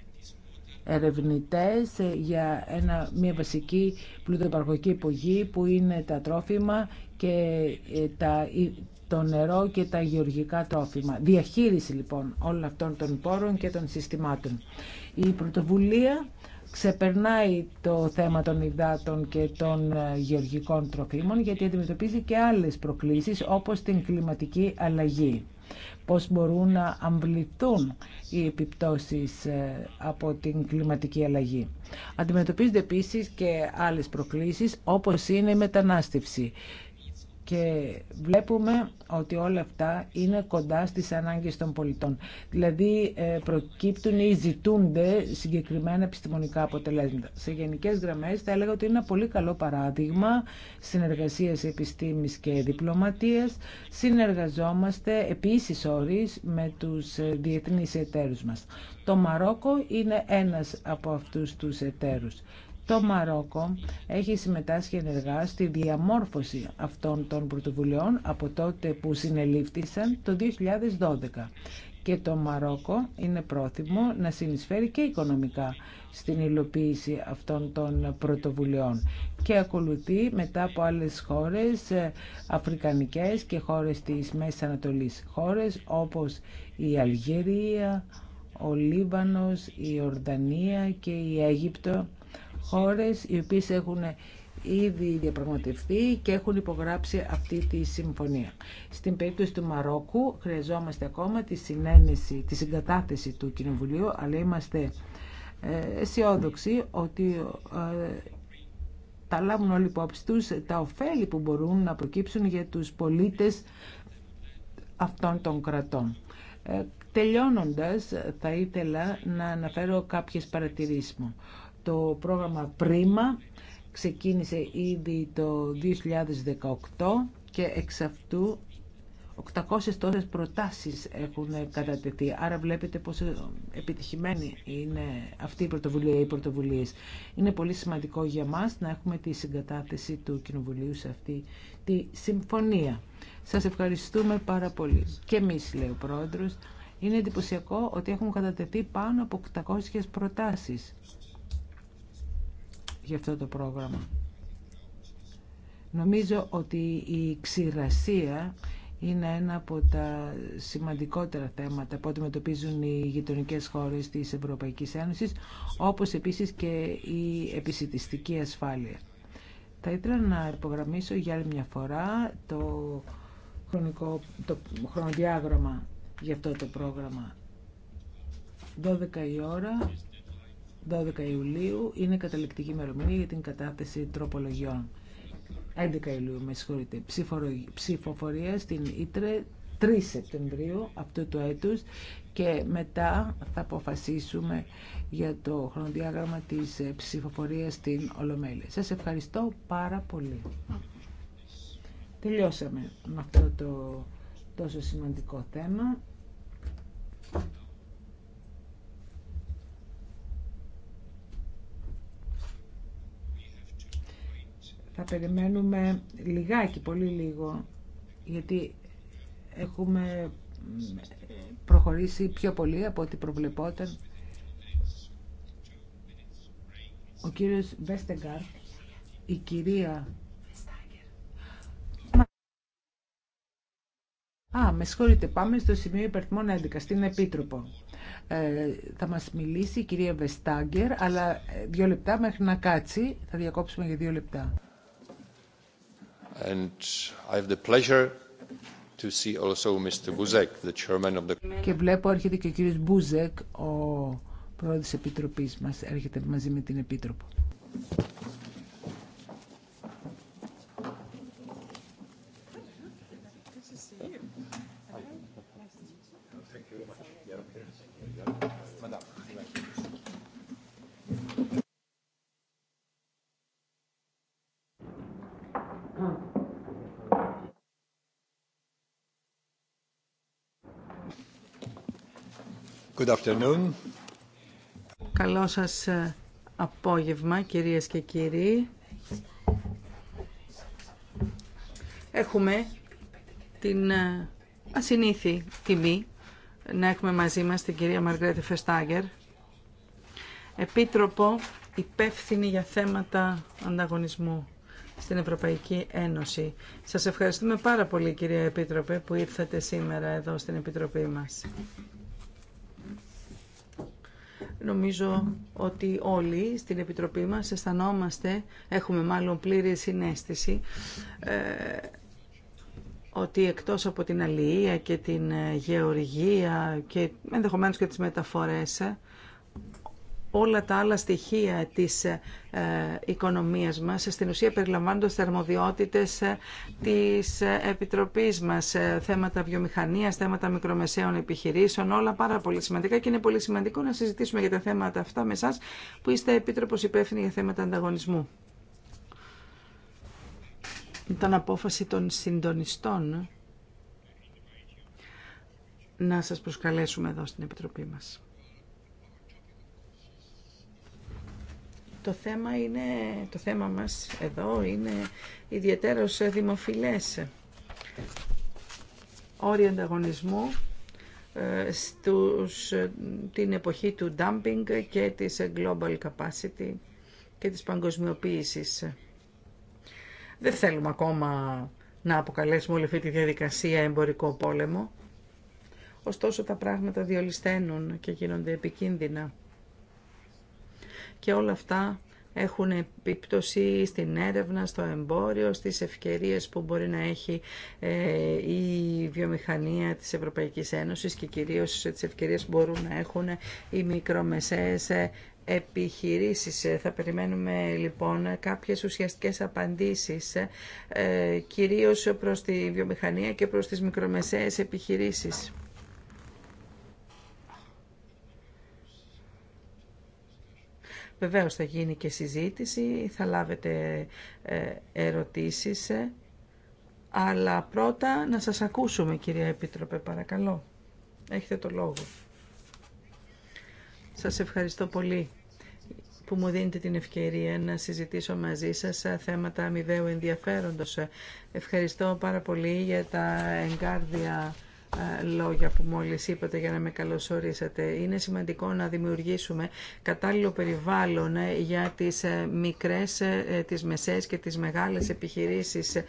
ερευνητές για ένα, μια βασική πλουτοπαραγωγική υπογή που είναι τα τρόφιμα και ε, το νερό και τα γεωργικά τρόφιμα. Διαχείριση λοιπόν όλων αυτών των πόρων και των συστημάτων. Η πρωτοβουλία ξεπερνάει το θέμα των υδάτων και των ε, γεωργικών τροφίμων γιατί αντιμετωπίζει και άλλες προκλήσεις όπως την κλιματική αλλαγή. Πώς μπορούν να αμβληθούν οι επιπτώσεις ε, από την κλιματική αλλαγή. Αντιμετωπίζονται επίσης και άλλες προκλήσεις όπως είναι η μετανάστευση και βλέπουμε ότι όλα αυτά είναι κοντά στις ανάγκες των πολιτών. Δηλαδή ε, προκύπτουν ή ζητούνται συγκεκριμένα επιστημονικά αποτελέσματα. Σε γενικές γραμμές θα έλεγα ότι είναι ένα πολύ καλό παράδειγμα συνεργασίας επιστήμης και διπλωματίας. Συνεργαζόμαστε επίσης όρις με τους ε, διεθνείς εταίρους μας. Το Μαρόκο είναι ένας από αυτούς τους εταίρους. Το Μαρόκο έχει συμμετάσχει ενεργά στη διαμόρφωση αυτών των πρωτοβουλειών από τότε που συνελήφθησαν το 2012 και το Μαρόκο είναι πρόθυμο να συνεισφέρει και οικονομικά στην υλοποίηση αυτών των πρωτοβουλειών και ακολουθεί μετά από άλλες χώρες ε, αφρικανικές και χώρες της Μέσης Ανατολής χώρες όπως η Αλγερία, ο Λίβανος, η Ορδανία και η Αίγυπτο χώρες οι οποίες έχουν ήδη διαπραγματευτεί και έχουν υπογράψει αυτή τη συμφωνία. Στην περίπτωση του Μαρόκου χρειαζόμαστε ακόμα τη συνένεση, συγκατάθεση του Κοινοβουλίου, αλλά είμαστε ε, αισιόδοξοι ότι ε, τα λάβουν όλοι υπόψη τους τα ωφέλη που μπορούν να προκύψουν για τους πολίτες αυτών των κρατών. Ε, τελειώνοντας, θα ήθελα να αναφέρω κάποιες παρατηρήσεις μου. Το πρόγραμμα Πρίμα ξεκίνησε ήδη το 2018 και εξ αυτού 800 τόσες προτάσεις έχουν κατατεθεί. Άρα βλέπετε πόσο επιτυχημένη είναι αυτή η πρωτοβουλία ή οι πρωτοβουλίες. Είναι πολύ σημαντικό για μας να έχουμε τη συγκατάθεση του Κοινοβουλίου σε αυτή τη συμφωνία. Σας ευχαριστούμε πάρα πολύ. Και εμείς, λέει ο Πρόεδρος, είναι εντυπωσιακό ότι έχουν κατατεθεί πάνω από 800 προτάσεις για αυτό το πρόγραμμα. Νομίζω ότι η ξηρασία είναι ένα από τα σημαντικότερα θέματα που αντιμετωπίζουν οι γειτονικέ χώρες της Ευρωπαϊκής Ένωση, όπως επίσης και η επισητιστική ασφάλεια. Θα ήθελα να υπογραμμίσω για άλλη μια φορά το, χρονικό, το χρονοδιάγραμμα για αυτό το πρόγραμμα. 12 ώρα 12 Ιουλίου είναι καταληκτική ημερομηνία για την κατάθεση τροπολογιών. 11 Ιουλίου, με συγχωρείτε, ψηφοφορία στην Ήτρε 3 Σεπτεμβρίου αυτού του έτους και μετά θα αποφασίσουμε για το χρονοδιάγραμμα της ε, ψηφοφορίας στην Ολομέλεια. Σας ευχαριστώ πάρα πολύ. Τελειώσαμε με αυτό το τόσο σημαντικό θέμα. Θα περιμένουμε λιγάκι, πολύ λίγο, γιατί έχουμε προχωρήσει πιο πολύ από ό,τι προβλεπόταν. Ο κύριος Βέστεγκαρτ, η κυρία... Α, με συγχωρείτε, πάμε στο σημείο υπερθμών 11, στην Επίτροπο. Ε, θα μας μιλήσει η κυρία Βεστάγκερ, αλλά ε, δύο λεπτά μέχρι να κάτσει. Θα διακόψουμε για δύο λεπτά. Και βλέπω έρχεται και ο κύριος Μπούζεκ, ο πρόεδρος της Επιτροπής μας, έρχεται μαζί με την Επίτροπο. Good Καλό σας ε, απόγευμα, κυρίες και κύριοι. Έχουμε την ε, ασυνήθη τιμή να έχουμε μαζί μας την κυρία Μαργρέτη Φεστάγκερ, Επίτροπο υπεύθυνη για θέματα ανταγωνισμού στην Ευρωπαϊκή Ένωση. Σας ευχαριστούμε πάρα πολύ κυρία Επίτροπε που ήρθατε σήμερα εδώ στην Επιτροπή μας. Νομίζω ότι όλοι στην Επιτροπή μας αισθανόμαστε, έχουμε μάλλον πλήρη συνέστηση, ε, ότι εκτός από την αλληλεία και την ε, γεωργία και ενδεχομένως και τις μεταφορές, ε, όλα τα άλλα στοιχεία της ε, οικονομίας μας, στην ουσία περιλαμβάνοντας θερμοδιότητες ε, της ε, Επιτροπής μας, θέματα βιομηχανίας, θέματα μικρομεσαίων επιχειρήσεων, όλα πάρα πολύ σημαντικά και είναι πολύ σημαντικό να συζητήσουμε για τα θέματα αυτά με εσάς που είστε Επίτροπος υπεύθυνοι για θέματα ανταγωνισμού. Ήταν απόφαση των συντονιστών να σας προσκαλέσουμε εδώ στην Επιτροπή μας. Το θέμα, είναι, το θέμα μας εδώ είναι ιδιαίτερος δημοφιλές. όριο ανταγωνισμού ε, στους, την εποχή του dumping και της global capacity και της παγκοσμιοποίησης. Δεν θέλουμε ακόμα να αποκαλέσουμε όλη αυτή τη διαδικασία εμπορικό πόλεμο. Ωστόσο τα πράγματα διολυσταίνουν και γίνονται επικίνδυνα και όλα αυτά έχουν επίπτωση στην έρευνα, στο εμπόριο, στις ευκαιρίες που μπορεί να έχει ε, η βιομηχανία της Ευρωπαϊκής Ένωσης και κυρίως τις ευκαιρίες που μπορούν να έχουν οι μικρομεσαίες ε, επιχειρήσεις. Θα περιμένουμε λοιπόν κάποιες ουσιαστικές απαντήσεις ε, κυρίως προς τη βιομηχανία και προς τις μικρομεσαίες επιχειρήσεις. Βεβαίως θα γίνει και συζήτηση, θα λάβετε ε, ερωτήσεις, ε. αλλά πρώτα να σας ακούσουμε κυρία Επίτροπε παρακαλώ. Έχετε το λόγο. Σας ευχαριστώ πολύ που μου δίνετε την ευκαιρία να συζητήσω μαζί σας ε, θέματα αμοιβαίου ενδιαφέροντος. Ευχαριστώ πάρα πολύ για τα εγκάρδια λόγια που μόλις είπατε για να με καλωσορίσατε. Είναι σημαντικό να δημιουργήσουμε κατάλληλο περιβάλλον ε, για τις ε, μικρές, ε, τις μεσές και τις μεγάλες επιχειρήσεις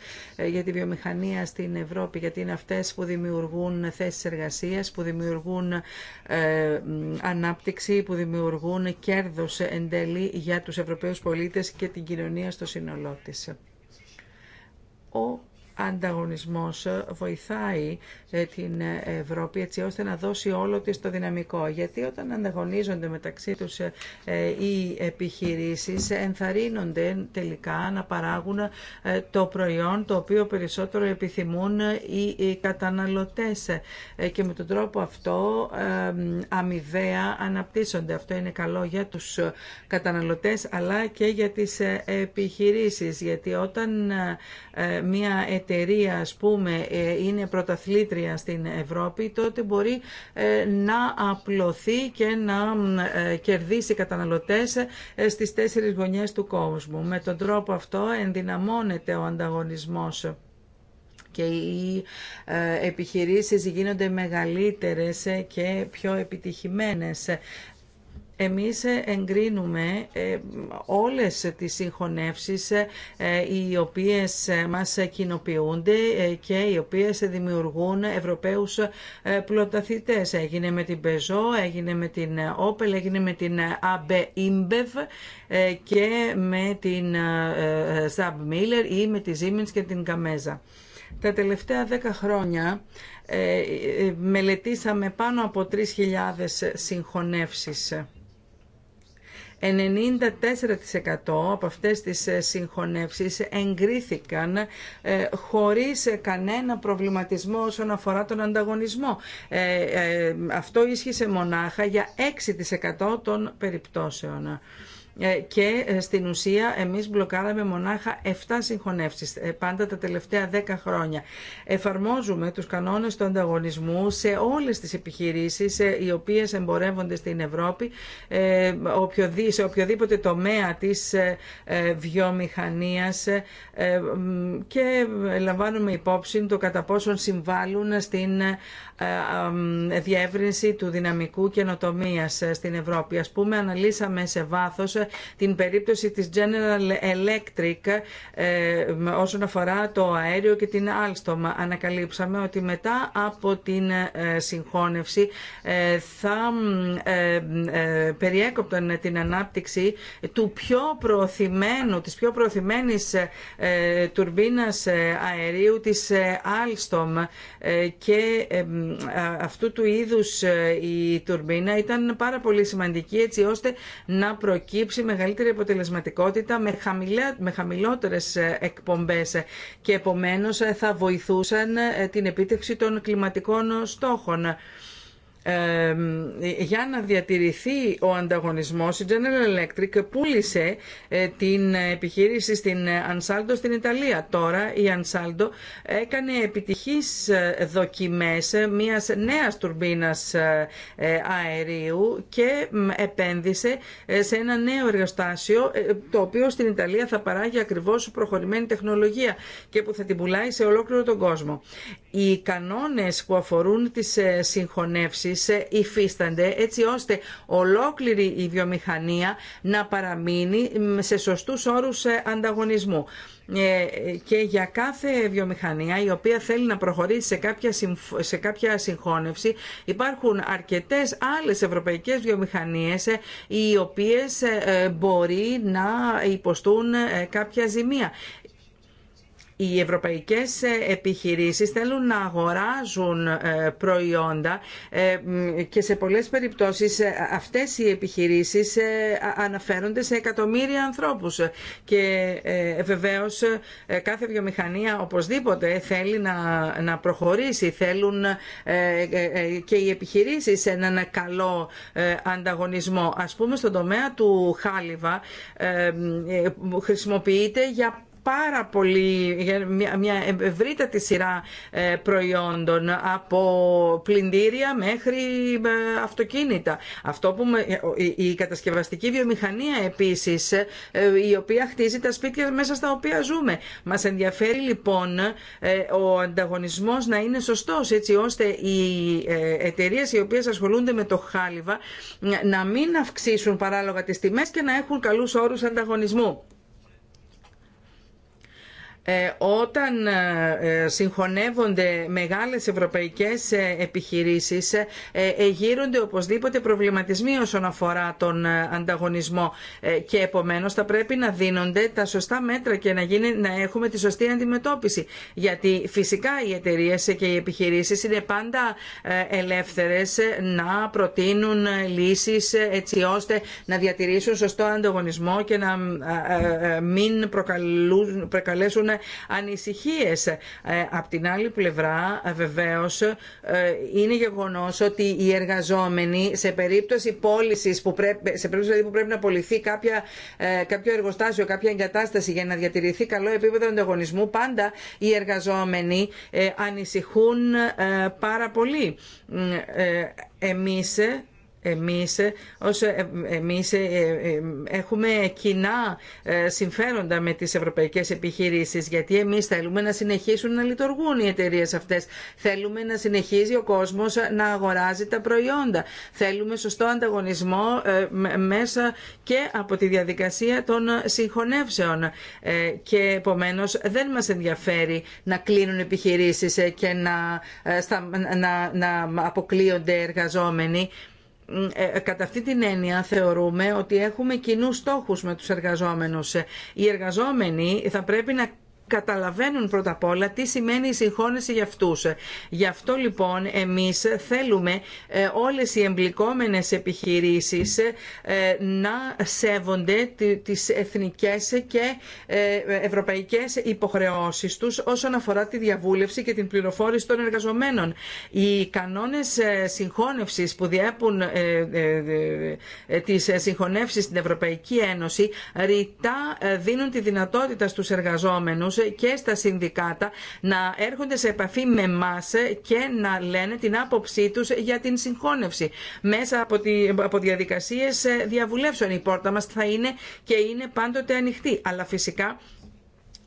για τη βιομηχανία στην Ευρώπη, γιατί είναι αυτές που δημιουργούν θέσεις εργασίας, που δημιουργούν ανάπτυξη, που δημιουργούν κέρδος εν τέλει για τους Ευρωπαίους πολίτες και την κοινωνία στο σύνολό της. Ο ανταγωνισμός βοηθάει ε, την ε, Ευρώπη έτσι ώστε να δώσει όλο της το δυναμικό. Γιατί όταν ανταγωνίζονται μεταξύ τους ε, οι επιχειρήσεις ενθαρρύνονται τελικά να παράγουν το προϊόν το οποίο περισσότερο επιθυμούν οι καταναλωτές και με τον τρόπο αυτό αμοιβαία αναπτύσσονται. Αυτό είναι καλό για τους καταναλωτές αλλά και για τις επιχειρήσεις γιατί όταν μια εταιρεία ας πούμε ε, είναι πρωταθλήτρια στην Ευρώπη τότε μπορεί ε, να απλωθεί και να ε, κερδίσει καταναλωτές στις τέσσερις γωνιές του κόσμου. Με τον τρόπο αυτό ενδυναμώνεται ο ανταγωνισμός και οι επιχειρήσεις γίνονται μεγαλύτερες και πιο επιτυχημένες εμείς εγκρίνουμε ε, όλες τις συγχωνεύσεις ε, οι οποίες μας κοινοποιούνται ε, και οι οποίες δημιουργούν Ευρωπαίους πλωταθητές. Έγινε με την Peugeot, έγινε με την Opel, έγινε με την AB και με την Saab Miller ή με τη Siemens και την Καμέζα. Τα τελευταία δέκα χρόνια μελετήσαμε πάνω από 3.000 συγχωνεύσεις. 94% από αυτές τις ε, συγχωνεύσεις εγκρίθηκαν ε, χωρίς κανένα προβληματισμό όσον αφορά τον ανταγωνισμό. Ε, αυτό ίσχυσε μονάχα για 6% των περιπτώσεων. Ε, και ε, στην ουσία εμείς μπλοκάραμε μονάχα 7 συγχωνεύσεις ε, πάντα τα τελευταία 10 χρόνια. Εφαρμόζουμε τους κανόνες του ανταγωνισμού σε όλες τις επιχειρήσεις οι οποίες εμπορεύονται στην Ευρώπη σε οποιοδήποτε τομέα της βιομηχανίας και λαμβάνουμε υπόψη το κατά πόσον συμβάλλουν στην διεύρυνση του δυναμικού καινοτομίας στην Ευρώπη. Ας πούμε αναλύσαμε σε βάθος την περίπτωση της General Electric ε, όσον αφορά το αέριο και την Alstom. Ανακαλύψαμε ότι μετά από την ε, συγχώνευση ε, θα περιέκοπταν την ανάπτυξη του πιο προωθημένου, της πιο προωθημένης τουρμπίνας αερίου της Alstom και αυτού του είδους η τουρμπίνα ήταν πάρα πολύ σημαντική έτσι ώστε να προκύψει προκύψει μεγαλύτερη αποτελεσματικότητα με, χαμηλότερε με χαμηλότερες ε, εκπομπές και επομένως ε, θα βοηθούσαν ε, την επίτευξη των κλιματικών στόχων για να διατηρηθεί ο ανταγωνισμός η General Electric πούλησε ε, την επιχείρηση στην Ansaldo στην Ιταλία. Τώρα η Ansaldo έκανε επιτυχείς ε, δοκιμές μιας νέας τουρμπίνας ε, αερίου και επένδυσε σε ένα νέο εργοστάσιο το οποίο στην Ιταλία θα παράγει ακριβώς προχωρημένη τεχνολογία και που θα την πουλάει σε ολόκληρο τον κόσμο οι κανόνες που αφορούν τις ε, συγχωνεύσεις ε, υφίστανται έτσι ώστε ολόκληρη η βιομηχανία να παραμείνει σε σωστούς όρους ε, ανταγωνισμού και για κάθε βιομηχανία η οποία θέλει να προχωρήσει σε κάποια, σε συγχώνευση υπάρχουν αρκετές άλλες ευρωπαϊκές βιομηχανίες οι οποίες μπορεί να υποστούν κάποια ζημία. Οι ευρωπαϊκές ε, επιχειρήσεις θέλουν να αγοράζουν ε, προϊόντα ε, και σε πολλές περιπτώσεις αυτές οι επιχειρήσεις αναφέρονται σε εκατομμύρια ανθρώπους και βεβαίως κάθε βιομηχανία οπωσδήποτε θέλει να, προχωρήσει, θέλουν και οι επιχειρήσεις έναν καλό ανταγωνισμό. Ας πούμε στον τομέα του Χάλιβα χρησιμοποιείται για πάρα πολύ, μια ευρύτατη σειρά ε, προϊόντων από πλυντήρια μέχρι ε, αυτοκίνητα. Αυτό που ε, η κατασκευαστική βιομηχανία επίσης η οποία χτίζει τα σπίτια μέσα στα οποία ζούμε. Μας ενδιαφέρει λοιπόν ο ανταγωνισμός να είναι σωστός έτσι ώστε οι εταιρείε οι οποίες ασχολούνται με το χάλιβα να μην αυξήσουν παράλογα τις τιμές και να έχουν καλούς όρους ανταγωνισμού. Ε, όταν ε, ε, συγχωνεύονται μεγάλες ευρωπαϊκές επιχειρήσεις γύρονται οπωσδήποτε προβληματισμοί όσον αφορά τον ανταγωνισμό και επομένως θα πρέπει να δίνονται τα σωστά μέτρα και να, γίνει, να έχουμε τη σωστή αντιμετώπιση. Γιατί φυσικά οι εταιρείε και οι επιχειρήσεις είναι πάντα ελεύθερες να προτείνουν λύσεις έτσι ώστε να διατηρήσουν σωστό ανταγωνισμό και να μην προκαλέσουν ανησυχίες. Ε, απ' την άλλη πλευρά ε, βεβαίως ε, είναι γεγονός ότι οι εργαζόμενοι σε περίπτωση πώλησης που πρέπει, σε περίπτωση δηλαδή που πρέπει να πωληθεί κάποια, κάποιο εργοστάσιο, κάποια εγκατάσταση για να διατηρηθεί καλό επίπεδο ανταγωνισμού πάντα οι εργαζόμενοι ανησυχούν πάρα πολύ. Εμείς εμείς, ως ε, εμείς ε, ε, έχουμε κοινά συμφέροντα με τις ευρωπαϊκές επιχειρήσεις γιατί εμείς θέλουμε να συνεχίσουν να λειτουργούν οι εταιρείε αυτές. Θέλουμε να συνεχίζει ο κόσμος να αγοράζει τα προϊόντα. Θέλουμε σωστό ανταγωνισμό μέσα και από τη διαδικασία των συγχωνεύσεων και επομένω, δεν μας ενδιαφέρει να κλείνουν επιχειρήσεις και να, να, να αποκλείονται εργαζόμενοι. Ε, ε, κατά αυτή την έννοια θεωρούμε ότι έχουμε κοινούς στόχους με τους εργαζόμενους. Οι εργαζόμενοι θα πρέπει να καταλαβαίνουν πρώτα απ' όλα τι σημαίνει η συγχώνευση για αυτούς. Γι' αυτό λοιπόν εμείς θέλουμε ε, όλες οι εμπλικόμενες επιχειρήσεις ε, να σέβονται τις εθνικές και ε, ευρωπαϊκές υποχρεώσεις τους όσον αφορά τη διαβούλευση και την πληροφόρηση των εργαζομένων. Οι κανόνες συγχώνευσης που διέπουν τις συγχωνεύσεις στην Ευρωπαϊκή Ένωση ρητά δίνουν τη δυνατότητα στους εργαζόμενους και στα συνδικάτα να έρχονται σε επαφή με εμά και να λένε την άποψή τους για την συγχώνευση. Μέσα από, τη, από διαδικασίες διαβουλεύσεων η πόρτα μας θα είναι και είναι πάντοτε ανοιχτή. Αλλά φυσικά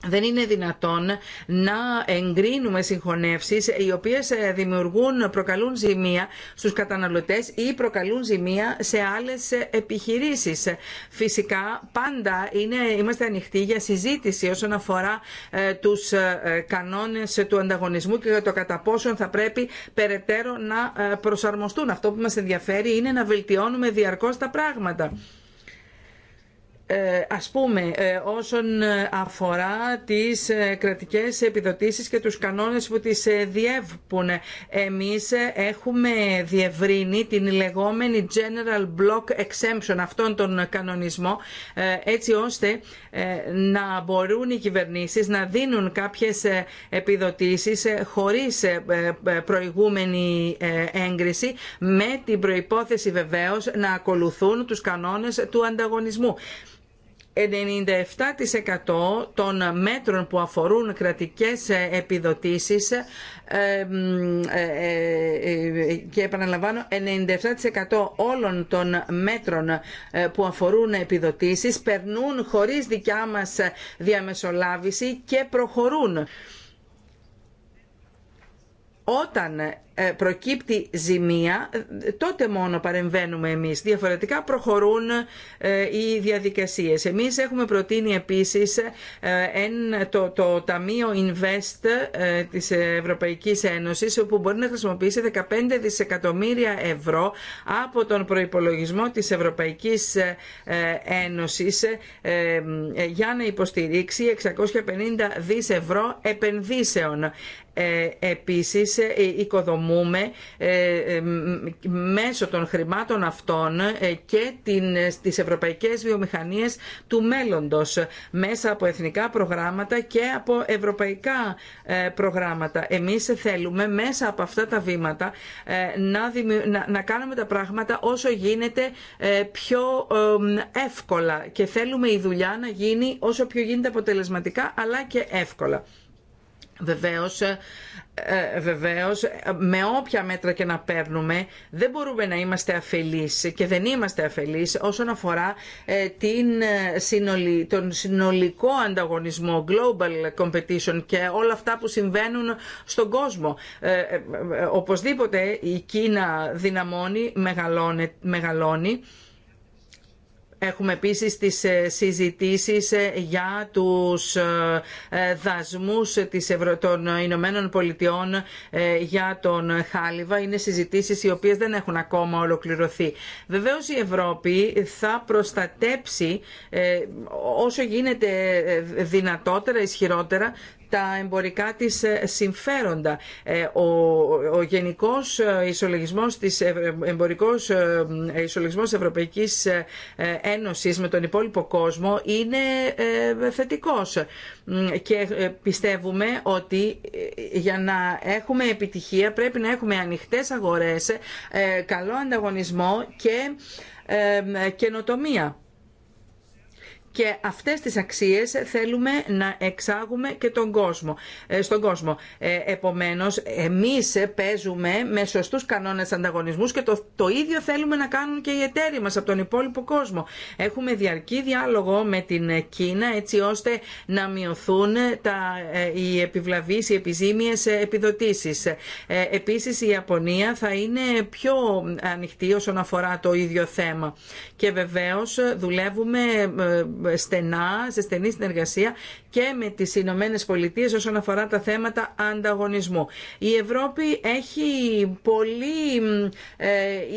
δεν είναι δυνατόν να εγκρίνουμε συγχωνεύσεις οι οποίες ε, δημιουργούν, προκαλούν ζημία στους καταναλωτές ή προκαλούν ζημία σε άλλες ε, επιχειρήσεις. Φυσικά πάντα είναι, είμαστε ανοιχτοί για συζήτηση όσον αφορά ε, τους ε, κανόνες του ανταγωνισμού και για το κατά πόσον θα πρέπει περαιτέρω να προσαρμοστούν. Αυτό που μας ενδιαφέρει είναι να βελτιώνουμε διαρκώς τα πράγματα. Ε, ας πούμε ε, όσον αφορά τις ε, κρατικές επιδοτήσεις και τους κανόνες που τις διεύπουν εμείς έχουμε διευρύνει την λεγόμενη General Block Exemption αυτόν τον κανονισμό έτσι ώστε να μπορούν οι κυβερνήσεις να δίνουν κάποιες επιδοτήσεις χωρίς προηγούμενη έγκριση με την προϋπόθεση βεβαίως να ακολουθούν τους κανόνες του ανταγωνισμού. 97% των μέτρων που αφορούν κρατικές επιδοτήσεις ε, ε, ε, και επαναλαμβάνω 97% όλων των μέτρων που αφορούν επιδοτήσεις περνούν χωρίς δικιά μας διαμεσολάβηση και προχωρούν. Όταν ε, προκύπτει ζημία, ε, τότε μόνο παρεμβαίνουμε εμείς. Διαφορετικά προχωρούν ε, οι διαδικασίες. Εμείς έχουμε προτείνει επίσης το, το Ταμείο Invest της Ευρωπαϊκής Ένωσης, όπου μπορεί να χρησιμοποιήσει 15 δισεκατομμύρια ευρώ από τον προϋπολογισμό της Ευρωπαϊκής Ένωσης για να υποστηρίξει 650 δις ευρώ επενδύσεων. Επίσης, οικοδομούν ε, ε μέσω των χρημάτων αυτών ε, και ε, τις ευρωπαϊκές βιομηχανίες του μέλλοντος μέσα από εθνικά προγράμματα και από ευρωπαϊκά προγράμματα. Εμείς θέλουμε μέσα από αυτά τα βήματα να κάνουμε τα πράγματα όσο γίνεται πιο εύκολα και θέλουμε η δουλειά να γίνει όσο πιο γίνεται αποτελεσματικά αλλά και εύκολα. Βεβαίως, ε, ε, βεβαίως, με όποια μέτρα και να παίρνουμε δεν μπορούμε να είμαστε αφελείς και δεν είμαστε αφελείς όσον αφορά ε, την, τον συνολικό ανταγωνισμό, global competition και όλα αυτά που συμβαίνουν στον κόσμο. Ε, οπωσδήποτε η Κίνα δυναμώνει, μεγαλώνει, μεγαλώνει Έχουμε επίσης τις ε, συζητήσεις ε, για τους ε, δασμούς της των Ηνωμένων Πολιτειών για τον Χάλιβα. Είναι συζητήσεις οι οποίες δεν έχουν ακόμα ολοκληρωθεί. Βεβαίως η Ευρώπη θα προστατέψει όσο γίνεται δυνατότερα, ισχυρότερα τα εμπορικά της ε, συμφέροντα. Ε, ο, ο γενικός ε, ισολογισμός της, εμπορικός ισολογισμός Ευρωπαϊκής Ένωσης με τον υπόλοιπο κόσμο είναι θετικός και πιστεύουμε ότι για να έχουμε επιτυχία πρέπει να έχουμε ανοιχτές αγορές, καλό ανταγωνισμό και καινοτομία και αυτές τις αξίες θέλουμε να εξάγουμε και τον κόσμο, ε, στον κόσμο. Ε, επομένως, εμείς παίζουμε με σωστούς κανόνες ανταγωνισμούς και το, το ίδιο θέλουμε να κάνουν και οι εταίροι μας από τον υπόλοιπο κόσμο. Έχουμε διαρκή διάλογο με την Κίνα έτσι ώστε να μειωθούν τα, ε, οι επιβλαβείς, οι επιζήμιες επιδοτήσεις. Επίσης, η Ιαπωνία θα είναι πιο ανοιχτή όσον αφορά το ίδιο θέμα και βεβαίως ε, δουλεύουμε ε, ε, στενά, σε στενή συνεργασία και με τις Ηνωμένε Πολιτείες όσον αφορά τα θέματα ανταγωνισμού. Η Ευρώπη έχει πολύ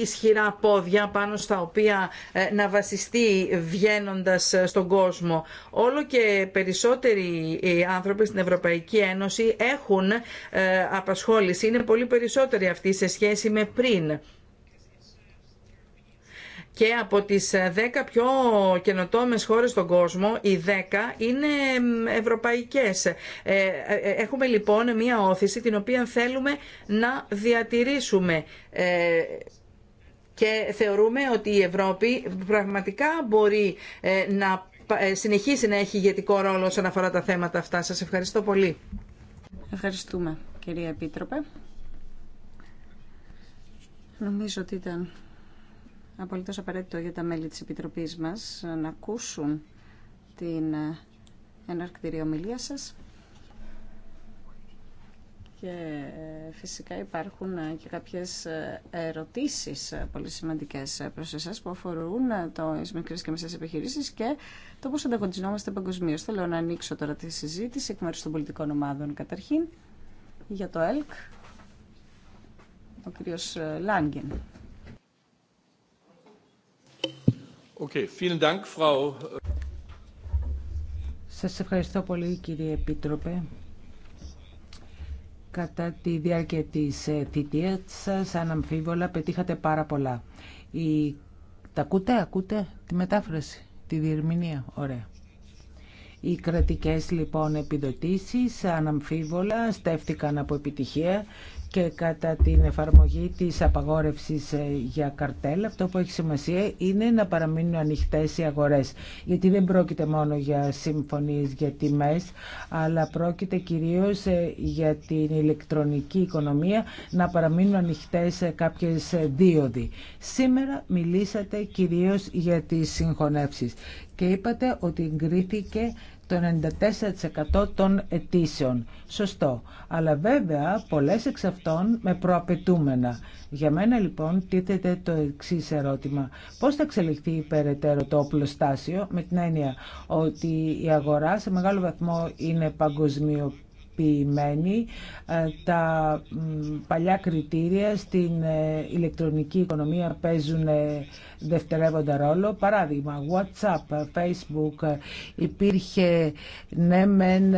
ισχυρά πόδια πάνω στα οποία να βασιστεί βγαίνοντα στον κόσμο. Όλο και περισσότεροι άνθρωποι στην Ευρωπαϊκή Ένωση έχουν απασχόληση. Είναι πολύ περισσότεροι αυτοί σε σχέση με πριν και από τις 10 ε, πιο καινοτόμες χώρες στον κόσμο, οι 10 είναι ευρωπαϊκές. Ε, ε, έχουμε λοιπόν μία όθηση την οποία θέλουμε να διατηρήσουμε και θεωρούμε ότι η Ευρώπη πραγματικά μπορεί να συνεχίσει να έχει ηγετικό ρόλο όσον αφορά τα θέματα αυτά. Σας ευχαριστώ πολύ. Ευχαριστούμε κυρία Επίτροπε. Νομίζω ότι ήταν απολύτως απαραίτητο για τα μέλη της Επιτροπής μας να ακούσουν την εναρκτηρία ομιλία σας. Και ε, φυσικά υπάρχουν ε, και κάποιες ε, ερωτήσεις πολύ σημαντικές προς εσάς που αφορούν το μικρές και μεσές επιχειρήσεις και το πώς ανταγωνιζόμαστε παγκοσμίω. Θέλω να ανοίξω τώρα τη συζήτηση εκ μέρους των πολιτικών ομάδων καταρχήν για το ΕΛΚ, ο κύριος Λάγκεν. Okay, äh Σας ευχαριστώ πολύ κύριε Επίτροπε. Κατά τη διάρκεια της ε, θητείας σας, αναμφίβολα, πετύχατε πάρα πολλά. Η... Τα ακούτε, ακούτε τη μετάφραση, τη διερμηνία, ωραία. Οι κρατικές λοιπόν επιδοτήσεις αναμφίβολα στέφτηκαν από επιτυχία και κατά την εφαρμογή της απαγόρευσης ε, για καρτέλ. Αυτό που έχει σημασία είναι να παραμείνουν ανοιχτές οι αγορές, γιατί δεν πρόκειται μόνο για συμφωνίες για τιμές, αλλά πρόκειται κυρίως ε, για την ηλεκτρονική οικονομία να παραμείνουν ανοιχτές ε, κάποιες δίωδοι. Σήμερα μιλήσατε κυρίως για τις συγχωνεύσεις και είπατε ότι εγκρίθηκε το 94% των αιτήσεων. Σωστό. Αλλά βέβαια πολλές εξ αυτών με προαπαιτούμενα. Για μένα λοιπόν τίθεται το εξή ερώτημα. Πώς θα εξελιχθεί υπεραιτέρω το οπλοστάσιο με την έννοια ότι η αγορά σε μεγάλο βαθμό είναι παγκοσμιοποιημένη ε, τα παλιά κριτήρια στην ε, ηλεκτρονική οικονομία παίζουν ε, δευτερεύοντα ρόλο. Παράδειγμα, WhatsApp, Facebook υπήρχε ναι μεν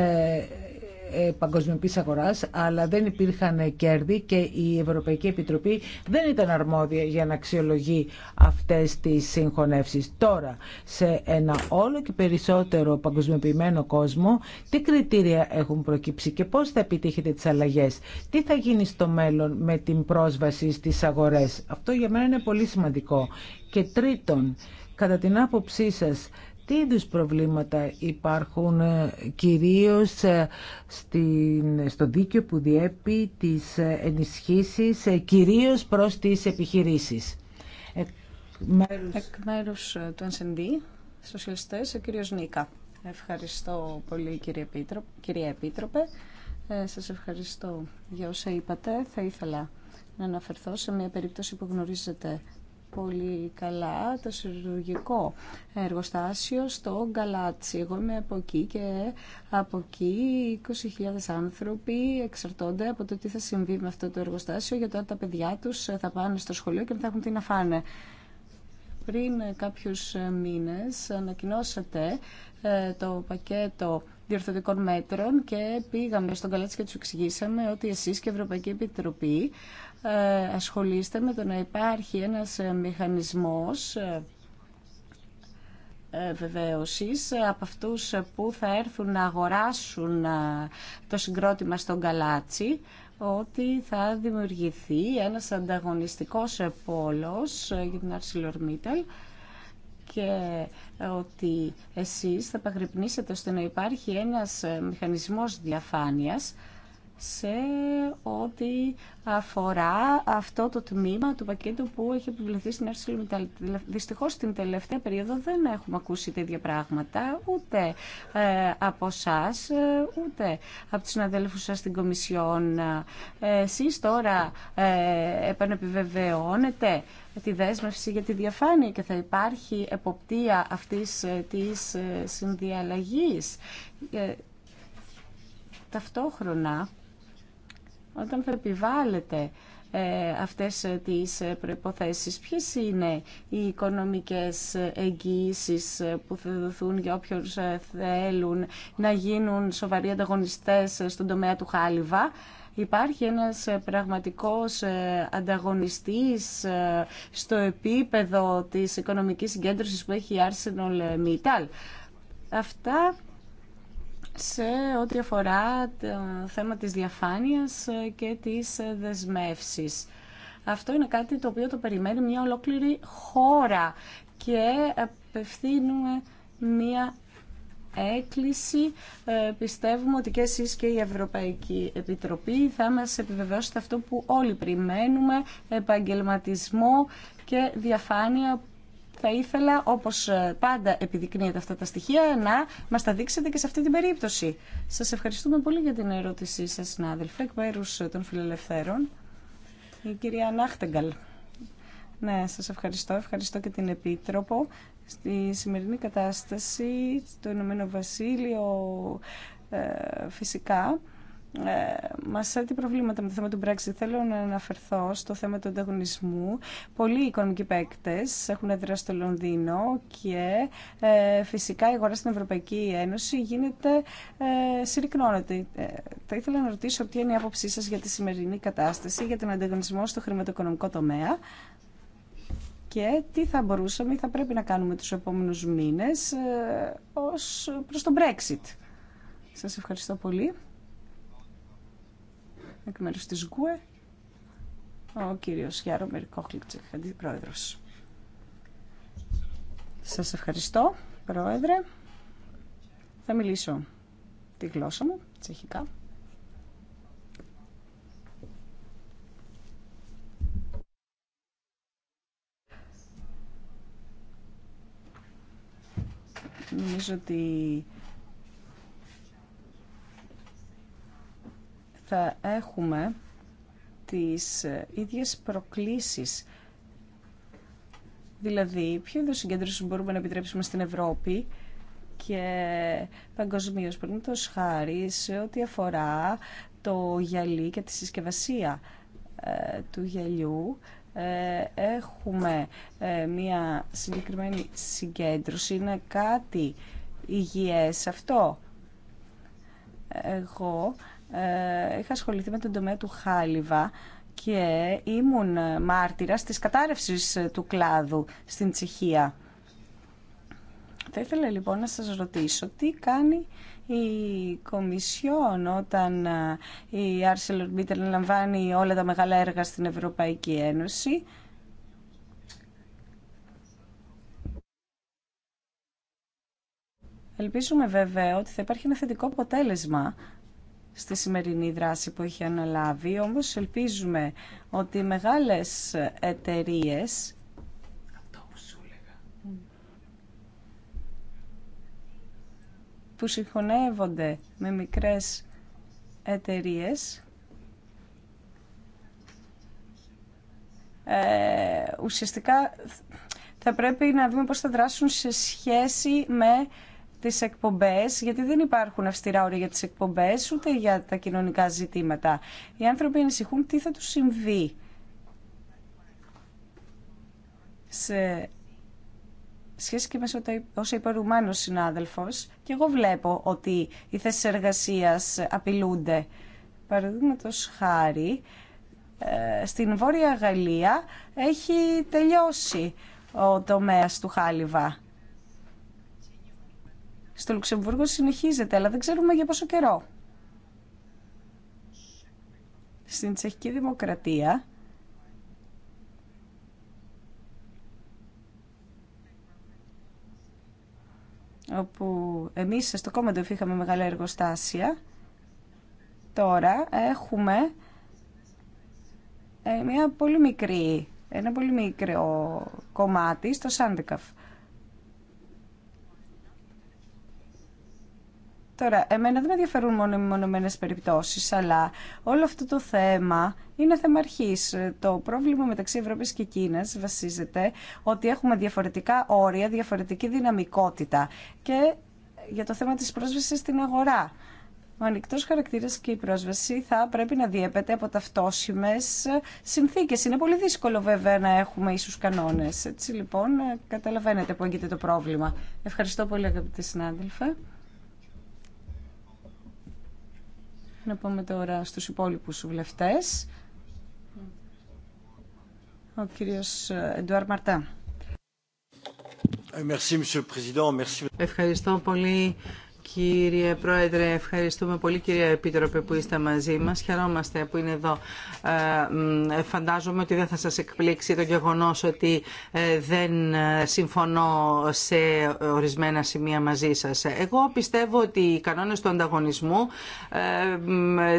ε, παγκοσμιοποίηση αγοράς, αλλά δεν υπήρχαν κέρδη και η Ευρωπαϊκή Επιτροπή δεν ήταν αρμόδια για να αξιολογεί αυτές τις συγχωνεύσεις. Τώρα, σε ένα όλο και περισσότερο παγκοσμιοποιημένο κόσμο, τι κριτήρια έχουν προκύψει και πώς θα επιτύχετε τις αλλαγές. Τι θα γίνει στο μέλλον με την πρόσβαση στις αγορές. Αυτό για μένα είναι πολύ σημαντικό. Και τρίτον, κατά την άποψή σας, τι είδους προβλήματα υπάρχουν ε, κυρίως ε, στην, στο δίκαιο που διέπει τις ε, ενισχύσεις, κυρίως προς τις επιχειρήσεις. Εκ μέρους, του SND, σοσιαλιστές, ο κύριος Νίκα. Ευχαριστώ πολύ κύριε Επίτροπε. Κυρία Επίτροπε. σας ευχαριστώ για όσα είπατε. Θα ήθελα να αναφερθώ σε μια περίπτωση που γνωρίζετε πολύ καλά το συλλογικό εργοστάσιο στο Γκαλάτσι. Εγώ είμαι από εκεί και από εκεί 20.000 άνθρωποι εξαρτώνται από το τι θα συμβεί με αυτό το εργοστάσιο για το αν τα παιδιά τους θα πάνε στο σχολείο και θα έχουν τι να φάνε. Πριν κάποιους μήνες ανακοινώσατε ε, το πακέτο διορθωτικών μέτρων και πήγαμε στον Καλάτσι και του εξηγήσαμε ότι εσείς και η Ευρωπαϊκή Επιτροπή ε, ασχολείστε με το να υπάρχει ένας ε, μηχανισμός ε, βεβαίωσης από αυτούς που θα έρθουν να αγοράσουν το συγκρότημα στον Καλάτσι ότι θα δημιουργηθεί ένας ανταγωνιστικός πόλος για την ArcelorMittal και ότι εσείς θα παγρυπνήσετε ώστε να υπάρχει ένας μηχανισμός διαφάνειας σε ό,τι αφορά αυτό το τμήμα του πακέτου που έχει επιβληθεί στην Μιτάλη. Δυστυχώ την τελευταία περίοδο δεν έχουμε ακούσει τέτοια πράγματα ούτε ε, από εσά, ούτε από του συναδέλφου σα στην Κομισιόν. Ε, Εσεί τώρα ε, επανεπιβεβαιώνετε τη δέσμευση για τη διαφάνεια και θα υπάρχει εποπτεία αυτής της συνδιαλλαγής. Ταυτόχρονα όταν θα επιβάλλετε ε, αυτές ε, τις ε, προϋποθέσεις. Ποιες είναι οι οικονομικές εγγυήσεις που θα δοθούν για όποιους θέλουν να γίνουν σοβαροί ανταγωνιστές στον τομέα του Χάλιβα. Υπάρχει ένας πραγματικός ανταγωνιστής στο επίπεδο της οικονομικής συγκέντρωσης που έχει η Arsenal Mittal. Αυτά σε ό,τι αφορά το θέμα της διαφάνειας ε, και της ε, δεσμεύσης. Αυτό είναι κάτι το οποίο το περιμένει μια ολόκληρη χώρα και απευθύνουμε μια έκκληση. Ε, πιστεύουμε ότι και εσείς και η Ευρωπαϊκή Επιτροπή θα μας επιβεβαιώσετε αυτό που όλοι περιμένουμε, επαγγελματισμό και διαφάνεια θα ήθελα, όπως ε, πάντα επιδεικνύεται αυτά τα στοιχεία, να μας τα δείξετε και σε αυτή την περίπτωση. Σας ευχαριστούμε πολύ για την ερώτησή σας, συνάδελφε, εκ μέρου ε, των φιλελευθέρων. Η κυρία Νάχτεγκαλ. Ναι, σας ευχαριστώ. Ευχαριστώ και την Επίτροπο. Στη σημερινή κατάσταση, το Ηνωμένο Βασίλειο, ε, φυσικά, ε, μας έρθει προβλήματα με το θέμα του Brexit. Θέλω να αναφερθώ στο θέμα του ανταγωνισμού. Πολλοί οικονομικοί παίκτε έχουν έδρα στο Λονδίνο και ε, φυσικά η αγορά στην Ευρωπαϊκή Ένωση γίνεται ε, συρρυκνώνεται. Ε, θα ήθελα να ρωτήσω ποια είναι η άποψή σας για τη σημερινή κατάσταση, για τον ανταγωνισμό στο χρηματοοικονομικό τομέα και τι θα μπορούσαμε ή θα πρέπει να κάνουμε τους επόμενους μήνες ως προς τον Brexit. Σας ευχαριστώ πολύ εκ μέρους της ΓΚΟΕ, ο κύριος Γιάρο Μερικόχλητσεχ, αντιπρόεδρος. Σας ευχαριστώ, πρόεδρε. Θα μιλήσω τη γλώσσα μου, τσεχικά. Νομίζω ότι θα έχουμε τις ε, ίδιες προκλήσεις. Δηλαδή, ποιο είδος συγκέντρωση μπορούμε να επιτρέψουμε στην Ευρώπη και παγκοσμίως, πριν το χάρη σε ό,τι αφορά το γυαλί και τη συσκευασία ε, του γυαλιού, ε, έχουμε μία συγκεκριμένη συγκέντρωση. Είναι κάτι υγιές αυτό. Εγώ ε, είχα ασχοληθεί με τον τομέα του χάλιβα και ήμουν μάρτυρα της κατάρρευσης ε, του κλάδου στην Τσεχία. Θα ήθελα λοιπόν να σας ρωτήσω τι κάνει η Κομισιόν όταν ε, η ArcelorMittal λαμβάνει όλα τα μεγάλα έργα στην Ευρωπαϊκή Ένωση Ελπίζουμε βέβαια ότι θα υπάρχει ένα θετικό αποτέλεσμα στη σημερινή δράση που έχει αναλάβει. Όμως ελπίζουμε ότι οι μεγάλες εταιρείες που συγχωνεύονται με μικρές εταιρείες ε, ουσιαστικά θα πρέπει να δούμε πώς θα δράσουν σε σχέση με τις εκπομπές, γιατί δεν υπάρχουν αυστηρά όρια για τις εκπομπές, ούτε για τα κοινωνικά ζητήματα. Οι άνθρωποι ανησυχούν τι θα τους συμβεί σε σχέση και με όσα είπε ο Ρουμάνος συνάδελφος. Και εγώ βλέπω ότι οι θέσει εργασίας απειλούνται. Παραδείγματο χάρη, ε, στην Βόρεια Γαλλία έχει τελειώσει ο τομέας του Χάλιβα στο Λουξεμβούργο συνεχίζεται, αλλά δεν ξέρουμε για πόσο καιρό. Στην Τσεχική Δημοκρατία όπου εμείς στο κόμμα είχαμε μεγάλα εργοστάσια τώρα έχουμε ε, μια πολύ μικρή, ένα πολύ μικρό κομμάτι στο Σάντεκαφ. Τώρα, εμένα δεν με ενδιαφέρουν μόνο οι μονομένες περιπτώσεις, αλλά όλο αυτό το θέμα είναι θέμα αρχή. Το πρόβλημα μεταξύ Ευρώπης και Κίνας βασίζεται ότι έχουμε διαφορετικά όρια, διαφορετική δυναμικότητα και για το θέμα της πρόσβασης στην αγορά. Ο ανοιχτό χαρακτήρα και η πρόσβαση θα πρέπει να διέπεται από ταυτόσιμε συνθήκε. Είναι πολύ δύσκολο βέβαια να έχουμε ίσου κανόνε. Έτσι λοιπόν, καταλαβαίνετε που έγκυται το πρόβλημα. Ευχαριστώ πολύ, αγαπητοί συνάδελφε. να πούμε τώρα στους υπόλοιπους βουλευτές. Ο κύριος ε, Εντουάρ Μαρτά. Ε, Ευχαριστώ πολύ Κύριε Πρόεδρε, ευχαριστούμε πολύ κυρία Επίτροπε που είστε μαζί μας. Χαιρόμαστε που είναι εδώ. Ε, ε, φαντάζομαι ότι δεν θα σας εκπλήξει το γεγονός ότι ε, δεν συμφωνώ σε ορισμένα σημεία μαζί σας. Εγώ πιστεύω ότι οι κανόνες του ανταγωνισμού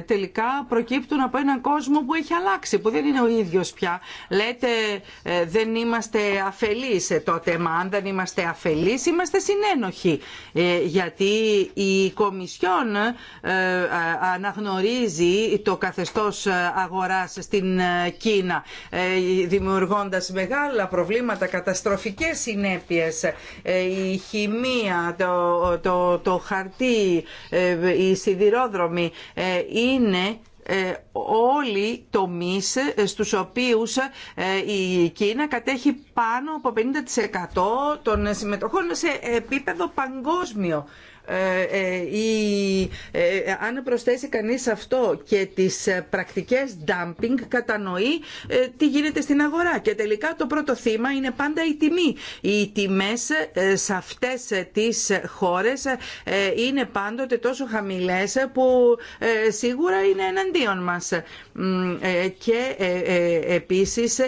τελικά προκύπτουν από έναν κόσμο που έχει αλλάξει, που δεν είναι ο ίδιος πια. Λέτε δεν είμαστε αφελείς τότε, μα αν δεν είμαστε αφελείς είμαστε συνένοχοι. Γιατί η Κομισιόν ε, ε, αναγνωρίζει το καθεστώς αγοράς στην ε, Κίνα δημιουργώντας μεγάλα προβλήματα, καταστροφικές συνέπειες, η χημεία, το, το, το χαρτί, οι σιδηρόδρομοι είναι όλοι τομείς στους οποίους η Κίνα κατέχει πάνω από 50% των συμμετοχών σε επίπεδο παγκόσμιο. Ε, ε, ε, αν προσθέσει κανείς αυτό και τις ε, πρακτικές dumping κατανοεί τι γίνεται στην αγορά και τελικά το πρώτο θύμα είναι πάντα η τιμή. Οι τιμές σε αυτές τις χώρες είναι πάντοτε τόσο χαμηλές που σίγουρα είναι εναντίον μας. Και επίσης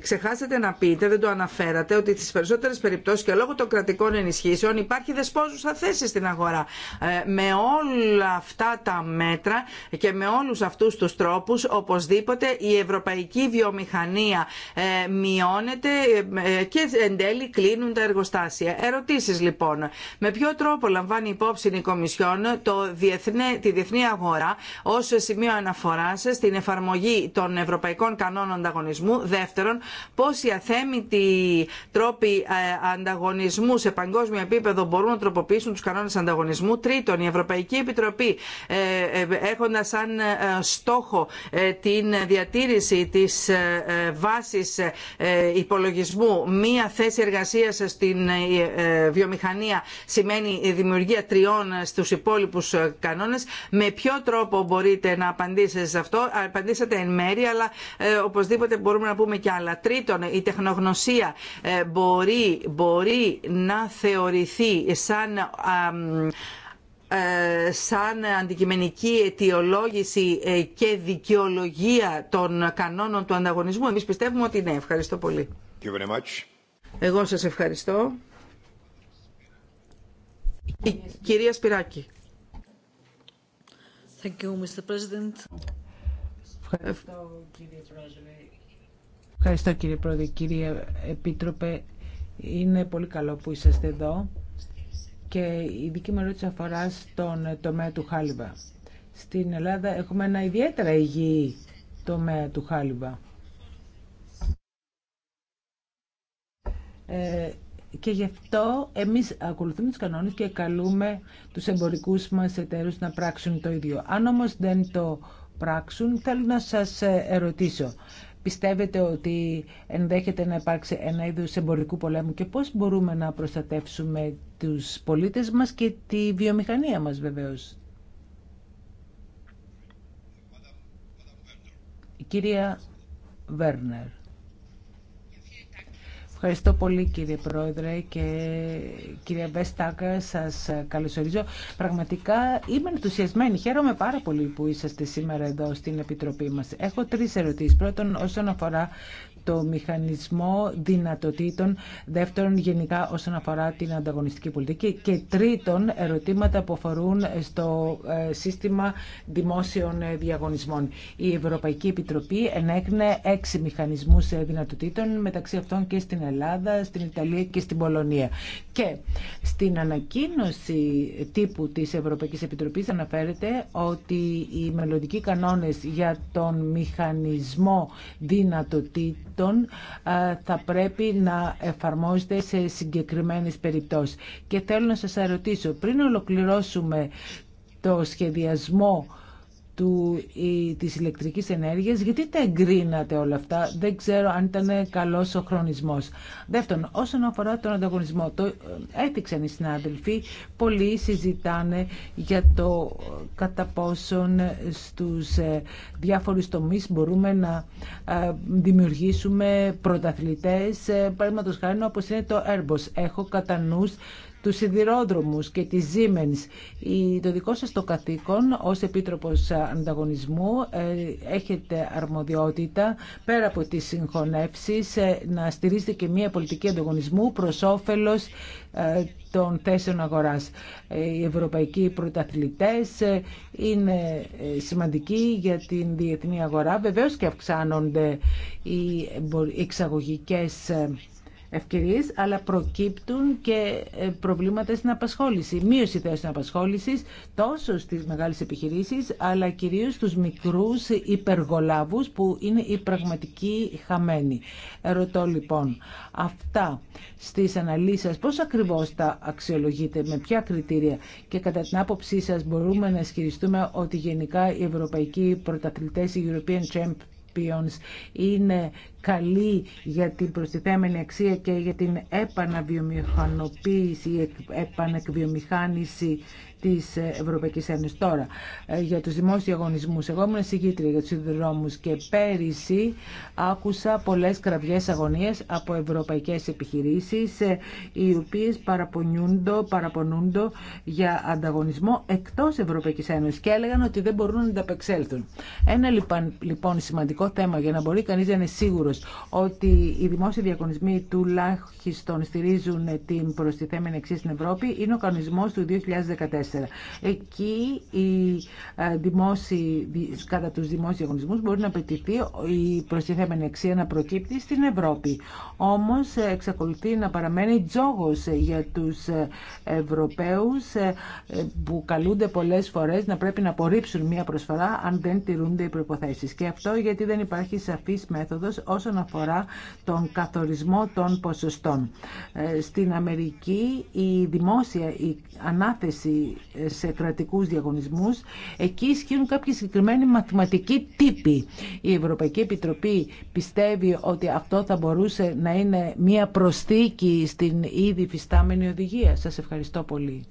ξεχάσατε να πείτε, δεν το αναφέρατε, ότι στις περισσότερες περιπτώσεις και λόγω των κρατικών ενισχύσεων υπάρχει δεσπόζουσα θέση στην αγορά. Ε, με όλα αυτά τα μέτρα και με όλους αυτούς τους τρόπους οπωσδήποτε η ευρωπαϊκή βιομηχανία ε, μειώνεται ε, και εν τέλει κλείνουν τα εργοστάσια. Ερωτήσεις λοιπόν. Με ποιο τρόπο λαμβάνει υπόψη η Κομισιόν το διεθνέ, τη διεθνή αγορά ως σημείο αναφοράς στην εφαρμογή των ευρωπαϊκών κανόνων ανταγωνισμού. Δεύτερον, πώς οι αθέμητοι τρόποι ανταγωνισμού σε παγκόσμιο επίπεδο μπορούν να τροποποιήσουν κανόνες ανταγωνισμού. Τρίτον, η Ευρωπαϊκή Επιτροπή ε, ε, έχοντας σαν ε, στόχο την διατήρηση της βάσης υπολογισμού μία θέση εργασία στην βιομηχανία σημαίνει η δημιουργία τριών στους υπόλοιπους κανόνες. Με ποιο τρόπο μπορείτε να απαντήσετε σε αυτό. Απαντήσατε εν μέρη, αλλά οπωσδήποτε μπορούμε να πούμε και άλλα. Τρίτον, η τεχνογνωσία μπορεί, μπορεί να θεωρηθεί σαν ε, σαν αντικειμενική αιτιολόγηση ε, και δικαιολογία των κανόνων του ανταγωνισμού. Εμείς πιστεύουμε ότι ναι. Ευχαριστώ πολύ. Εγώ σας ευχαριστώ. κυρία Σπυράκη. Thank you, Mr. President. Ευχαριστώ, κύριε Ευχαριστώ, κύριε Πρόεδρε. Κύριε Επίτροπε, είναι πολύ καλό που είσαστε εδώ. Και η δική μου ερώτηση αφορά στον τομέα του χάλιβα. Στην Ελλάδα έχουμε ένα ιδιαίτερα υγιή τομέα του χάλιβα. Ε, και γι' αυτό εμείς ακολουθούμε τους κανόνες και καλούμε τους εμπορικούς μας εταίρους να πράξουν το ίδιο. Αν όμως δεν το πράξουν, θέλω να σας ε, ερωτήσω. Πιστεύετε ότι ενδέχεται να υπάρξει ένα είδος εμπορικού πολέμου και πώς μπορούμε να προστατεύσουμε τους πολίτες μας και τη βιομηχανία μας βεβαίως. Η κυρία Βέρνερ. Ευχαριστώ πολύ κύριε Πρόεδρε και κυρία Βέστακα, σας καλωσορίζω. Πραγματικά είμαι ενθουσιασμένη. Χαίρομαι πάρα πολύ που είσαστε σήμερα εδώ στην Επιτροπή μας. Έχω τρεις ερωτήσεις. Πρώτον, όσον αφορά το μηχανισμό δυνατοτήτων, δεύτερον γενικά όσον αφορά την ανταγωνιστική πολιτική και τρίτον ερωτήματα που αφορούν στο ε, σύστημα δημόσιων ε, διαγωνισμών. Η Ευρωπαϊκή Επιτροπή ενέχνε έξι μηχανισμούς ε, δυνατοτήτων μεταξύ αυτών και στην Ελλάδα, στην Ιταλία και στην Πολωνία. Και στην ανακοίνωση τύπου της Ευρωπαϊκής Επιτροπής αναφέρεται ότι οι μελλοντικοί κανόνες για τον μηχανισμό δυνατοτήτων θα πρέπει να εφαρμόζεται σε συγκεκριμένες περιπτώσεις. Και θέλω να σας ερωτήσω, πριν ολοκληρώσουμε το σχεδιασμό του, η, της ηλεκτρικής ενέργειας, γιατί τα εγκρίνατε όλα αυτά, δεν ξέρω αν ήταν καλός ο χρονισμός. Δεύτερον, όσον αφορά τον ανταγωνισμό, το ε, έθιξαν οι συνάδελφοι, πολλοί συζητάνε για το κατά πόσον στους ε, διάφορους τομείς μπορούμε να ε, δημιουργήσουμε πρωταθλητές, παραδείγματος χάρη όπως είναι το Airbus. Έχω κατά νους του σιδηρόδρομους και τη Siemens. Το δικό σας το καθήκον ως Επίτροπος Ανταγωνισμού ε, έχετε αρμοδιότητα πέρα από τις συγχωνεύσεις ε, να στηρίζετε και μια πολιτική ανταγωνισμού προς όφελος ε, των θέσεων αγοράς. Οι ευρωπαϊκοί πρωταθλητές είναι σημαντικοί για την διεθνή αγορά. Βεβαίως και αυξάνονται οι εξαγωγικές αλλά προκύπτουν και ε, προβλήματα στην απασχόληση. Μείωση στην απασχόληση τόσο στι μεγάλες επιχειρήσεις, αλλά κυρίως στους μικρούς υπεργολάβους που είναι οι πραγματικοί χαμένοι. Ρωτώ λοιπόν, αυτά στις αναλύσεις σα, πώς ακριβώς τα αξιολογείτε, με ποια κριτήρια και κατά την άποψή σα μπορούμε να ισχυριστούμε ότι γενικά οι ευρωπαϊκοί πρωταθλητέ, οι European Champions, είναι καλή για την προστιθέμενη αξία και για την επαναβιομηχανοποίηση, επανεκβιομηχάνηση Τη Ευρωπαϊκή Ένωση Τώρα, ε, για του δημόσιου αγωνισμούς. Εγώ ήμουν συγκήτρια για του συνδρόμους και πέρυσι άκουσα πολλέ κραυγέ αγωνίε από ευρωπαϊκές επιχειρήσεις ε, οι οποίε παραπονιούντο, παραπονούντο για ανταγωνισμό εκτό Ευρωπαϊκή Ένωση και έλεγαν ότι δεν μπορούν να ανταπεξέλθουν. Ένα λοιπόν σημαντικό θέμα για να μπορεί κανεί να είναι σίγουρο ότι οι δημόσιοι διαγωνισμοί τουλάχιστον στηρίζουν την προστιθέμενη εξή στην Ευρώπη είναι ο κανονισμό του 2014. Εκεί οι ε, δημόσιοι, κατά τους δημόσιους διαγωνισμούς μπορεί να απαιτηθεί η προστιθέμενη αξία να προκύπτει στην Ευρώπη. Όμως ε, εξακολουθεί να παραμένει τζόγος ε, για τους Ευρωπαίους που καλούνται πολλές φορές να πρέπει να απορρίψουν μία προσφορά αν δεν τηρούνται οι προϋποθέσεις. Και αυτό γιατί δεν υπάρχει σαφής μέθοδος όσον αφορά τον καθορισμό των ποσοστών. Στην Αμερική η δημόσια η ανάθεση σε κρατικούς διαγωνισμούς, εκεί ισχύουν κάποιοι συγκεκριμένοι μαθηματικοί τύποι. Η Ευρωπαϊκή Επιτροπή πιστεύει ότι αυτό θα μπορούσε να είναι μια προσθήκη στην ήδη φυστάμενη οδηγία. Σας ευχαριστώ πολύ.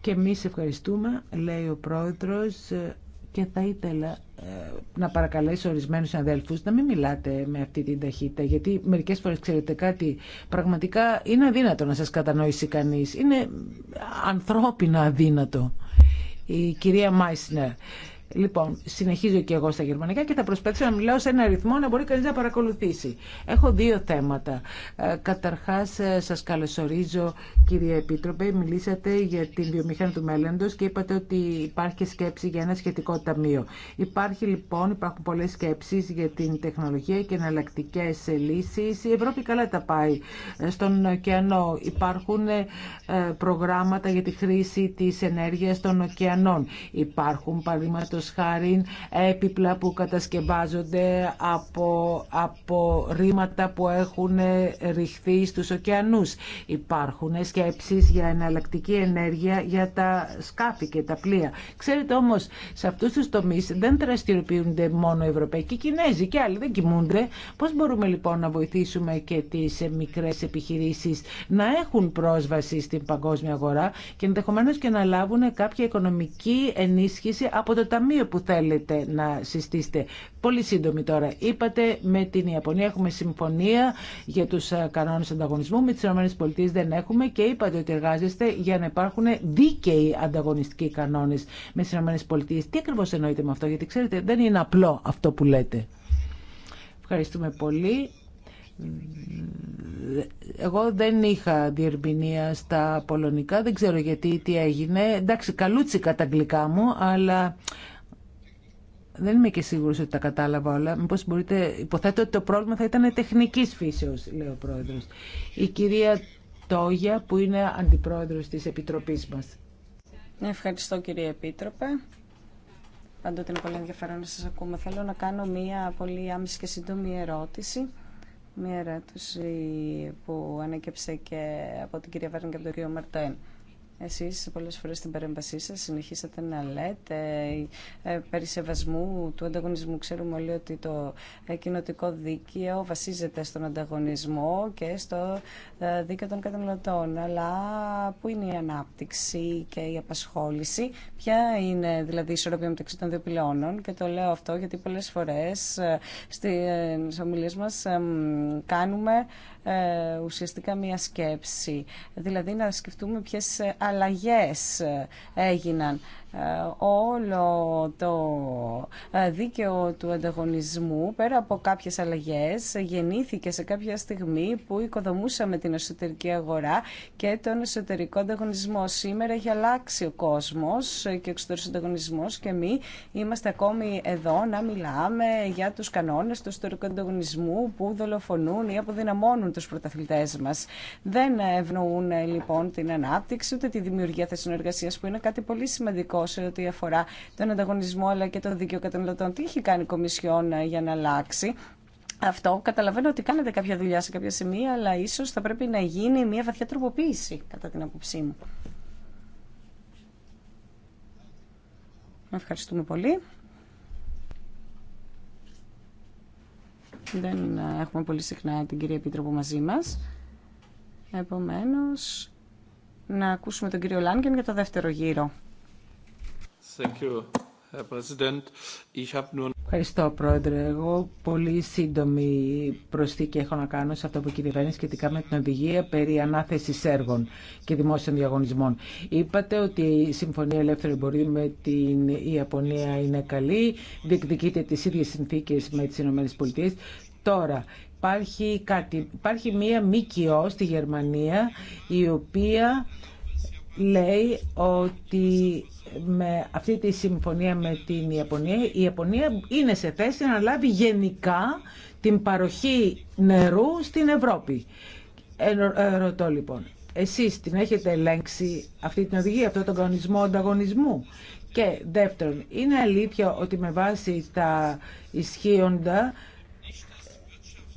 Και εμεί ευχαριστούμε, λέει ο πρόεδρος, και θα ήθελα ε, να παρακαλέσω ορισμένους αδέλφους να μην μιλάτε με αυτή την ταχύτητα γιατί μερικές φορές ξέρετε κάτι πραγματικά είναι αδύνατο να σας κατανοήσει κανείς είναι ανθρώπινα αδύνατο η κυρία Μάισνερ Λοιπόν, συνεχίζω και εγώ στα γερμανικά και θα προσπαθήσω να μιλάω σε ένα ρυθμό να μπορεί κανείς να παρακολουθήσει. Έχω δύο θέματα. Ε, καταρχάς, ε, σας καλωσορίζω, κύριε Επίτροπε. Μιλήσατε για την βιομηχανία του μέλλοντος και είπατε ότι υπάρχει σκέψη για ένα σχετικό ταμείο. Υπάρχει λοιπόν, υπάρχουν πολλές σκέψεις για την τεχνολογία και εναλλακτικέ λύσεις. Η Ευρώπη καλά τα πάει. Ε, στον ωκεανό υπάρχουν προγράμματα για τη χρήση της ενέργειας των ωκεανών. Υπάρχουν παραδείγματο παραδείγματος χάρη έπιπλα που κατασκευάζονται από, από ρήματα που έχουν ρηχθεί στους ωκεανούς. Υπάρχουν σκέψεις για εναλλακτική ενέργεια για τα σκάφη και τα πλοία. Ξέρετε όμως, σε αυτούς τους τομείς δεν δραστηριοποιούνται μόνο οι Ευρωπαίοι και οι Κινέζοι και άλλοι δεν κοιμούνται. Πώς μπορούμε λοιπόν να βοηθήσουμε και τις μικρές επιχειρήσεις να έχουν πρόσβαση στην παγκόσμια αγορά και ενδεχομένω και να λάβουν κάποια οικονομική ενίσχυση από το Ταμείο ταμείο που θέλετε να συστήσετε. Πολύ σύντομη τώρα. Είπατε με την Ιαπωνία έχουμε συμφωνία για τους ε, κανόνες ανταγωνισμού, με τις ΗΠΑ δεν έχουμε και είπατε ότι εργάζεστε για να υπάρχουν δίκαιοι ανταγωνιστικοί κανόνες με τις ΗΠΑ. Τι ακριβώς εννοείτε με αυτό, γιατί ξέρετε δεν είναι απλό αυτό που λέτε. Ευχαριστούμε πολύ. Εγώ δεν είχα διερμηνία στα πολωνικά, δεν ξέρω γιατί τι έγινε. Εντάξει, καλούτσικα τα αγγλικά μου, αλλά δεν είμαι και σίγουρος ότι τα κατάλαβα όλα. Μήπως μπορείτε, υποθέτω ότι το πρόβλημα θα ήταν τεχνικής φύσεως, λέει ο πρόεδρο. Η κυρία Τόγια, που είναι αντιπρόεδρος τη Επιτροπής μας. Ευχαριστώ κύριε Επίτροπε. Πάντοτε είναι πολύ ενδιαφέρον να σα ακούμε. Θέλω να κάνω μία πολύ άμεση και σύντομη ερώτηση. Μία ερώτηση που ανέκυψε και από την κυρία Βέρνη και από τον κύριο Μαρτέν. Εσείς πολλές φορές στην παρέμβασή σας συνεχίσατε να λέτε ε, ε, περί σεβασμού του ανταγωνισμού. Ξέρουμε όλοι ότι το ε, κοινοτικό δίκαιο βασίζεται στον ανταγωνισμό και στο δίκαιο των καταναλωτών. Αλλά πού είναι η ανάπτυξη και η απασχόληση, ποια είναι δηλαδή η ισορροπία μεταξύ των δύο πυλώνων και το λέω αυτό γιατί πολλές φορές στις ομιλίες μας κάνουμε ε, ουσιαστικά μία σκέψη. Δηλαδή να σκεφτούμε ποιες αλλαγές ε, έγιναν ε, όλο το ε, δίκαιο του ανταγωνισμού πέρα από κάποιες αλλαγές γεννήθηκε σε κάποια στιγμή που οικοδομούσαμε την εσωτερική αγορά και τον εσωτερικό ανταγωνισμό. Σήμερα έχει αλλάξει ο κόσμος και ο εξωτερικός ανταγωνισμός και εμεί είμαστε ακόμη εδώ να μιλάμε για τους κανόνες του εσωτερικού ανταγωνισμού που δολοφονούν ή αποδυναμώνουν τους πρωταθλητές μας. Δεν ευνοούν λοιπόν την ανάπτυξη ούτε τη δημιουργία θέσεων που είναι κάτι πολύ σημαντικό σε ό,τι αφορά τον ανταγωνισμό αλλά και το δίκαιο καταναλωτών. Τι έχει κάνει η Κομισιόν ε, για να αλλάξει αυτό. Καταλαβαίνω ότι κάνετε κάποια δουλειά σε κάποια σημεία, αλλά ίσω θα πρέπει να γίνει μια βαθιά τροποποίηση, κατά την άποψή μου. Ευχαριστούμε πολύ. Δεν ε, έχουμε πολύ συχνά την κυρία Επίτροπο μαζί μας. Επομένως, να ακούσουμε τον κύριο Λάνγκεν για το δεύτερο γύρο. Ευχαριστώ, Πρόεδρε. Εγώ πολύ σύντομη προσθήκη έχω να κάνω σε αυτό που κυβερνάει σχετικά με την οδηγία περί ανάθεση έργων και δημόσιων διαγωνισμών. Είπατε ότι η Συμφωνία Ελεύθερη μπορεί με την Ιαπωνία είναι καλή, διεκδικείται τι ίδιε συνθήκε με τι ΗΠΑ. Τώρα, υπάρχει, μία ΜΚΟ στη Γερμανία η οποία λέει ότι με αυτή τη συμφωνία με την Ιαπωνία, η Ιαπωνία είναι σε θέση να λάβει γενικά την παροχή νερού στην Ευρώπη. Ε, ρωτώ λοιπόν, εσείς την έχετε ελέγξει αυτή την οδηγία, αυτό τον κανονισμό ανταγωνισμού. Και δεύτερον, είναι αλήθεια ότι με βάση τα ισχύοντα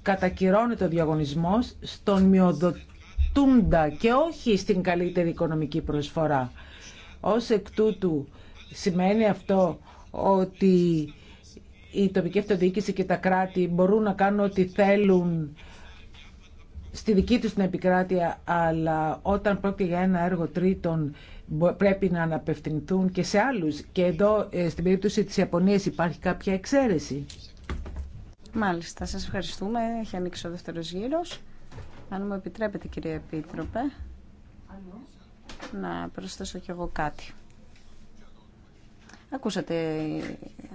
κατακυρώνεται ο διαγωνισμός στον μειοδοτή και όχι στην καλύτερη οικονομική προσφορά. Ως εκ τούτου σημαίνει αυτό ότι η τοπική αυτοδιοίκηση και τα κράτη μπορούν να κάνουν ό,τι θέλουν στη δική τους την επικράτεια, αλλά όταν πρόκειται για ένα έργο τρίτων πρέπει να αναπευθυνθούν και σε άλλους. Και εδώ ε, στην περίπτωση της Ιαπωνίας υπάρχει κάποια εξαίρεση. Μάλιστα, σας ευχαριστούμε. Έχει ανοίξει ο δεύτερος γύρος. Αν μου επιτρέπετε κύριε Επίτροπε, να προσθέσω κι εγώ κάτι. Ακούσατε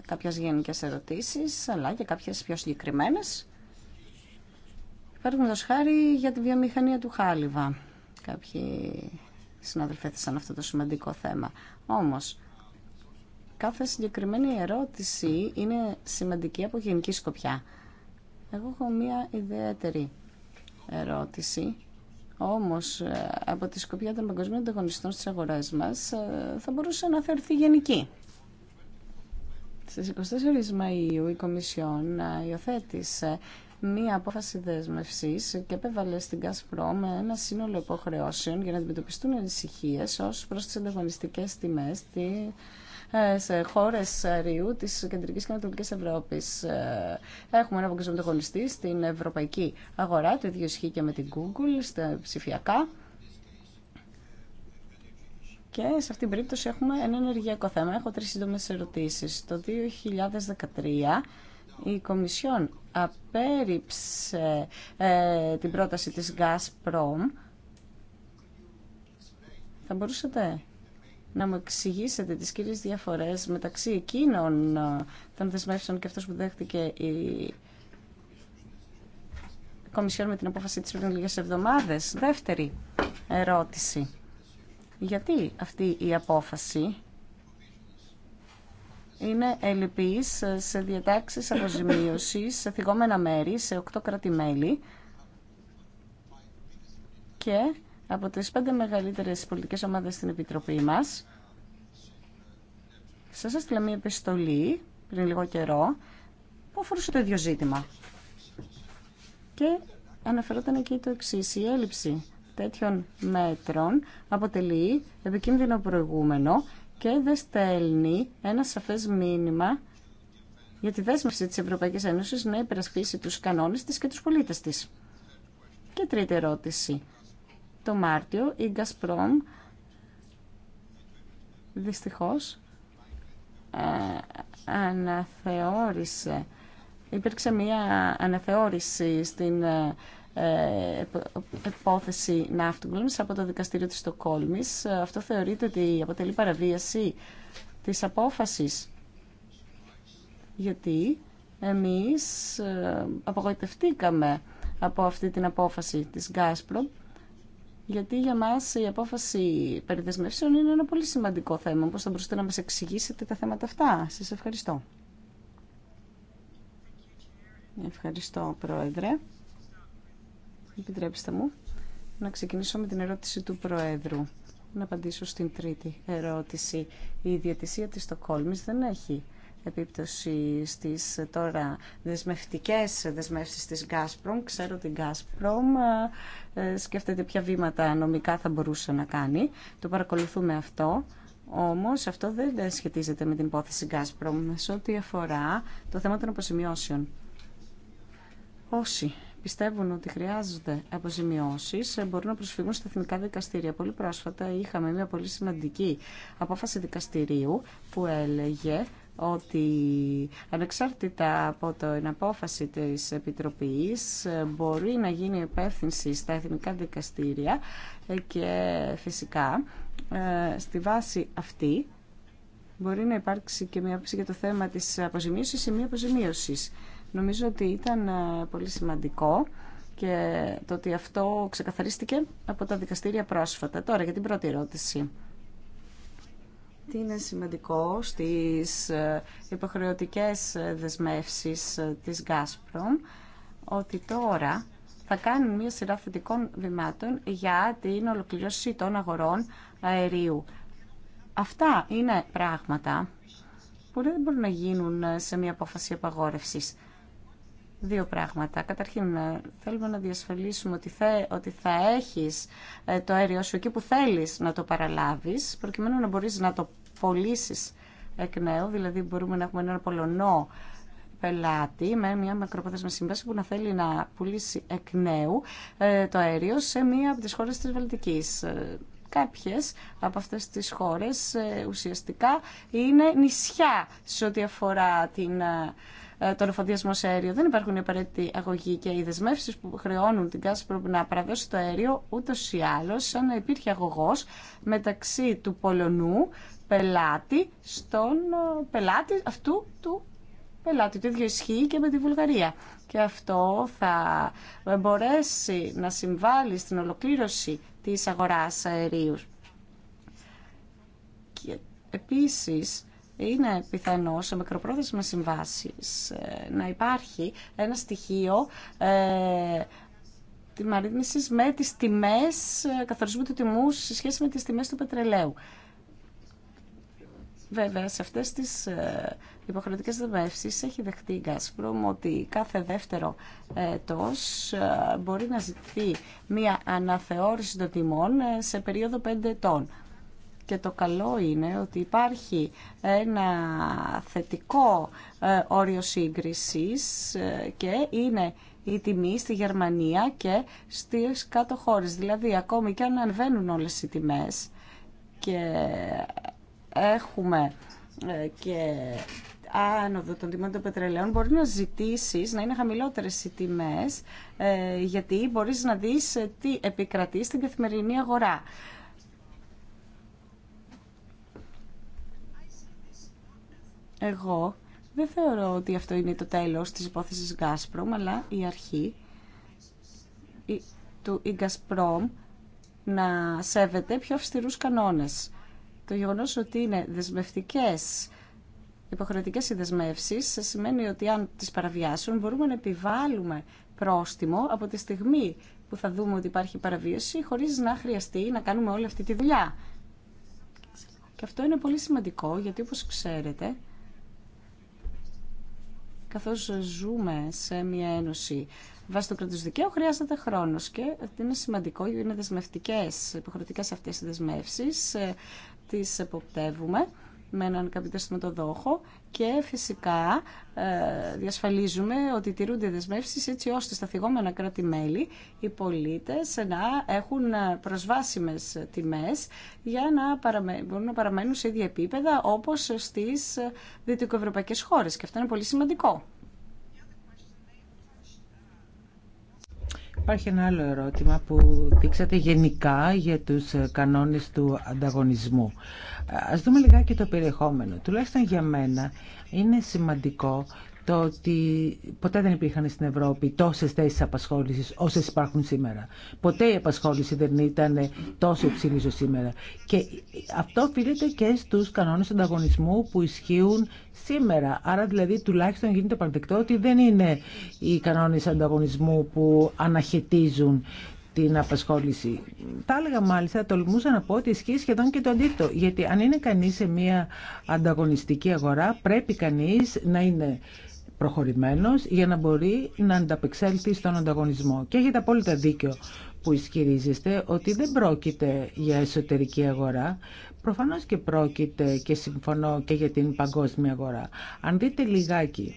κάποιες γενικές ερωτήσεις, αλλά και κάποιες πιο συγκεκριμένες. το χάρη για τη βιομηχανία του Χάλιβα. Κάποιοι συναδελφοί έθεσαν αυτό το σημαντικό θέμα. Όμως, κάθε συγκεκριμένη ερώτηση είναι σημαντική από γενική σκοπιά. Εγώ έχω μία ιδιαίτερη ερώτηση. Όμως, ε, από τη σκοπιά των παγκοσμίων ανταγωνιστών στις αγορές μας, ε, θα μπορούσε να θεωρηθεί γενική. Στι 24 Μαου, η Κομισιόν ε, υιοθέτησε μία απόφαση δέσμευση και επέβαλε στην με ένα σύνολο υποχρεώσεων για να αντιμετωπιστούν ανησυχίε ω προ τι ανταγωνιστικέ τιμέ ε, σε χώρες ριού τη Κεντρικής και Ανατολική Ευρώπης. Ε, έχουμε ένα παγκόσμιο ανταγωνιστή στην ευρωπαϊκή αγορά, το ίδιο ισχύει και με την Google, στα ψηφιακά. Και σε αυτήν την περίπτωση έχουμε ένα ενεργειακό θέμα. Έχω τρεις σύντομες ερωτήσεις. Το 2013 η Κομισιόν απέριψε ε, την πρόταση της Gazprom. Θα μπορούσατε να μου εξηγήσετε τις κύριες διαφορές μεταξύ εκείνων ε, των δεσμεύσεων και αυτός που δέχτηκε η Κομισιόν με την απόφαση της πριν λίγες εβδομάδες. Δεύτερη ερώτηση. Γιατί αυτή η απόφαση είναι ελλειπής σε διατάξεις αποζημίωσης σε θυγόμενα μέρη, σε οκτώ κράτη-μέλη και από τις πέντε μεγαλύτερες πολιτικές ομάδες στην Επιτροπή μας. Σας έστειλα μία επιστολή πριν λίγο καιρό που αφορούσε το ίδιο ζήτημα. Και αναφερόταν εκεί το εξή η έλλειψη τέτοιων μέτρων αποτελεί επικίνδυνο προηγούμενο και δεν στέλνει ένα σαφές μήνυμα για τη δέσμευση της Ευρωπαϊκής Ένωσης να υπερασπίσει τους κανόνες της και τους πολίτες της. Και τρίτη ερώτηση το Μάρτιο η Gazprom δυστυχώς ε, αναθεώρησε υπήρξε μια αναθεώρηση στην ε, ε, υπόθεση Ναύτουγκλουμς από το δικαστήριο της Στοκόλμης. Αυτό θεωρείται ότι αποτελεί παραβίαση της απόφασης. Γιατί εμείς απογοητευτήκαμε από αυτή την απόφαση της Γκάσπρομ γιατί για μα η απόφαση περί δεσμεύσεων είναι ένα πολύ σημαντικό θέμα. πώ θα μπορούσατε να μας εξηγήσετε τα θέματα αυτά. Σας ευχαριστώ. Ευχαριστώ, Πρόεδρε. Επιτρέψτε μου να ξεκινήσω με την ερώτηση του Προέδρου. Να απαντήσω στην τρίτη ερώτηση. Η διατησία της Στοκόλμης δεν έχει επίπτωση στις τώρα δεσμευτικές δεσμεύσεις της Gazprom. Ξέρω την Gazprom ε, ε, σκέφτεται ποια βήματα νομικά θα μπορούσε να κάνει. Το παρακολουθούμε αυτό. Όμως αυτό δεν σχετίζεται με την υπόθεση Gazprom σε ό,τι αφορά το θέμα των αποζημιώσεων. Όσοι πιστεύουν ότι χρειάζονται αποζημιώσει ε, μπορούν να προσφύγουν στα εθνικά δικαστήρια. Πολύ πρόσφατα είχαμε μια πολύ σημαντική απόφαση δικαστηρίου που έλεγε ότι ανεξάρτητα από την απόφαση της Επιτροπής μπορεί να γίνει επεύθυνση στα εθνικά δικαστήρια και φυσικά ε, στη βάση αυτή μπορεί να υπάρξει και μια άποψη για το θέμα της αποζημίωσης ή μη αποζημίωσης. Νομίζω ότι ήταν ε, πολύ σημαντικό και το ότι αυτό ξεκαθαρίστηκε από τα δικαστήρια πρόσφατα. Τώρα για την πρώτη ερώτηση τι είναι σημαντικό στις ε, υποχρεωτικές ε, δεσμεύσεις ε, της Gazprom, ότι τώρα θα κάνουν μια σειρά θετικών βημάτων για την ολοκληρώση των αγορών αερίου. Αυτά είναι πράγματα που δεν μπορούν να γίνουν σε μια απόφαση απαγόρευσης δύο πράγματα. Καταρχήν, ε, θέλουμε να διασφαλίσουμε ότι, θε, ότι θα έχεις ε, το αέριό σου εκεί που θέλεις να το παραλάβεις, προκειμένου να μπορείς να το πωλήσει εκ νέου. Δηλαδή, μπορούμε να έχουμε έναν Πολωνό πελάτη με μια μακροπρόθεσμη σύμβαση που να θέλει να πουλήσει εκ νέου ε, το αέριο σε μία από τις χώρες της Βαλτικής. Κάποιες από αυτές τις χώρες ουσιαστικά είναι νησιά σε ό,τι αφορά την ε, το εφοδιασμό σε αέριο. Δεν υπάρχουν απαραίτητοι αγωγοί και οι δεσμεύσει που χρεώνουν την Κάσπρο να παραδώσει το αέριο ούτω ή άλλω, σαν να υπήρχε αγωγό μεταξύ του Πολωνού πελάτη στον ε, πελάτη αυτού του πελάτη. Το ίδιο ισχύει και με τη Βουλγαρία. Και αυτό θα μπορέσει να συμβάλλει στην ολοκλήρωση της αγοράς αερίου. Και επίσης, είναι πιθανό σε μικροπρόθεσμα συμβάσεις ε, να υπάρχει ένα στοιχείο ε, με τις τιμές ε, καθορισμού του τιμού σε σχέση με τις τιμές του πετρελαίου. Βέβαια, σε αυτές τις ε, υποχρεωτικές δεσμεύσεις έχει δεχτεί η Gazprom ότι κάθε δεύτερο έτος μπορεί να ζητηθεί μία αναθεώρηση των τιμών σε περίοδο 5 ετών και το καλό είναι ότι υπάρχει ένα θετικό ε, όριο σύγκρισης ε, και είναι η τιμή στη Γερμανία και στις κάτω χώρες. Δηλαδή ακόμη και αν ανεβαίνουν όλες οι τιμές και έχουμε ε, και άνοδο των τιμών των πετρελαίων μπορεί να ζητήσεις να είναι χαμηλότερες οι τιμές γιατί μπορείς να δεις τι επικρατεί στην καθημερινή αγορά. Εγώ δεν θεωρώ ότι αυτό είναι το τέλος της υπόθεσης Gazprom, αλλά η αρχή του η Gazprom να σέβεται πιο αυστηρούς κανόνες. Το γεγονός ότι είναι δεσμευτικές υποχρεωτικές οι δεσμεύσεις σημαίνει ότι αν τις παραβιάσουν μπορούμε να επιβάλλουμε πρόστιμο από τη στιγμή που θα δούμε ότι υπάρχει παραβίαση χωρίς να χρειαστεί να κάνουμε όλη αυτή τη δουλειά. Και αυτό είναι πολύ σημαντικό γιατί όπως ξέρετε καθώς ζούμε σε μια ένωση βάσει του κράτους δικαίου, χρειάζεται χρόνος και είναι σημαντικό, είναι δεσμευτικές, υποχρεωτικές αυτές οι δεσμεύσεις, ε, τις εποπτεύουμε με έναν καπιταστηματοδόχο και φυσικά ε, διασφαλίζουμε ότι τηρούνται δεσμεύσει έτσι ώστε στα θυγόμενα κράτη-μέλη οι πολίτε να έχουν ε, προσβάσιμε τιμέ για να μπορούν να παραμένουν σε ίδια επίπεδα όπως στις ε, δυτικοευρωπαϊκές χώρες και αυτό είναι πολύ σημαντικό. Υπάρχει ένα άλλο ερώτημα που δείξατε γενικά για τους ε, κανόνες του ανταγωνισμού. Ας δούμε λιγάκι το περιεχόμενο. Τουλάχιστον για μένα είναι σημαντικό το ότι ποτέ δεν υπήρχαν στην Ευρώπη τόσες θέσεις απασχόλησης όσες υπάρχουν σήμερα. Ποτέ η απασχόληση δεν ήταν τόσο υψηλή όσο σήμερα. Και αυτό οφείλεται και στους κανόνες ανταγωνισμού που ισχύουν σήμερα. Άρα δηλαδή τουλάχιστον γίνεται παραδεκτό ότι δεν είναι οι κανόνες ανταγωνισμού που αναχαιτίζουν την απασχόληση. Τα έλεγα μάλιστα, τολμούσα να πω ότι ισχύει σχεδόν και το αντίθετο. Γιατί αν είναι κανεί σε μια ανταγωνιστική αγορά, πρέπει κανεί να είναι προχωρημένος για να μπορεί να ανταπεξέλθει στον ανταγωνισμό. Και έχετε απόλυτα δίκιο που ισχυρίζεστε ότι δεν πρόκειται για εσωτερική αγορά. Προφανώς και πρόκειται και συμφωνώ και για την παγκόσμια αγορά. Αν δείτε λιγάκι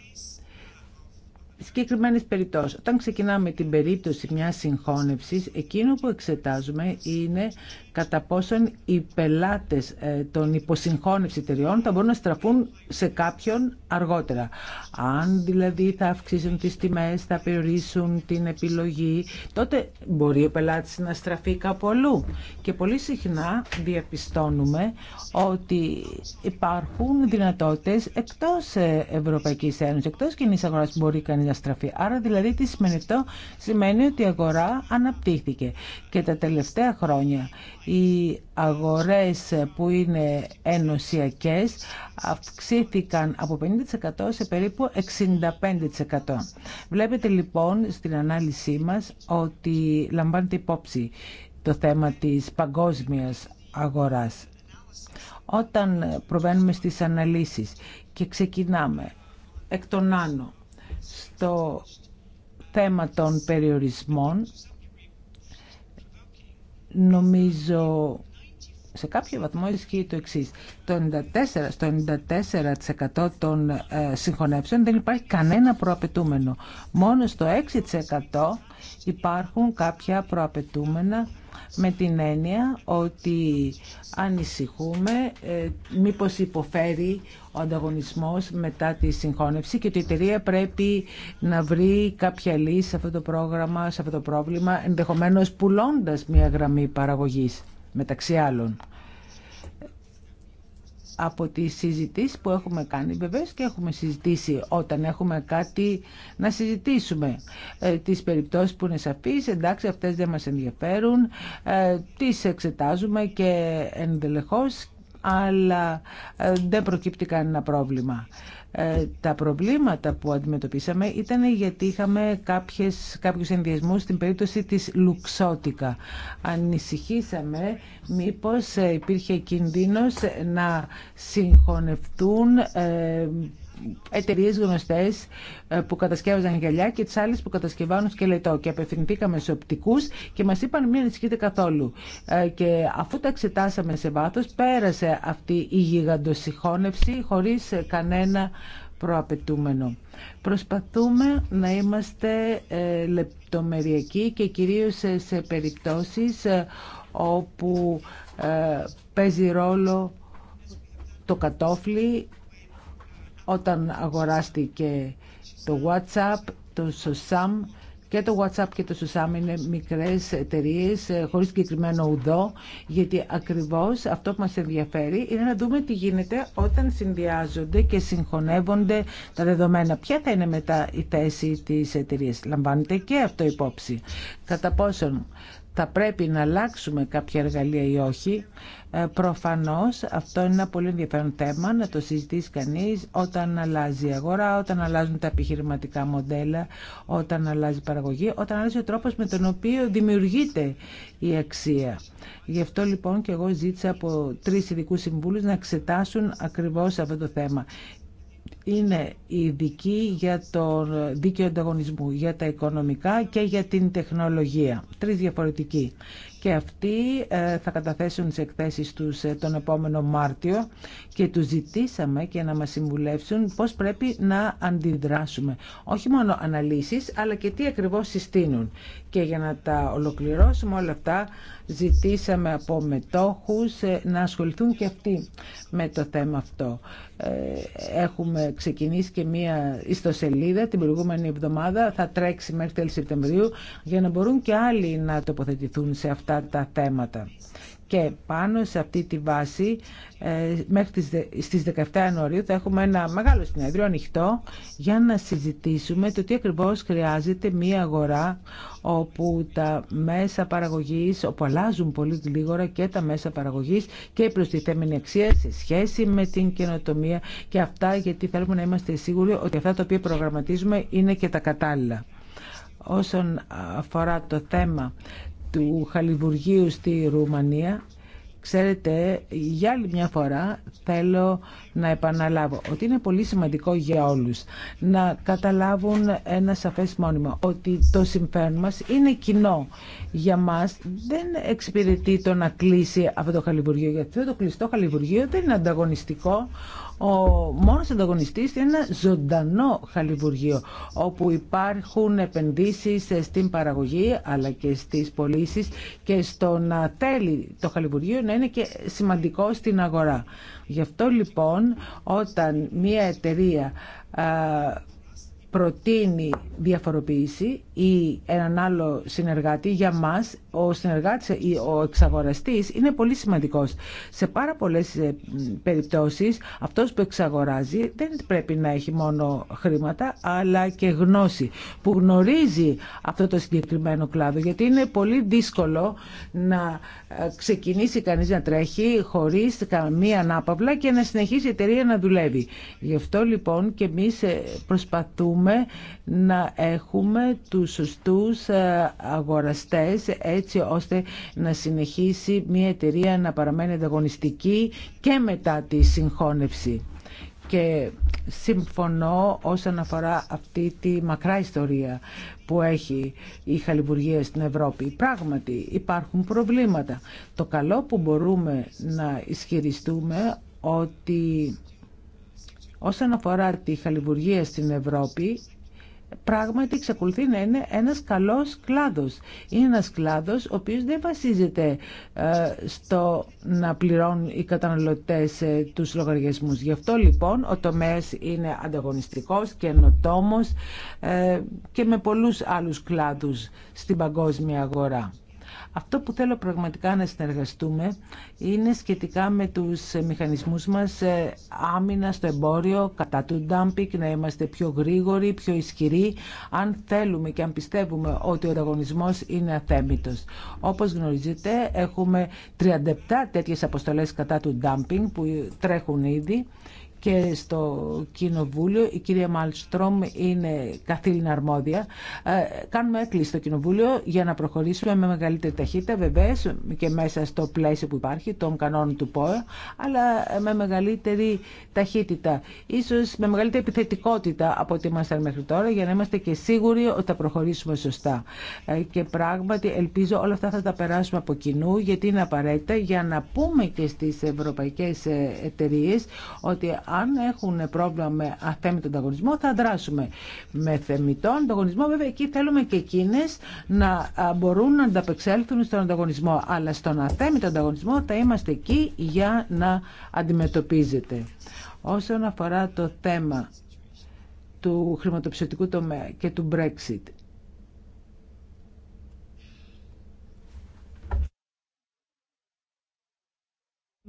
συγκεκριμένες περιπτώσει. Όταν ξεκινάμε την περίπτωση μιας συγχώνευσης, εκείνο που εξετάζουμε είναι κατά πόσον οι πελάτες ε, των υποσυγχώνευση εταιριών θα μπορούν να στραφούν σε κάποιον αργότερα. Αν δηλαδή θα αυξήσουν τις τιμές, θα περιορίσουν την επιλογή, τότε μπορεί ο πελάτης να στραφεί κάπου αλλού. Και πολύ συχνά διαπιστώνουμε ότι υπάρχουν δυνατότητες εκτός ε, Ευρωπαϊκή Ένωση, εκτός κοινής αγορά που μπορεί κανείς Άρα δηλαδή τι σημαίνει αυτό, σημαίνει ότι η αγορά αναπτύχθηκε. Και τα τελευταία χρόνια οι αγορές που είναι ενωσιακές αυξήθηκαν από 50% σε περίπου 65%. Βλέπετε λοιπόν στην ανάλυση μας ότι λαμβάνεται υπόψη το θέμα της παγκόσμιας αγοράς. Όταν προβαίνουμε στις αναλύσεις και ξεκινάμε εκ των άνω στο θέμα των περιορισμών νομίζω σε κάποιο βαθμό ισχύει το εξή. Το 94, στο 94% των ε, συγχωνεύσεων δεν υπάρχει κανένα προαπαιτούμενο. Μόνο στο 6% υπάρχουν κάποια προαπαιτούμενα με την έννοια ότι ανησυχούμε ε, μήπως υποφέρει ο ανταγωνισμός μετά τη συγχώνευση και ότι η εταιρεία πρέπει να βρει κάποια λύση σε αυτό το πρόγραμμα, σε αυτό το πρόβλημα, ενδεχομένως πουλώντας μια γραμμή παραγωγής μεταξύ άλλων από τις συζητήσεις που έχουμε κάνει. Βεβαίως και έχουμε συζητήσει όταν έχουμε κάτι να συζητήσουμε. Ε, τις περιπτώσεις που είναι σαφείς, εντάξει αυτές δεν μας ενδιαφέρουν, ε, τις εξετάζουμε και ενδελεχώς αλλά ε, δεν προκύπτει κανένα πρόβλημα. Ε, τα προβλήματα που αντιμετωπίσαμε ήταν γιατί είχαμε κάποιες, κάποιους ενδιασμούς στην περίπτωση της Λουξότικα. Ανησυχήσαμε μήπως ε, υπήρχε κίνδυνος να συγχωνευτούν εταιρείε γνωστέ ε, που κατασκεύαζαν γυαλιά και τι άλλε που κατασκευάζουν σκελετό. Και απευθυνθήκαμε σε οπτικού και μα είπαν μην ανησυχείτε καθόλου. Ε, και αφού τα εξετάσαμε σε βάθο, πέρασε αυτή η γιγαντοσυχώνευση χωρί κανένα προαπαιτούμενο. Προσπαθούμε να είμαστε ε, λεπτομεριακοί και κυρίως σε περιπτώσεις όπου παίζει ρόλο το κατόφλι όταν αγοράστηκε το WhatsApp, το SOSAM και το WhatsApp και το SOSAM είναι μικρές εταιρείε ε, χωρίς συγκεκριμένο ουδό γιατί ακριβώς αυτό που μας ενδιαφέρει είναι να δούμε τι γίνεται όταν συνδυάζονται και συγχωνεύονται τα δεδομένα. Ποια θα είναι μετά η θέση της εταιρεία. Λαμβάνεται και αυτό υπόψη. Κατά πόσον θα πρέπει να αλλάξουμε κάποια εργαλεία ή όχι. Ε, προφανώς αυτό είναι ένα πολύ ενδιαφέρον θέμα να το συζητήσει κανείς όταν αλλάζει η αγορά, όταν αλλάζουν τα επιχειρηματικά μοντέλα, όταν αλλάζει η παραγωγή, όταν αλλάζει ο τρόπος με τον οποίο δημιουργείται η αξία. Γι' αυτό λοιπόν και εγώ ζήτησα από τρεις ειδικού συμβούλους να εξετάσουν ακριβώς αυτό το θέμα είναι ειδική για το δίκαιο ανταγωνισμού, για τα οικονομικά και για την τεχνολογία. Τρεις διαφορετικοί. Και αυτοί ε, θα καταθέσουν τις εκθέσεις τους ε, τον επόμενο Μάρτιο και τους ζητήσαμε και να μας συμβουλεύσουν πώς πρέπει να αντιδράσουμε. Όχι μόνο αναλύσεις, αλλά και τι ακριβώς συστήνουν. Και για να τα ολοκληρώσουμε όλα αυτά, ζητήσαμε από μετόχους ε, να ασχοληθούν και αυτοί με το θέμα αυτό. Ε, έχουμε ξεκινήσει και μία ιστοσελίδα την προηγούμενη εβδομάδα, θα τρέξει μέχρι τέλος Σεπτεμβρίου, για να μπορούν και άλλοι να τοποθετηθούν σε αυτά τα θέματα. Και πάνω σε αυτή τη βάση, ε, μέχρι στις 17 Ιανουαρίου θα έχουμε ένα μεγάλο συνέδριο ανοιχτό για να συζητήσουμε το τι ακριβώς χρειάζεται μία αγορά όπου τα μέσα παραγωγής, όπου αλλάζουν πολύ γρήγορα και τα μέσα παραγωγής και η προστιθέμενη αξία σε σχέση με την καινοτομία και αυτά γιατί θέλουμε να είμαστε σίγουροι ότι αυτά τα οποία προγραμματίζουμε είναι και τα κατάλληλα όσον αφορά το θέμα του Χαλιβουργίου στη Ρουμανία. Ξέρετε, για άλλη μια φορά θέλω να επαναλάβω ότι είναι πολύ σημαντικό για όλους να καταλάβουν ένα σαφές μόνιμο ότι το συμφέρον μας είναι κοινό. Για μας δεν εξυπηρετεί το να κλείσει αυτό το χαλιβουργείο γιατί αυτό το κλειστό χαλιβουργείο δεν είναι ανταγωνιστικό ο μόνος ανταγωνιστής είναι ένα ζωντανό χαλιβουργείο όπου υπάρχουν επενδύσεις στην παραγωγή αλλά και στις πωλήσει και στο να θέλει το χαλιβουργείο να είναι και σημαντικό στην αγορά. Γι' αυτό λοιπόν όταν μια εταιρεία προτείνει διαφοροποίηση ή έναν άλλο συνεργάτη για μας ο συνεργάτης ή ο εξαγοραστής είναι πολύ σημαντικός. Σε πάρα πολλές ε, περιπτώσεις αυτός που εξαγοράζει δεν πρέπει να έχει μόνο χρήματα αλλά και γνώση που γνωρίζει αυτό το συγκεκριμένο κλάδο γιατί είναι πολύ δύσκολο να ε, ξεκινήσει κανείς να τρέχει χωρίς καμία ανάπαυλα και να συνεχίσει η εταιρεία να δουλεύει. Γι' αυτό λοιπόν και εμείς ε, προσπαθούμε να έχουμε τους σωστούς αγοραστές έτσι ώστε να συνεχίσει μια εταιρεία να παραμένει ανταγωνιστική και μετά τη συγχώνευση. Και συμφωνώ όσον αφορά αυτή τη μακρά ιστορία που έχει η χαλιβουργία στην Ευρώπη. Πράγματι υπάρχουν προβλήματα. Το καλό που μπορούμε να ισχυριστούμε ότι όσον αφορά τη χαλιβουργία στην Ευρώπη πράγματι εξακολουθεί να είναι ένας καλός κλάδος. Είναι ένας κλάδος ο οποίος δεν βασίζεται ε, στο να πληρώνουν οι καταναλωτές ε, τους λογαριασμούς. Γι' αυτό λοιπόν ο τομέας είναι ανταγωνιστικός και ενωτόμος ε, και με πολλούς άλλους κλάδους στην παγκόσμια αγορά. Αυτό που θέλω πραγματικά να συνεργαστούμε είναι σχετικά με τους μηχανισμούς μας ε, άμυνα στο εμπόριο, κατά του ντάμπικ, να είμαστε πιο γρήγοροι, πιο ισχυροί, αν θέλουμε και αν πιστεύουμε ότι ο ανταγωνισμός είναι αθέμητος. Όπως γνωρίζετε, έχουμε 37 τέτοιες αποστολές κατά του ντάμπινγκ που τρέχουν ήδη και στο Κοινοβούλιο. Η κυρία Μάλστρομ είναι καθήλυνα αρμόδια. Ε, κάνουμε έκκληση στο Κοινοβούλιο για να προχωρήσουμε με μεγαλύτερη ταχύτητα, βεβαίω και μέσα στο πλαίσιο που υπάρχει των κανόνων του ΠΟΕ, αλλά με μεγαλύτερη ταχύτητα. Ίσως με μεγαλύτερη επιθετικότητα από ό,τι ήμασταν μέχρι τώρα, για να είμαστε και σίγουροι ότι θα προχωρήσουμε σωστά. Ε, και πράγματι ελπίζω όλα αυτά θα τα περάσουμε από κοινού, γιατί είναι απαραίτητα για να πούμε και στι ευρωπαϊκέ ε, εταιρείε ότι αν έχουν πρόβλημα με αθέμητο ανταγωνισμό θα δράσουμε. Με θεμητό ανταγωνισμό βέβαια εκεί θέλουμε και εκείνε να μπορούν να ανταπεξέλθουν στον ανταγωνισμό. Αλλά στον αθέμητο ανταγωνισμό θα είμαστε εκεί για να αντιμετωπίζετε Όσον αφορά το θέμα του χρηματοψηφιακού τομέα και του Brexit.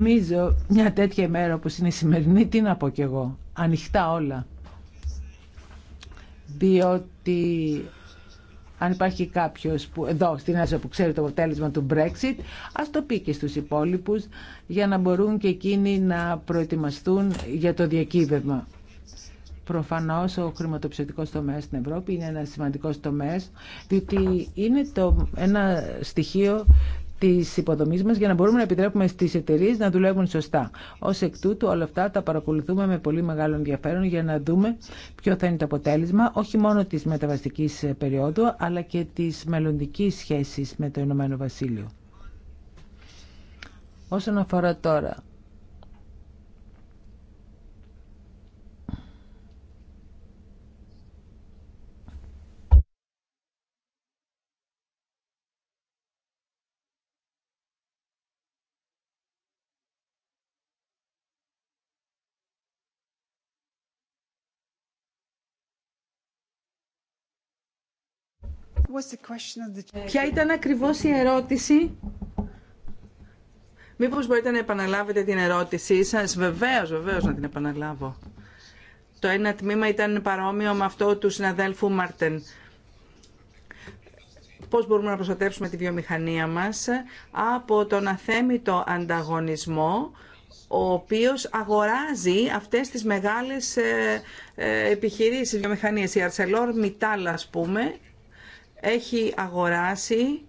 Νομίζω μια τέτοια ημέρα όπως είναι η σημερινή, τι να πω κι εγώ, ανοιχτά όλα. Διότι αν υπάρχει κάποιος που, εδώ στην Άσο που ξέρει το αποτέλεσμα του Brexit, ας το πει και στους υπόλοιπους για να μπορούν και εκείνοι να προετοιμαστούν για το διακύβευμα. Προφανώς ο χρηματοψηφιακός τομέας στην Ευρώπη είναι ένα σημαντικός τομέα διότι είναι το, ένα στοιχείο τη υποδομή μα για να μπορούμε να επιτρέπουμε στι εταιρείε να δουλεύουν σωστά. Ω εκ τούτου, όλα αυτά τα παρακολουθούμε με πολύ μεγάλο ενδιαφέρον για να δούμε ποιο θα είναι το αποτέλεσμα όχι μόνο τη μεταβαστική περίοδου, αλλά και τη μελλοντική σχέση με το Ηνωμένο Βασίλειο. Όσον αφορά τώρα Ποια ήταν ακριβώς η ερώτηση? Μήπως μπορείτε να επαναλάβετε την ερώτησή σας. Βεβαίως, βεβαίως να την επαναλάβω. Το ένα τμήμα ήταν παρόμοιο με αυτό του συναδέλφου Μάρτεν. Πώς μπορούμε να προστατεύσουμε τη βιομηχανία μας από τον αθέμητο ανταγωνισμό ο οποίος αγοράζει αυτές τις μεγάλες ε, ε, επιχειρήσεις, βιομηχανίες. Η Αρσελόρ ας πούμε, έχει αγοράσει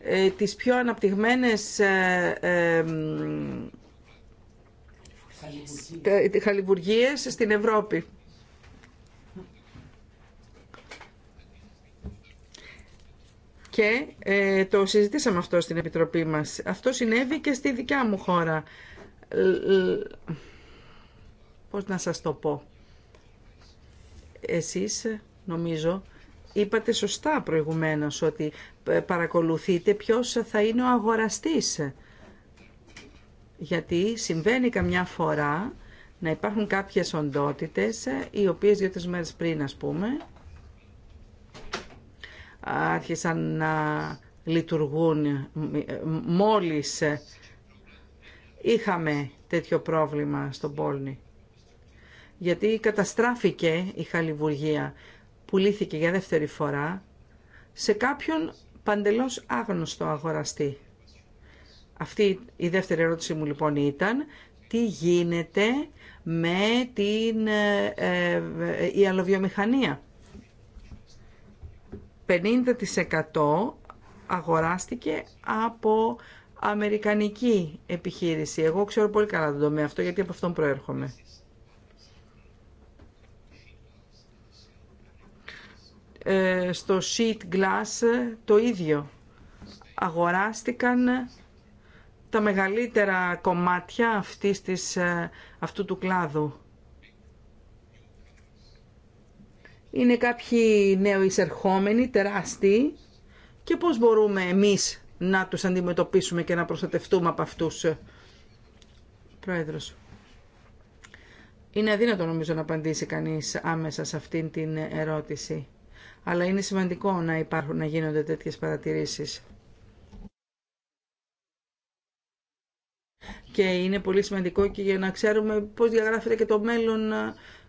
ε, τις πιο αναπτυγμένες ε, ε, χαλιβουργίες στην Ευρώπη. Και το συζητήσαμε αυτό στην Επιτροπή μας. Αυτό συνέβη και στη δικιά μου χώρα. Πώς να σας το πω. Εσείς, νομίζω, Είπατε σωστά προηγουμένως ότι ε, παρακολουθείτε ποιος θα είναι ο αγοραστής. Γιατί συμβαίνει καμιά φορά να υπάρχουν κάποιες οντότητες ε, οι οποίες δύο-τρεις μέρες πριν ας πούμε άρχισαν να λειτουργούν ε, μόλις είχαμε τέτοιο πρόβλημα στον Πόλνη γιατί καταστράφηκε η χαλιβουργία πουλήθηκε για δεύτερη φορά σε κάποιον παντελώς άγνωστο αγοραστή. Αυτή η δεύτερη ερώτηση μου λοιπόν ήταν τι γίνεται με την ε, 50% ε, αγοράστηκε από αμερικανική επιχείρηση. Εγώ ξέρω πολύ καλά τον τομέα αυτό γιατί από αυτόν προέρχομαι. Ε, στο sheet glass το ίδιο. Αγοράστηκαν τα μεγαλύτερα κομμάτια αυτής της, ε, αυτού του κλάδου. Είναι κάποιοι νέοι εισερχόμενοι, τεράστιοι και πώς μπορούμε εμείς να τους αντιμετωπίσουμε και να προστατευτούμε από αυτούς. Ε, Πρόεδρος. Είναι αδύνατο νομίζω να απαντήσει κανείς άμεσα σε αυτήν την ερώτηση αλλά είναι σημαντικό να υπάρχουν, να γίνονται τέτοιες παρατηρήσεις. Και είναι πολύ σημαντικό και για να ξέρουμε πώς διαγράφεται και το μέλλον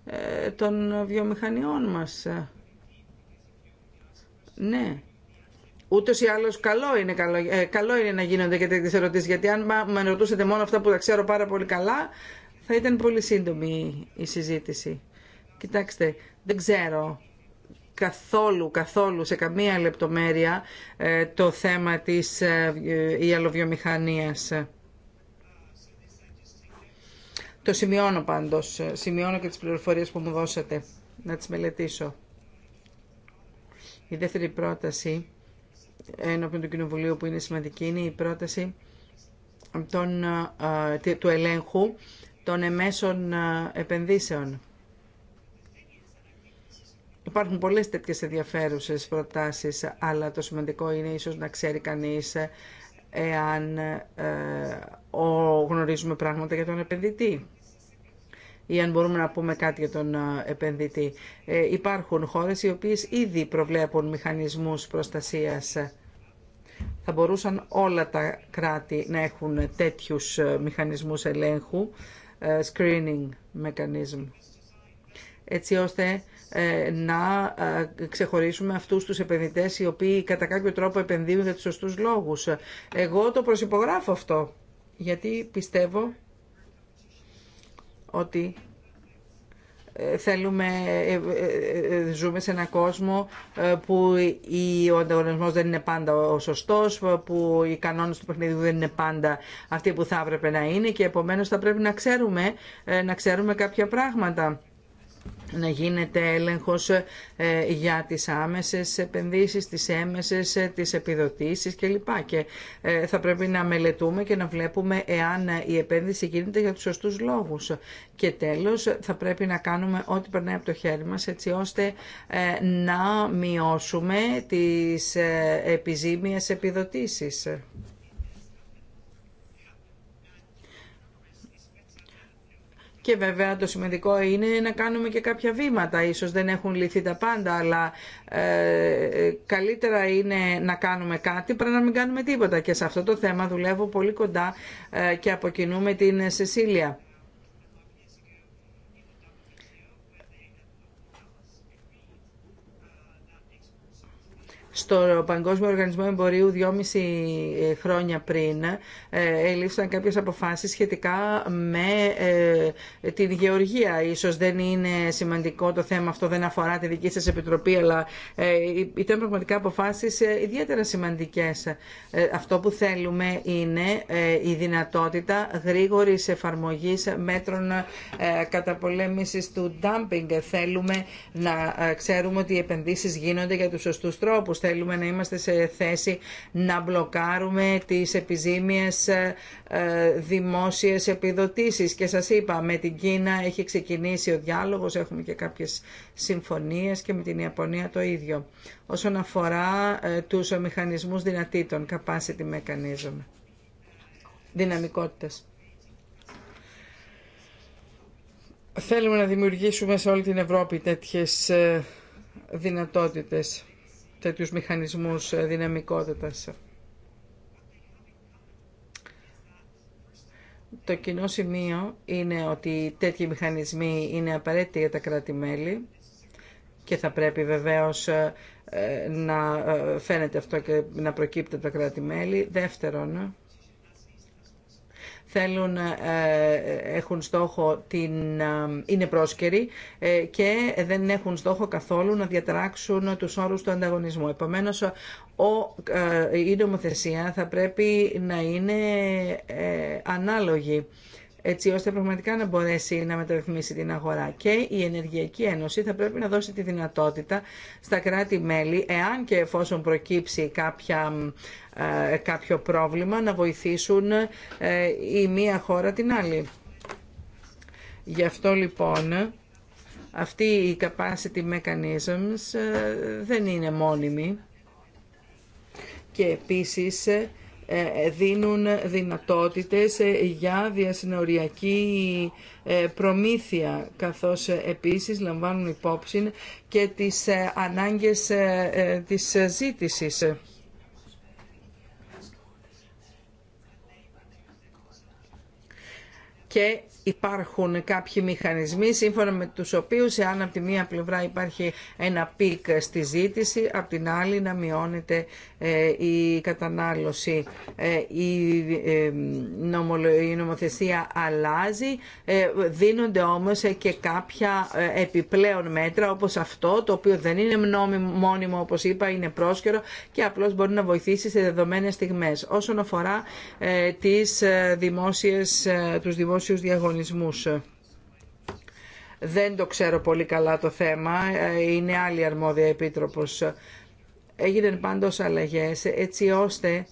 ε, των βιομηχανιών μας. Ναι. Ούτε ή άλλω καλό είναι, ε, καλό, είναι να γίνονται και τέτοιε ερωτήσει. Γιατί αν με ρωτούσετε μόνο αυτά που τα ξέρω πάρα πολύ καλά, θα ήταν πολύ σύντομη η συζήτηση. Κοιτάξτε, δεν ξέρω καθόλου, καθόλου σε καμία λεπτομέρεια ε, το θέμα της ιαλοβιομηχανίας. Ε, το σημειώνω πάντως, σημειώνω και τις πληροφορίες που μου δώσατε, να τις μελετήσω. Η δεύτερη πρόταση ενώπιον του Κοινοβουλίου που είναι σημαντική είναι η πρόταση των, ε, του ελέγχου των εμέσων επενδύσεων. Υπάρχουν πολλές τέτοιε ενδιαφέρουσε προτάσεις, αλλά το σημαντικό είναι ίσως να ξέρει κανείς ε, εάν ε, ο, γνωρίζουμε πράγματα για τον επενδυτή ή αν μπορούμε να πούμε κάτι για τον ε, επενδυτή. υπάρχουν χώρες οι οποίες ήδη προβλέπουν μηχανισμούς προστασίας. Θα μπορούσαν όλα τα κράτη να έχουν τέτοιους μηχανισμούς ελέγχου, screening mechanism, έτσι ώστε ε, να ε, ξεχωρίσουμε αυτούς τους επενδυτές οι οποίοι κατά κάποιο τρόπο επενδύουν για τους σωστούς λόγους. Εγώ το προσυπογράφω αυτό, γιατί πιστεύω ότι ε, θέλουμε, ζούμε σε έναν κόσμο που ο ανταγωνισμός δεν είναι πάντα ο σωστός, που οι κανόνες του παιχνιδιού δεν είναι πάντα αυτοί που θα έπρεπε να είναι και επομένως θα πρέπει να ξέρουμε, να ξέρουμε κάποια πράγματα να γίνεται έλεγχος ε, για τις άμεσες επενδύσεις, τις έμεσες, ε, τις επιδοτήσεις κλπ. Και ε, θα πρέπει να μελετούμε και να βλέπουμε εάν η επένδυση γίνεται για τους σωστούς λόγους. Και τέλος θα πρέπει να κάνουμε ό,τι περνάει από το χέρι μας έτσι ώστε να μειώσουμε τις επιζήμιες επιδοτήσεις. Και βέβαια το σημαντικό είναι να κάνουμε και κάποια βήματα. Ίσως δεν έχουν λυθεί τα πάντα, αλλά ε, καλύτερα είναι να κάνουμε κάτι παρά να μην κάνουμε τίποτα. Και σε αυτό το θέμα δουλεύω πολύ κοντά ε, και αποκοινούμε την Σεσίλια. στο Παγκόσμιο Οργανισμό Εμπορίου δυόμιση ε, χρόνια πριν ελήφθησαν κάποιες αποφάσεις σχετικά με ε, τη γεωργία. Ίσως δεν είναι σημαντικό το θέμα αυτό, δεν αφορά τη δική σας επιτροπή, αλλά ε, ήταν πραγματικά αποφάσεις ιδιαίτερα σημαντικές. Αυτό που θέλουμε είναι η δυνατότητα γρήγορης εφαρμογής μέτρων καταπολέμησης του dumping. Θέλουμε να ξέρουμε ότι οι επενδύσεις γίνονται για τους σωστούς τρόπους θέλουμε να είμαστε σε θέση να μπλοκάρουμε τις επιζήμιες ε, δημόσιες επιδοτήσεις. Και σας είπα, με την Κίνα έχει ξεκινήσει ο διάλογος, έχουμε και κάποιες συμφωνίες και με την Ιαπωνία το ίδιο. Όσον αφορά ε, τους μηχανισμούς δυνατήτων, capacity mechanism, δυναμικότητας. Θέλουμε να δημιουργήσουμε σε όλη την Ευρώπη τέτοιες ε, δυνατότητες τέτοιους μηχανισμούς ε, δυναμικότητας. Το κοινό σημείο είναι ότι τέτοιοι μηχανισμοί είναι απαραίτητοι για τα κράτη-μέλη και θα πρέπει βεβαίως ε, ε, να φαίνεται αυτό και να προκύπτει από τα κράτη-μέλη. Δεύτερον, θέλουν, ε, έχουν στόχο την, ε, είναι πρόσκαιροι ε, και δεν έχουν στόχο καθόλου να διατράξουν τους όρους του ανταγωνισμού. Επομένως, ο, η νομοθεσία θα πρέπει να είναι ανάλογη έτσι ώστε πραγματικά να μπορέσει να μεταρρυθμίσει την αγορά. Και η Ενεργειακή Ένωση θα πρέπει να δώσει τη δυνατότητα στα κράτη-μέλη, εάν και εφόσον προκύψει κάποια ε, κάποιο πρόβλημα, να βοηθήσουν ε, η μία χώρα την άλλη. Γι' αυτό λοιπόν αυτή η capacity mechanisms ε, δεν είναι μόνιμη και επίσης ε, δίνουν δυνατότητες ε, για διασυνοριακή ε, προμήθεια, καθώς επίσης λαμβάνουν υπόψη και τις ανάγκες της ζήτησης. Και υπάρχουν κάποιοι μηχανισμοί σύμφωνα με τους οποίους εάν από τη μία πλευρά υπάρχει ένα πικ στη ζήτηση, από την άλλη να μειώνεται ε, η κατανάλωση. Ε, ε, η νομοθεσία αλλάζει, δίνονται όμως και κάποια επιπλέον μέτρα όπως αυτό, το οποίο δεν είναι μόνιμο όπως είπα, είναι πρόσκαιρο και απλώς μπορεί να βοηθήσει σε δεδομένες στιγμές. Όσον αφορά τις δημόσιες, τους δημόσιους διαγωνισμούς, δεν το ξέρω πολύ καλά το θέμα, είναι άλλη αρμόδια επίτροπος. Έγιναν πάντως αλλαγές έτσι ώστε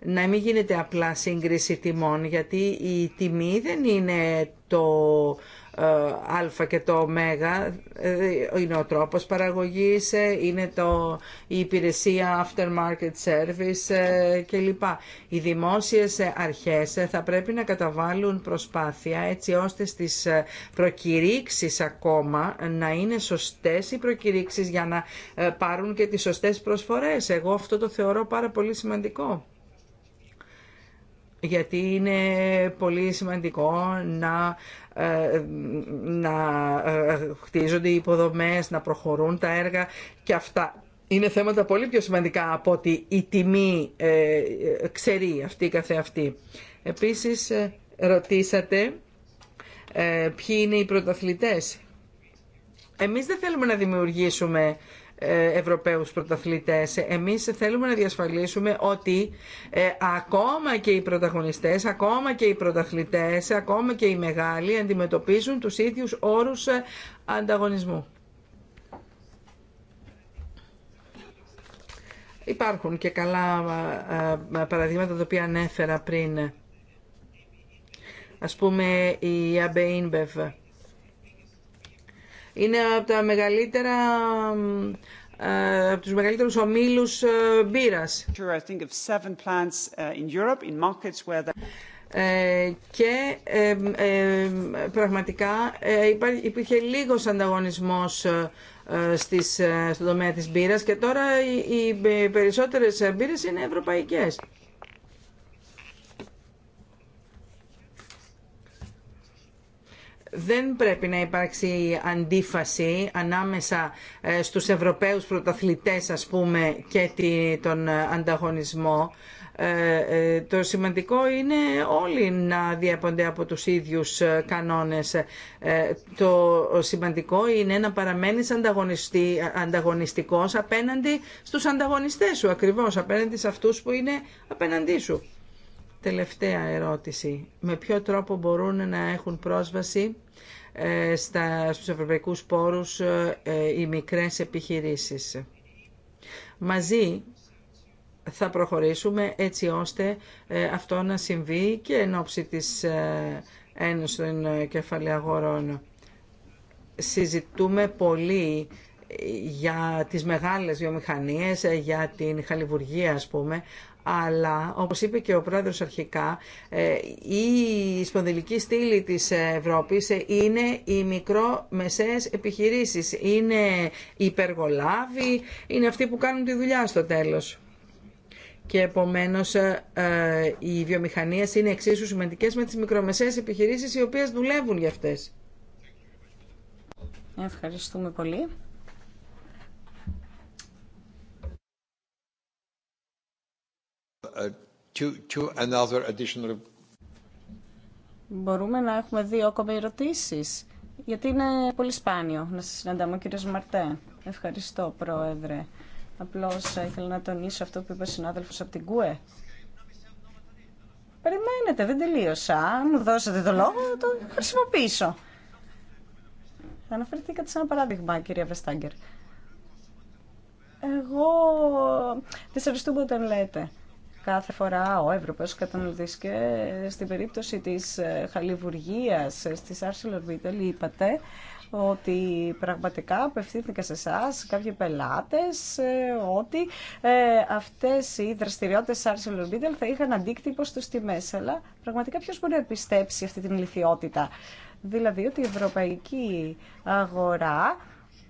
να μην γίνεται απλά σύγκριση τιμών, γιατί η τιμή δεν είναι το α και το ω ε, είναι ο τρόπος παραγωγής, ε, είναι το, η υπηρεσία aftermarket service ε, κλπ. Οι δημόσιες αρχές θα πρέπει να καταβάλουν προσπάθεια έτσι ώστε στις προκηρύξεις ακόμα να είναι σωστές οι προκηρύξεις για να πάρουν και τις σωστές προσφορές. Εγώ αυτό το θεωρώ πάρα πολύ σημαντικό γιατί είναι πολύ σημαντικό να ε, να ε, χτίζονται οι υποδομές, να προχωρούν τα έργα και αυτά. Είναι θέματα πολύ πιο σημαντικά από ότι η τιμή ε, ξέρει αυτή καθεαυτή. Επίσης, ρωτήσατε ποιοι είναι οι πρωταθλητές. Εμείς δεν θέλουμε να δημιουργήσουμε ε, Ευρωπαίους πρωταθλητές. Εμείς θέλουμε να διασφαλίσουμε ότι ε, ακόμα και οι πρωταγωνιστές, ακόμα και οι πρωταθλητές, ακόμα και οι μεγάλοι αντιμετωπίζουν τους ίδιους όρους ε, ανταγωνισμού. Υπάρχουν και καλά παραδείγματα τα οποία ανέφερα πριν. Ας πούμε η Αμπέινμπεφ. Είναι από τα μεγαλύτερα ε, από τους μεγαλύτερους ομίλους μπύρας. και ε, ε, πραγματικά ε, υπήρχε λίγος ανταγωνισμός ε, στις, στον τομέα της μπύρας και τώρα οι, οι περισσότερες μπύρες είναι ευρωπαϊκές. δεν πρέπει να υπάρξει αντίφαση ανάμεσα ε, στους Ευρωπαίους πρωταθλητές ας πούμε και τον ανταγωνισμό. Ε, ε, το σημαντικό είναι όλοι να διέπονται από τους ίδιους κανόνες. Το σημαντικό είναι να παραμένεις ανταγωνιστή, ανταγωνιστικός απέναντι στους ανταγωνιστές σου, ακριβώς απέναντι σε αυτούς που είναι απέναντί σου. Τελευταία ερώτηση. Με ποιο τρόπο μπορούν να έχουν πρόσβαση ε, στα, στους ευρωπαϊκούς πόρους ε, οι μικρές επιχειρήσεις. Μαζί θα προχωρήσουμε έτσι ώστε ε, αυτό να συμβεί και εν ώψη της Ένωσης των Κεφαλαίων Συζητούμε πολύ για τις μεγάλες βιομηχανίες, για την χαλιβουργία ας πούμε, αλλά όπως είπε και ο πρόεδρος αρχικά, ε, η σπονδυλική στήλη της Ευρώπης είναι οι μικρό-μεσαίες επιχειρήσεις, είναι υπεργολάβοι, είναι αυτοί που κάνουν τη δουλειά στο τέλος. Και επομένως ε, ε, οι βιομηχανίες είναι εξίσου σημαντικές με τις μικρομεσαίες επιχειρήσεις οι οποίες δουλεύουν για αυτές. Ευχαριστούμε πολύ. Uh, Μπορούμε να έχουμε δύο ακόμα ερωτήσει. Γιατί είναι πολύ σπάνιο να σας συναντάμε, ο κύριο Μαρτέ. Ευχαριστώ, Πρόεδρε. Απλώ ε, ήθελα να τονίσω αυτό που είπε ο συνάδελφο από την ΚΟΕ. Περιμένετε, δεν τελείωσα. Αν μου δώσετε το λόγο, θα το χρησιμοποιήσω. Θα αναφερθήκατε σε ένα παράδειγμα, κυρία Βεστάγκερ. Εγώ ευχαριστούμε όταν λέτε κάθε φορά ο Ευρωπαίος καταναλωτής και στην περίπτωση της ε, χαλιβουργίας ε, στις ArcelorMittal είπατε ότι πραγματικά απευθύνθηκα σε εσά κάποιοι πελάτες ε, ότι αυτές οι δραστηριότητε ArcelorMittal θα είχαν αντίκτυπο στους τιμές. Αλλά πραγματικά ποιο μπορεί να πιστέψει αυτή την ηλικιότητα. Δηλαδή ότι η ευρωπαϊκή αγορά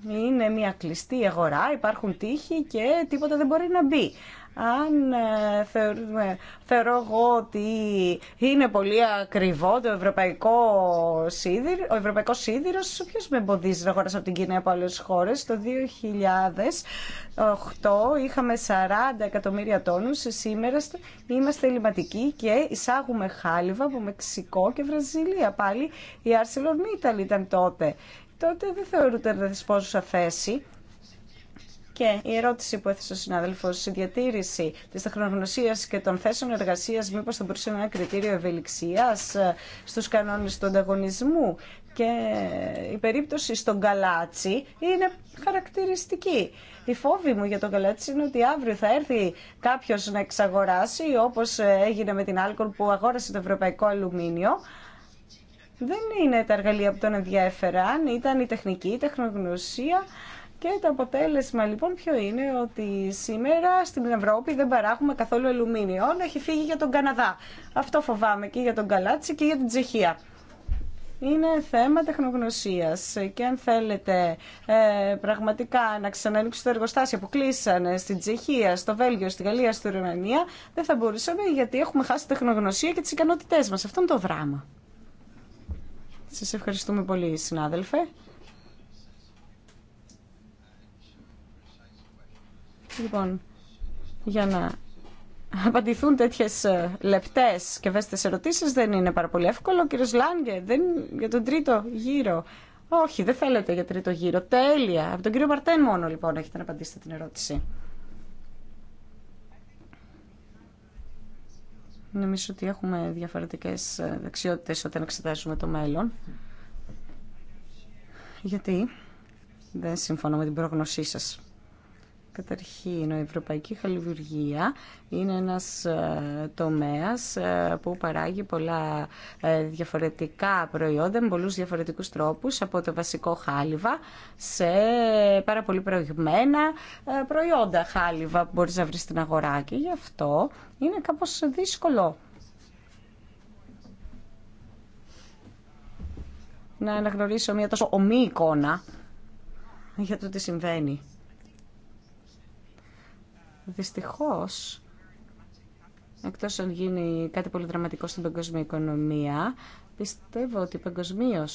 είναι μια κλειστή αγορά, υπάρχουν τείχοι και τίποτα δεν μπορεί να μπει. Αν ε, θεωρούμε, θεωρώ εγώ ότι είναι πολύ ακριβό το ευρωπαϊκό σίδηρο, ο ευρωπαϊκό σίδηρο, ποιο με εμποδίζει να αγοράσω από την Κίνα από άλλε χώρε. Το 2008 είχαμε 40 εκατομμύρια τόνου. Σήμερα είμαστε ελληματικοί και εισάγουμε χάλιβα από Μεξικό και Βραζιλία. Πάλι η ArcelorMittal ήταν τότε. Τότε δεν θεωρούνται δεσπόζουσα θέση και η ερώτηση που έθεσε ο συνάδελφο, η διατήρηση τη τεχνογνωσία και των θέσεων εργασία, μήπω θα μπορούσε να είναι ένα κριτήριο ευελιξία ε, στου κανόνε του ανταγωνισμού. Και η περίπτωση στον Καλάτσι είναι χαρακτηριστική. Η φόβη μου για τον Καλάτσι είναι ότι αύριο θα έρθει κάποιο να εξαγοράσει, όπω ε, έγινε με την Άλκον που αγόρασε το ευρωπαϊκό αλουμίνιο. Δεν είναι τα εργαλεία που τον ενδιαφέραν. ήταν η τεχνική, η τεχνογνωσία και το αποτέλεσμα λοιπόν ποιο είναι ότι σήμερα στην Ευρώπη δεν παράγουμε καθόλου αλουμίνιο. Όλο έχει φύγει για τον Καναδά. Αυτό φοβάμαι και για τον Καλάτσι και για την Τσεχία. Είναι θέμα τεχνογνωσίας και αν θέλετε ε, πραγματικά να ξανανοίξουν τα εργοστάσια που κλείσανε στην Τσεχία, στο Βέλγιο, στη Γαλλία, στη Ρουμανία, δεν θα μπορούσαμε γιατί έχουμε χάσει τεχνογνωσία και τις ικανότητές μας. Αυτό είναι το δράμα. Σας ευχαριστούμε πολύ συνάδελφε. Λοιπόν, για να απαντηθούν τέτοιε λεπτέ και ευαίσθητε ερωτήσει δεν είναι πάρα πολύ εύκολο. Ο κύριο Λάγκε, δεν... για τον τρίτο γύρο. Όχι, δεν θέλετε για τρίτο γύρο. Τέλεια. Από τον κύριο Μαρτέν μόνο λοιπόν έχετε να απαντήσετε την ερώτηση. Νομίζω ότι έχουμε διαφορετικές ε, δεξιότητες όταν εξετάζουμε το μέλλον. Γιατί δεν συμφωνώ με την πρόγνωσή σας. Καταρχήν, η Ευρωπαϊκή Χαλιβουργία είναι ένας ε, τομέας ε, που παράγει πολλά ε, διαφορετικά προϊόντα με πολλούς διαφορετικούς τρόπους από το βασικό χάλιβα σε πάρα πολύ προηγμένα προϊόντα χάλιβα που μπορείς να βρεις στην αγορά και γι' αυτό είναι κάπως δύσκολο να αναγνωρίσω μια τόσο ομή εικόνα για το τι συμβαίνει. Δυστυχώς, εκτός αν γίνει κάτι πολύ δραματικό στην παγκοσμία οικονομία, πιστεύω ότι παγκοσμίω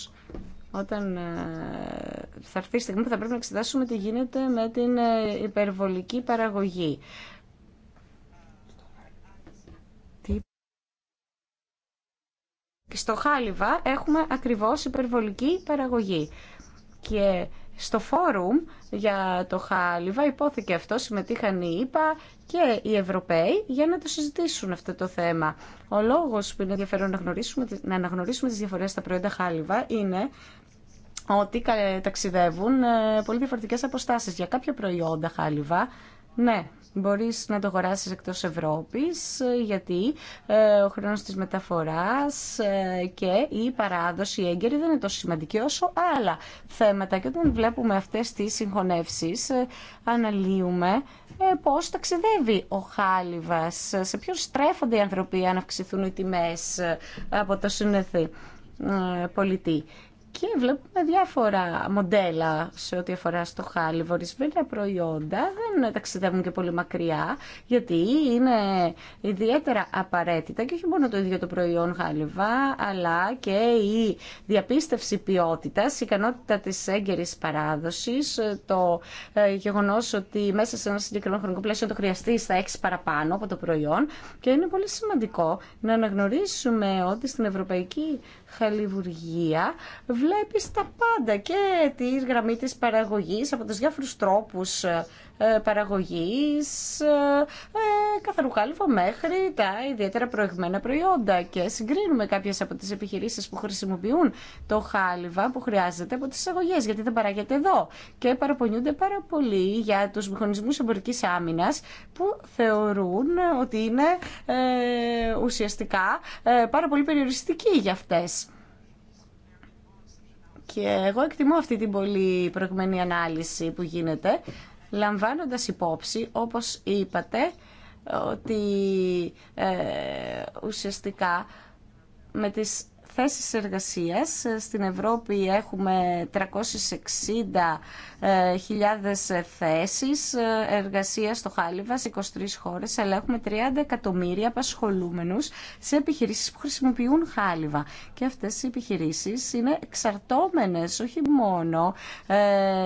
όταν ε, θα έρθει η στιγμή που θα πρέπει να εξετάσουμε τι γίνεται με την ε, υπερβολική παραγωγή. Και στο χάλιβα έχουμε ακριβώς υπερβολική παραγωγή. Και στο φόρουμ για το Χάλιβα υπόθηκε αυτό, συμμετείχαν οι ΙΠΑ και οι Ευρωπαίοι για να το συζητήσουν αυτό το θέμα. Ο λόγος που είναι ενδιαφέρον να, να αναγνωρίσουμε τις διαφορές στα προϊόντα Χάλιβα είναι ότι ταξιδεύουν ε, πολύ διαφορετικές αποστάσεις. Για κάποια προϊόντα Χάλιβα, ναι, μπορείς να το αγοράσεις εκτός Ευρώπης γιατί ε, ο χρόνος της μεταφοράς ε, και η παράδοση έγκαιρη δεν είναι τόσο σημαντική όσο άλλα θέματα και όταν βλέπουμε αυτές τις συγχωνεύσεις ε, αναλύουμε πώς ταξιδεύει ο χάλιβας, σε ποιον στρέφονται οι άνθρωποι αν αυξηθούν οι τιμές από το συνεθή πολιτή. Και βλέπουμε διάφορα μοντέλα σε ό,τι αφορά στο χάλιβο. Ορισμένα προϊόντα δεν ταξιδεύουν και πολύ μακριά, γιατί είναι ιδιαίτερα απαραίτητα και όχι μόνο το ίδιο το προϊόν χάλιβα, αλλά και η διαπίστευση ποιότητα, η ικανότητα τη έγκαιρη παράδοση, το ε, γεγονό ότι μέσα σε ένα συγκεκριμένο χρονικό πλαίσιο το χρειαστεί θα έχει παραπάνω από το προϊόν. Και είναι πολύ σημαντικό να αναγνωρίσουμε ότι στην Ευρωπαϊκή χαλιβουργία βλέπεις τα πάντα και τη γραμμή της παραγωγής από τους διάφορους τρόπους ε, ε, παραγωγής ε, ε, καθαρού κάλυφα μέχρι τα ιδιαίτερα προηγμένα προϊόντα και συγκρίνουμε κάποιες από τις επιχειρήσεις που χρησιμοποιούν το χάλιβα που χρειάζεται από τις εισαγωγές γιατί δεν παράγεται εδώ και παραπονιούνται πάρα πολύ για τους μηχανισμούς εμπορικής άμυνας που θεωρούν ότι είναι ε, ουσιαστικά πάρα πολύ περιοριστικοί για αυτές. Και εγώ εκτιμώ αυτή την πολύ προηγμένη ανάλυση που γίνεται λαμβάνοντας υπόψη, όπως είπατε, ότι ε, ουσιαστικά με τις θέσεις εργασίας. Ε, στην Ευρώπη έχουμε 360.000 ε, ε, θέσεις εργασίας στο Χάλιβα, σε 23 χώρες, αλλά έχουμε 30 εκατομμύρια απασχολούμενους σε επιχειρήσεις που χρησιμοποιούν Χάλιβα. Και αυτές οι επιχειρήσεις είναι εξαρτώμενες όχι μόνο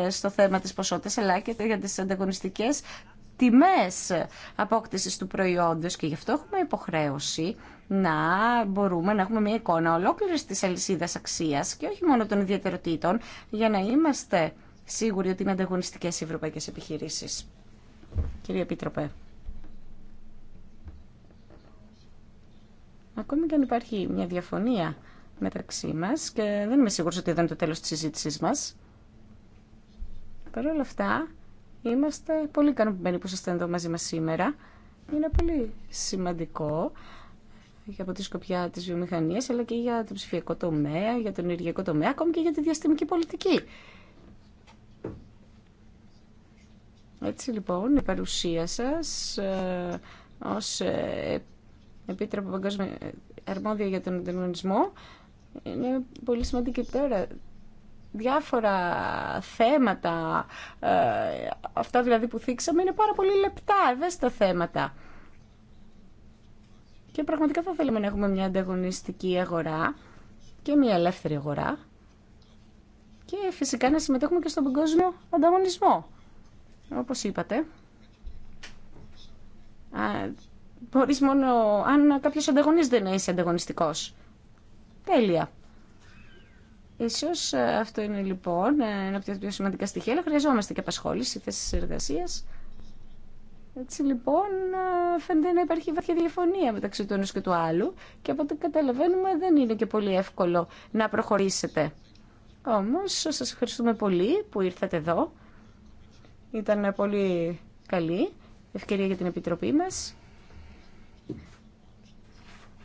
στο θέμα της ποσότητας, αλλά και για τις ανταγωνιστικές τιμές απόκτηση του προϊόντος και γι' αυτό έχουμε υποχρέωση να μπορούμε να έχουμε μια εικόνα ολόκληρη της αλυσίδα αξία και όχι μόνο των ιδιαιτεροτήτων για να είμαστε σίγουροι ότι είναι ανταγωνιστικές οι ευρωπαϊκές επιχειρήσεις. Κύριε Επίτροπε. Ακόμη και αν υπάρχει μια διαφωνία μεταξύ μας και δεν είμαι σίγουρη ότι εδώ είναι το τέλος της συζήτησής μας. Παρ' όλα αυτά, Είμαστε πολύ ικανοποιημένοι που είστε εδώ μαζί μας σήμερα. Είναι πολύ σημαντικό για από τη σκοπιά τη βιομηχανία, αλλά και για το ψηφιακό τομέα, για τον ενεργειακό τομέα, ακόμη και για τη διαστημική πολιτική. Έτσι λοιπόν, η παρουσία σα ε, ως ε, Επίτροπο Παγκόσμια Αρμόδια για τον Ανταγωνισμό είναι πολύ σημαντική τώρα διάφορα θέματα, ε, αυτά δηλαδή που θίξαμε, είναι πάρα πολύ λεπτά, ευαίσθητα θέματα. Και πραγματικά θα θέλαμε να έχουμε μια ανταγωνιστική αγορά και μια ελεύθερη αγορά και φυσικά να συμμετέχουμε και στον παγκόσμιο ανταγωνισμό. Όπως είπατε, μπορείς μόνο αν κάποιος ανταγωνίζεται να είσαι ανταγωνιστικός. Τέλεια. Ίσως ε, αυτό είναι λοιπόν ε, ένα από τα πιο σημαντικά στοιχεία, αλλά χρειαζόμαστε και απασχόληση, θέσει εργασία. Έτσι λοιπόν ε, φαίνεται να υπάρχει βαθιά διαφωνία μεταξύ του ενό και του άλλου και από ό,τι καταλαβαίνουμε δεν είναι και πολύ εύκολο να προχωρήσετε. Όμω σα ευχαριστούμε πολύ που ήρθατε εδώ. Ήταν πολύ καλή ευκαιρία για την Επιτροπή μα.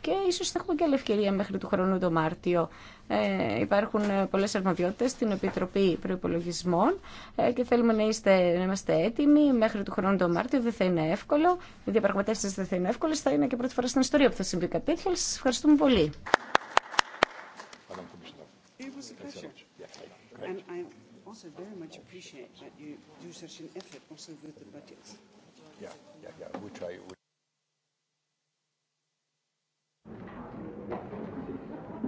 Και ίσως θα έχουμε και άλλη ευκαιρία μέχρι του χρόνου το Μάρτιο ε, υπάρχουν ε, πολλές αρμοδιότητε στην Επιτροπή Προϋπολογισμών ε, και θέλουμε να, είστε, να είμαστε έτοιμοι μέχρι το χρόνο του Μάρτιο. Δεν θα είναι εύκολο. Οι διαπραγματεύσει δεν θα είναι εύκολε. Θα είναι και πρώτη φορά στην ιστορία που θα συμβεί κάτι τέτοιο. Σα ευχαριστούμε πολύ.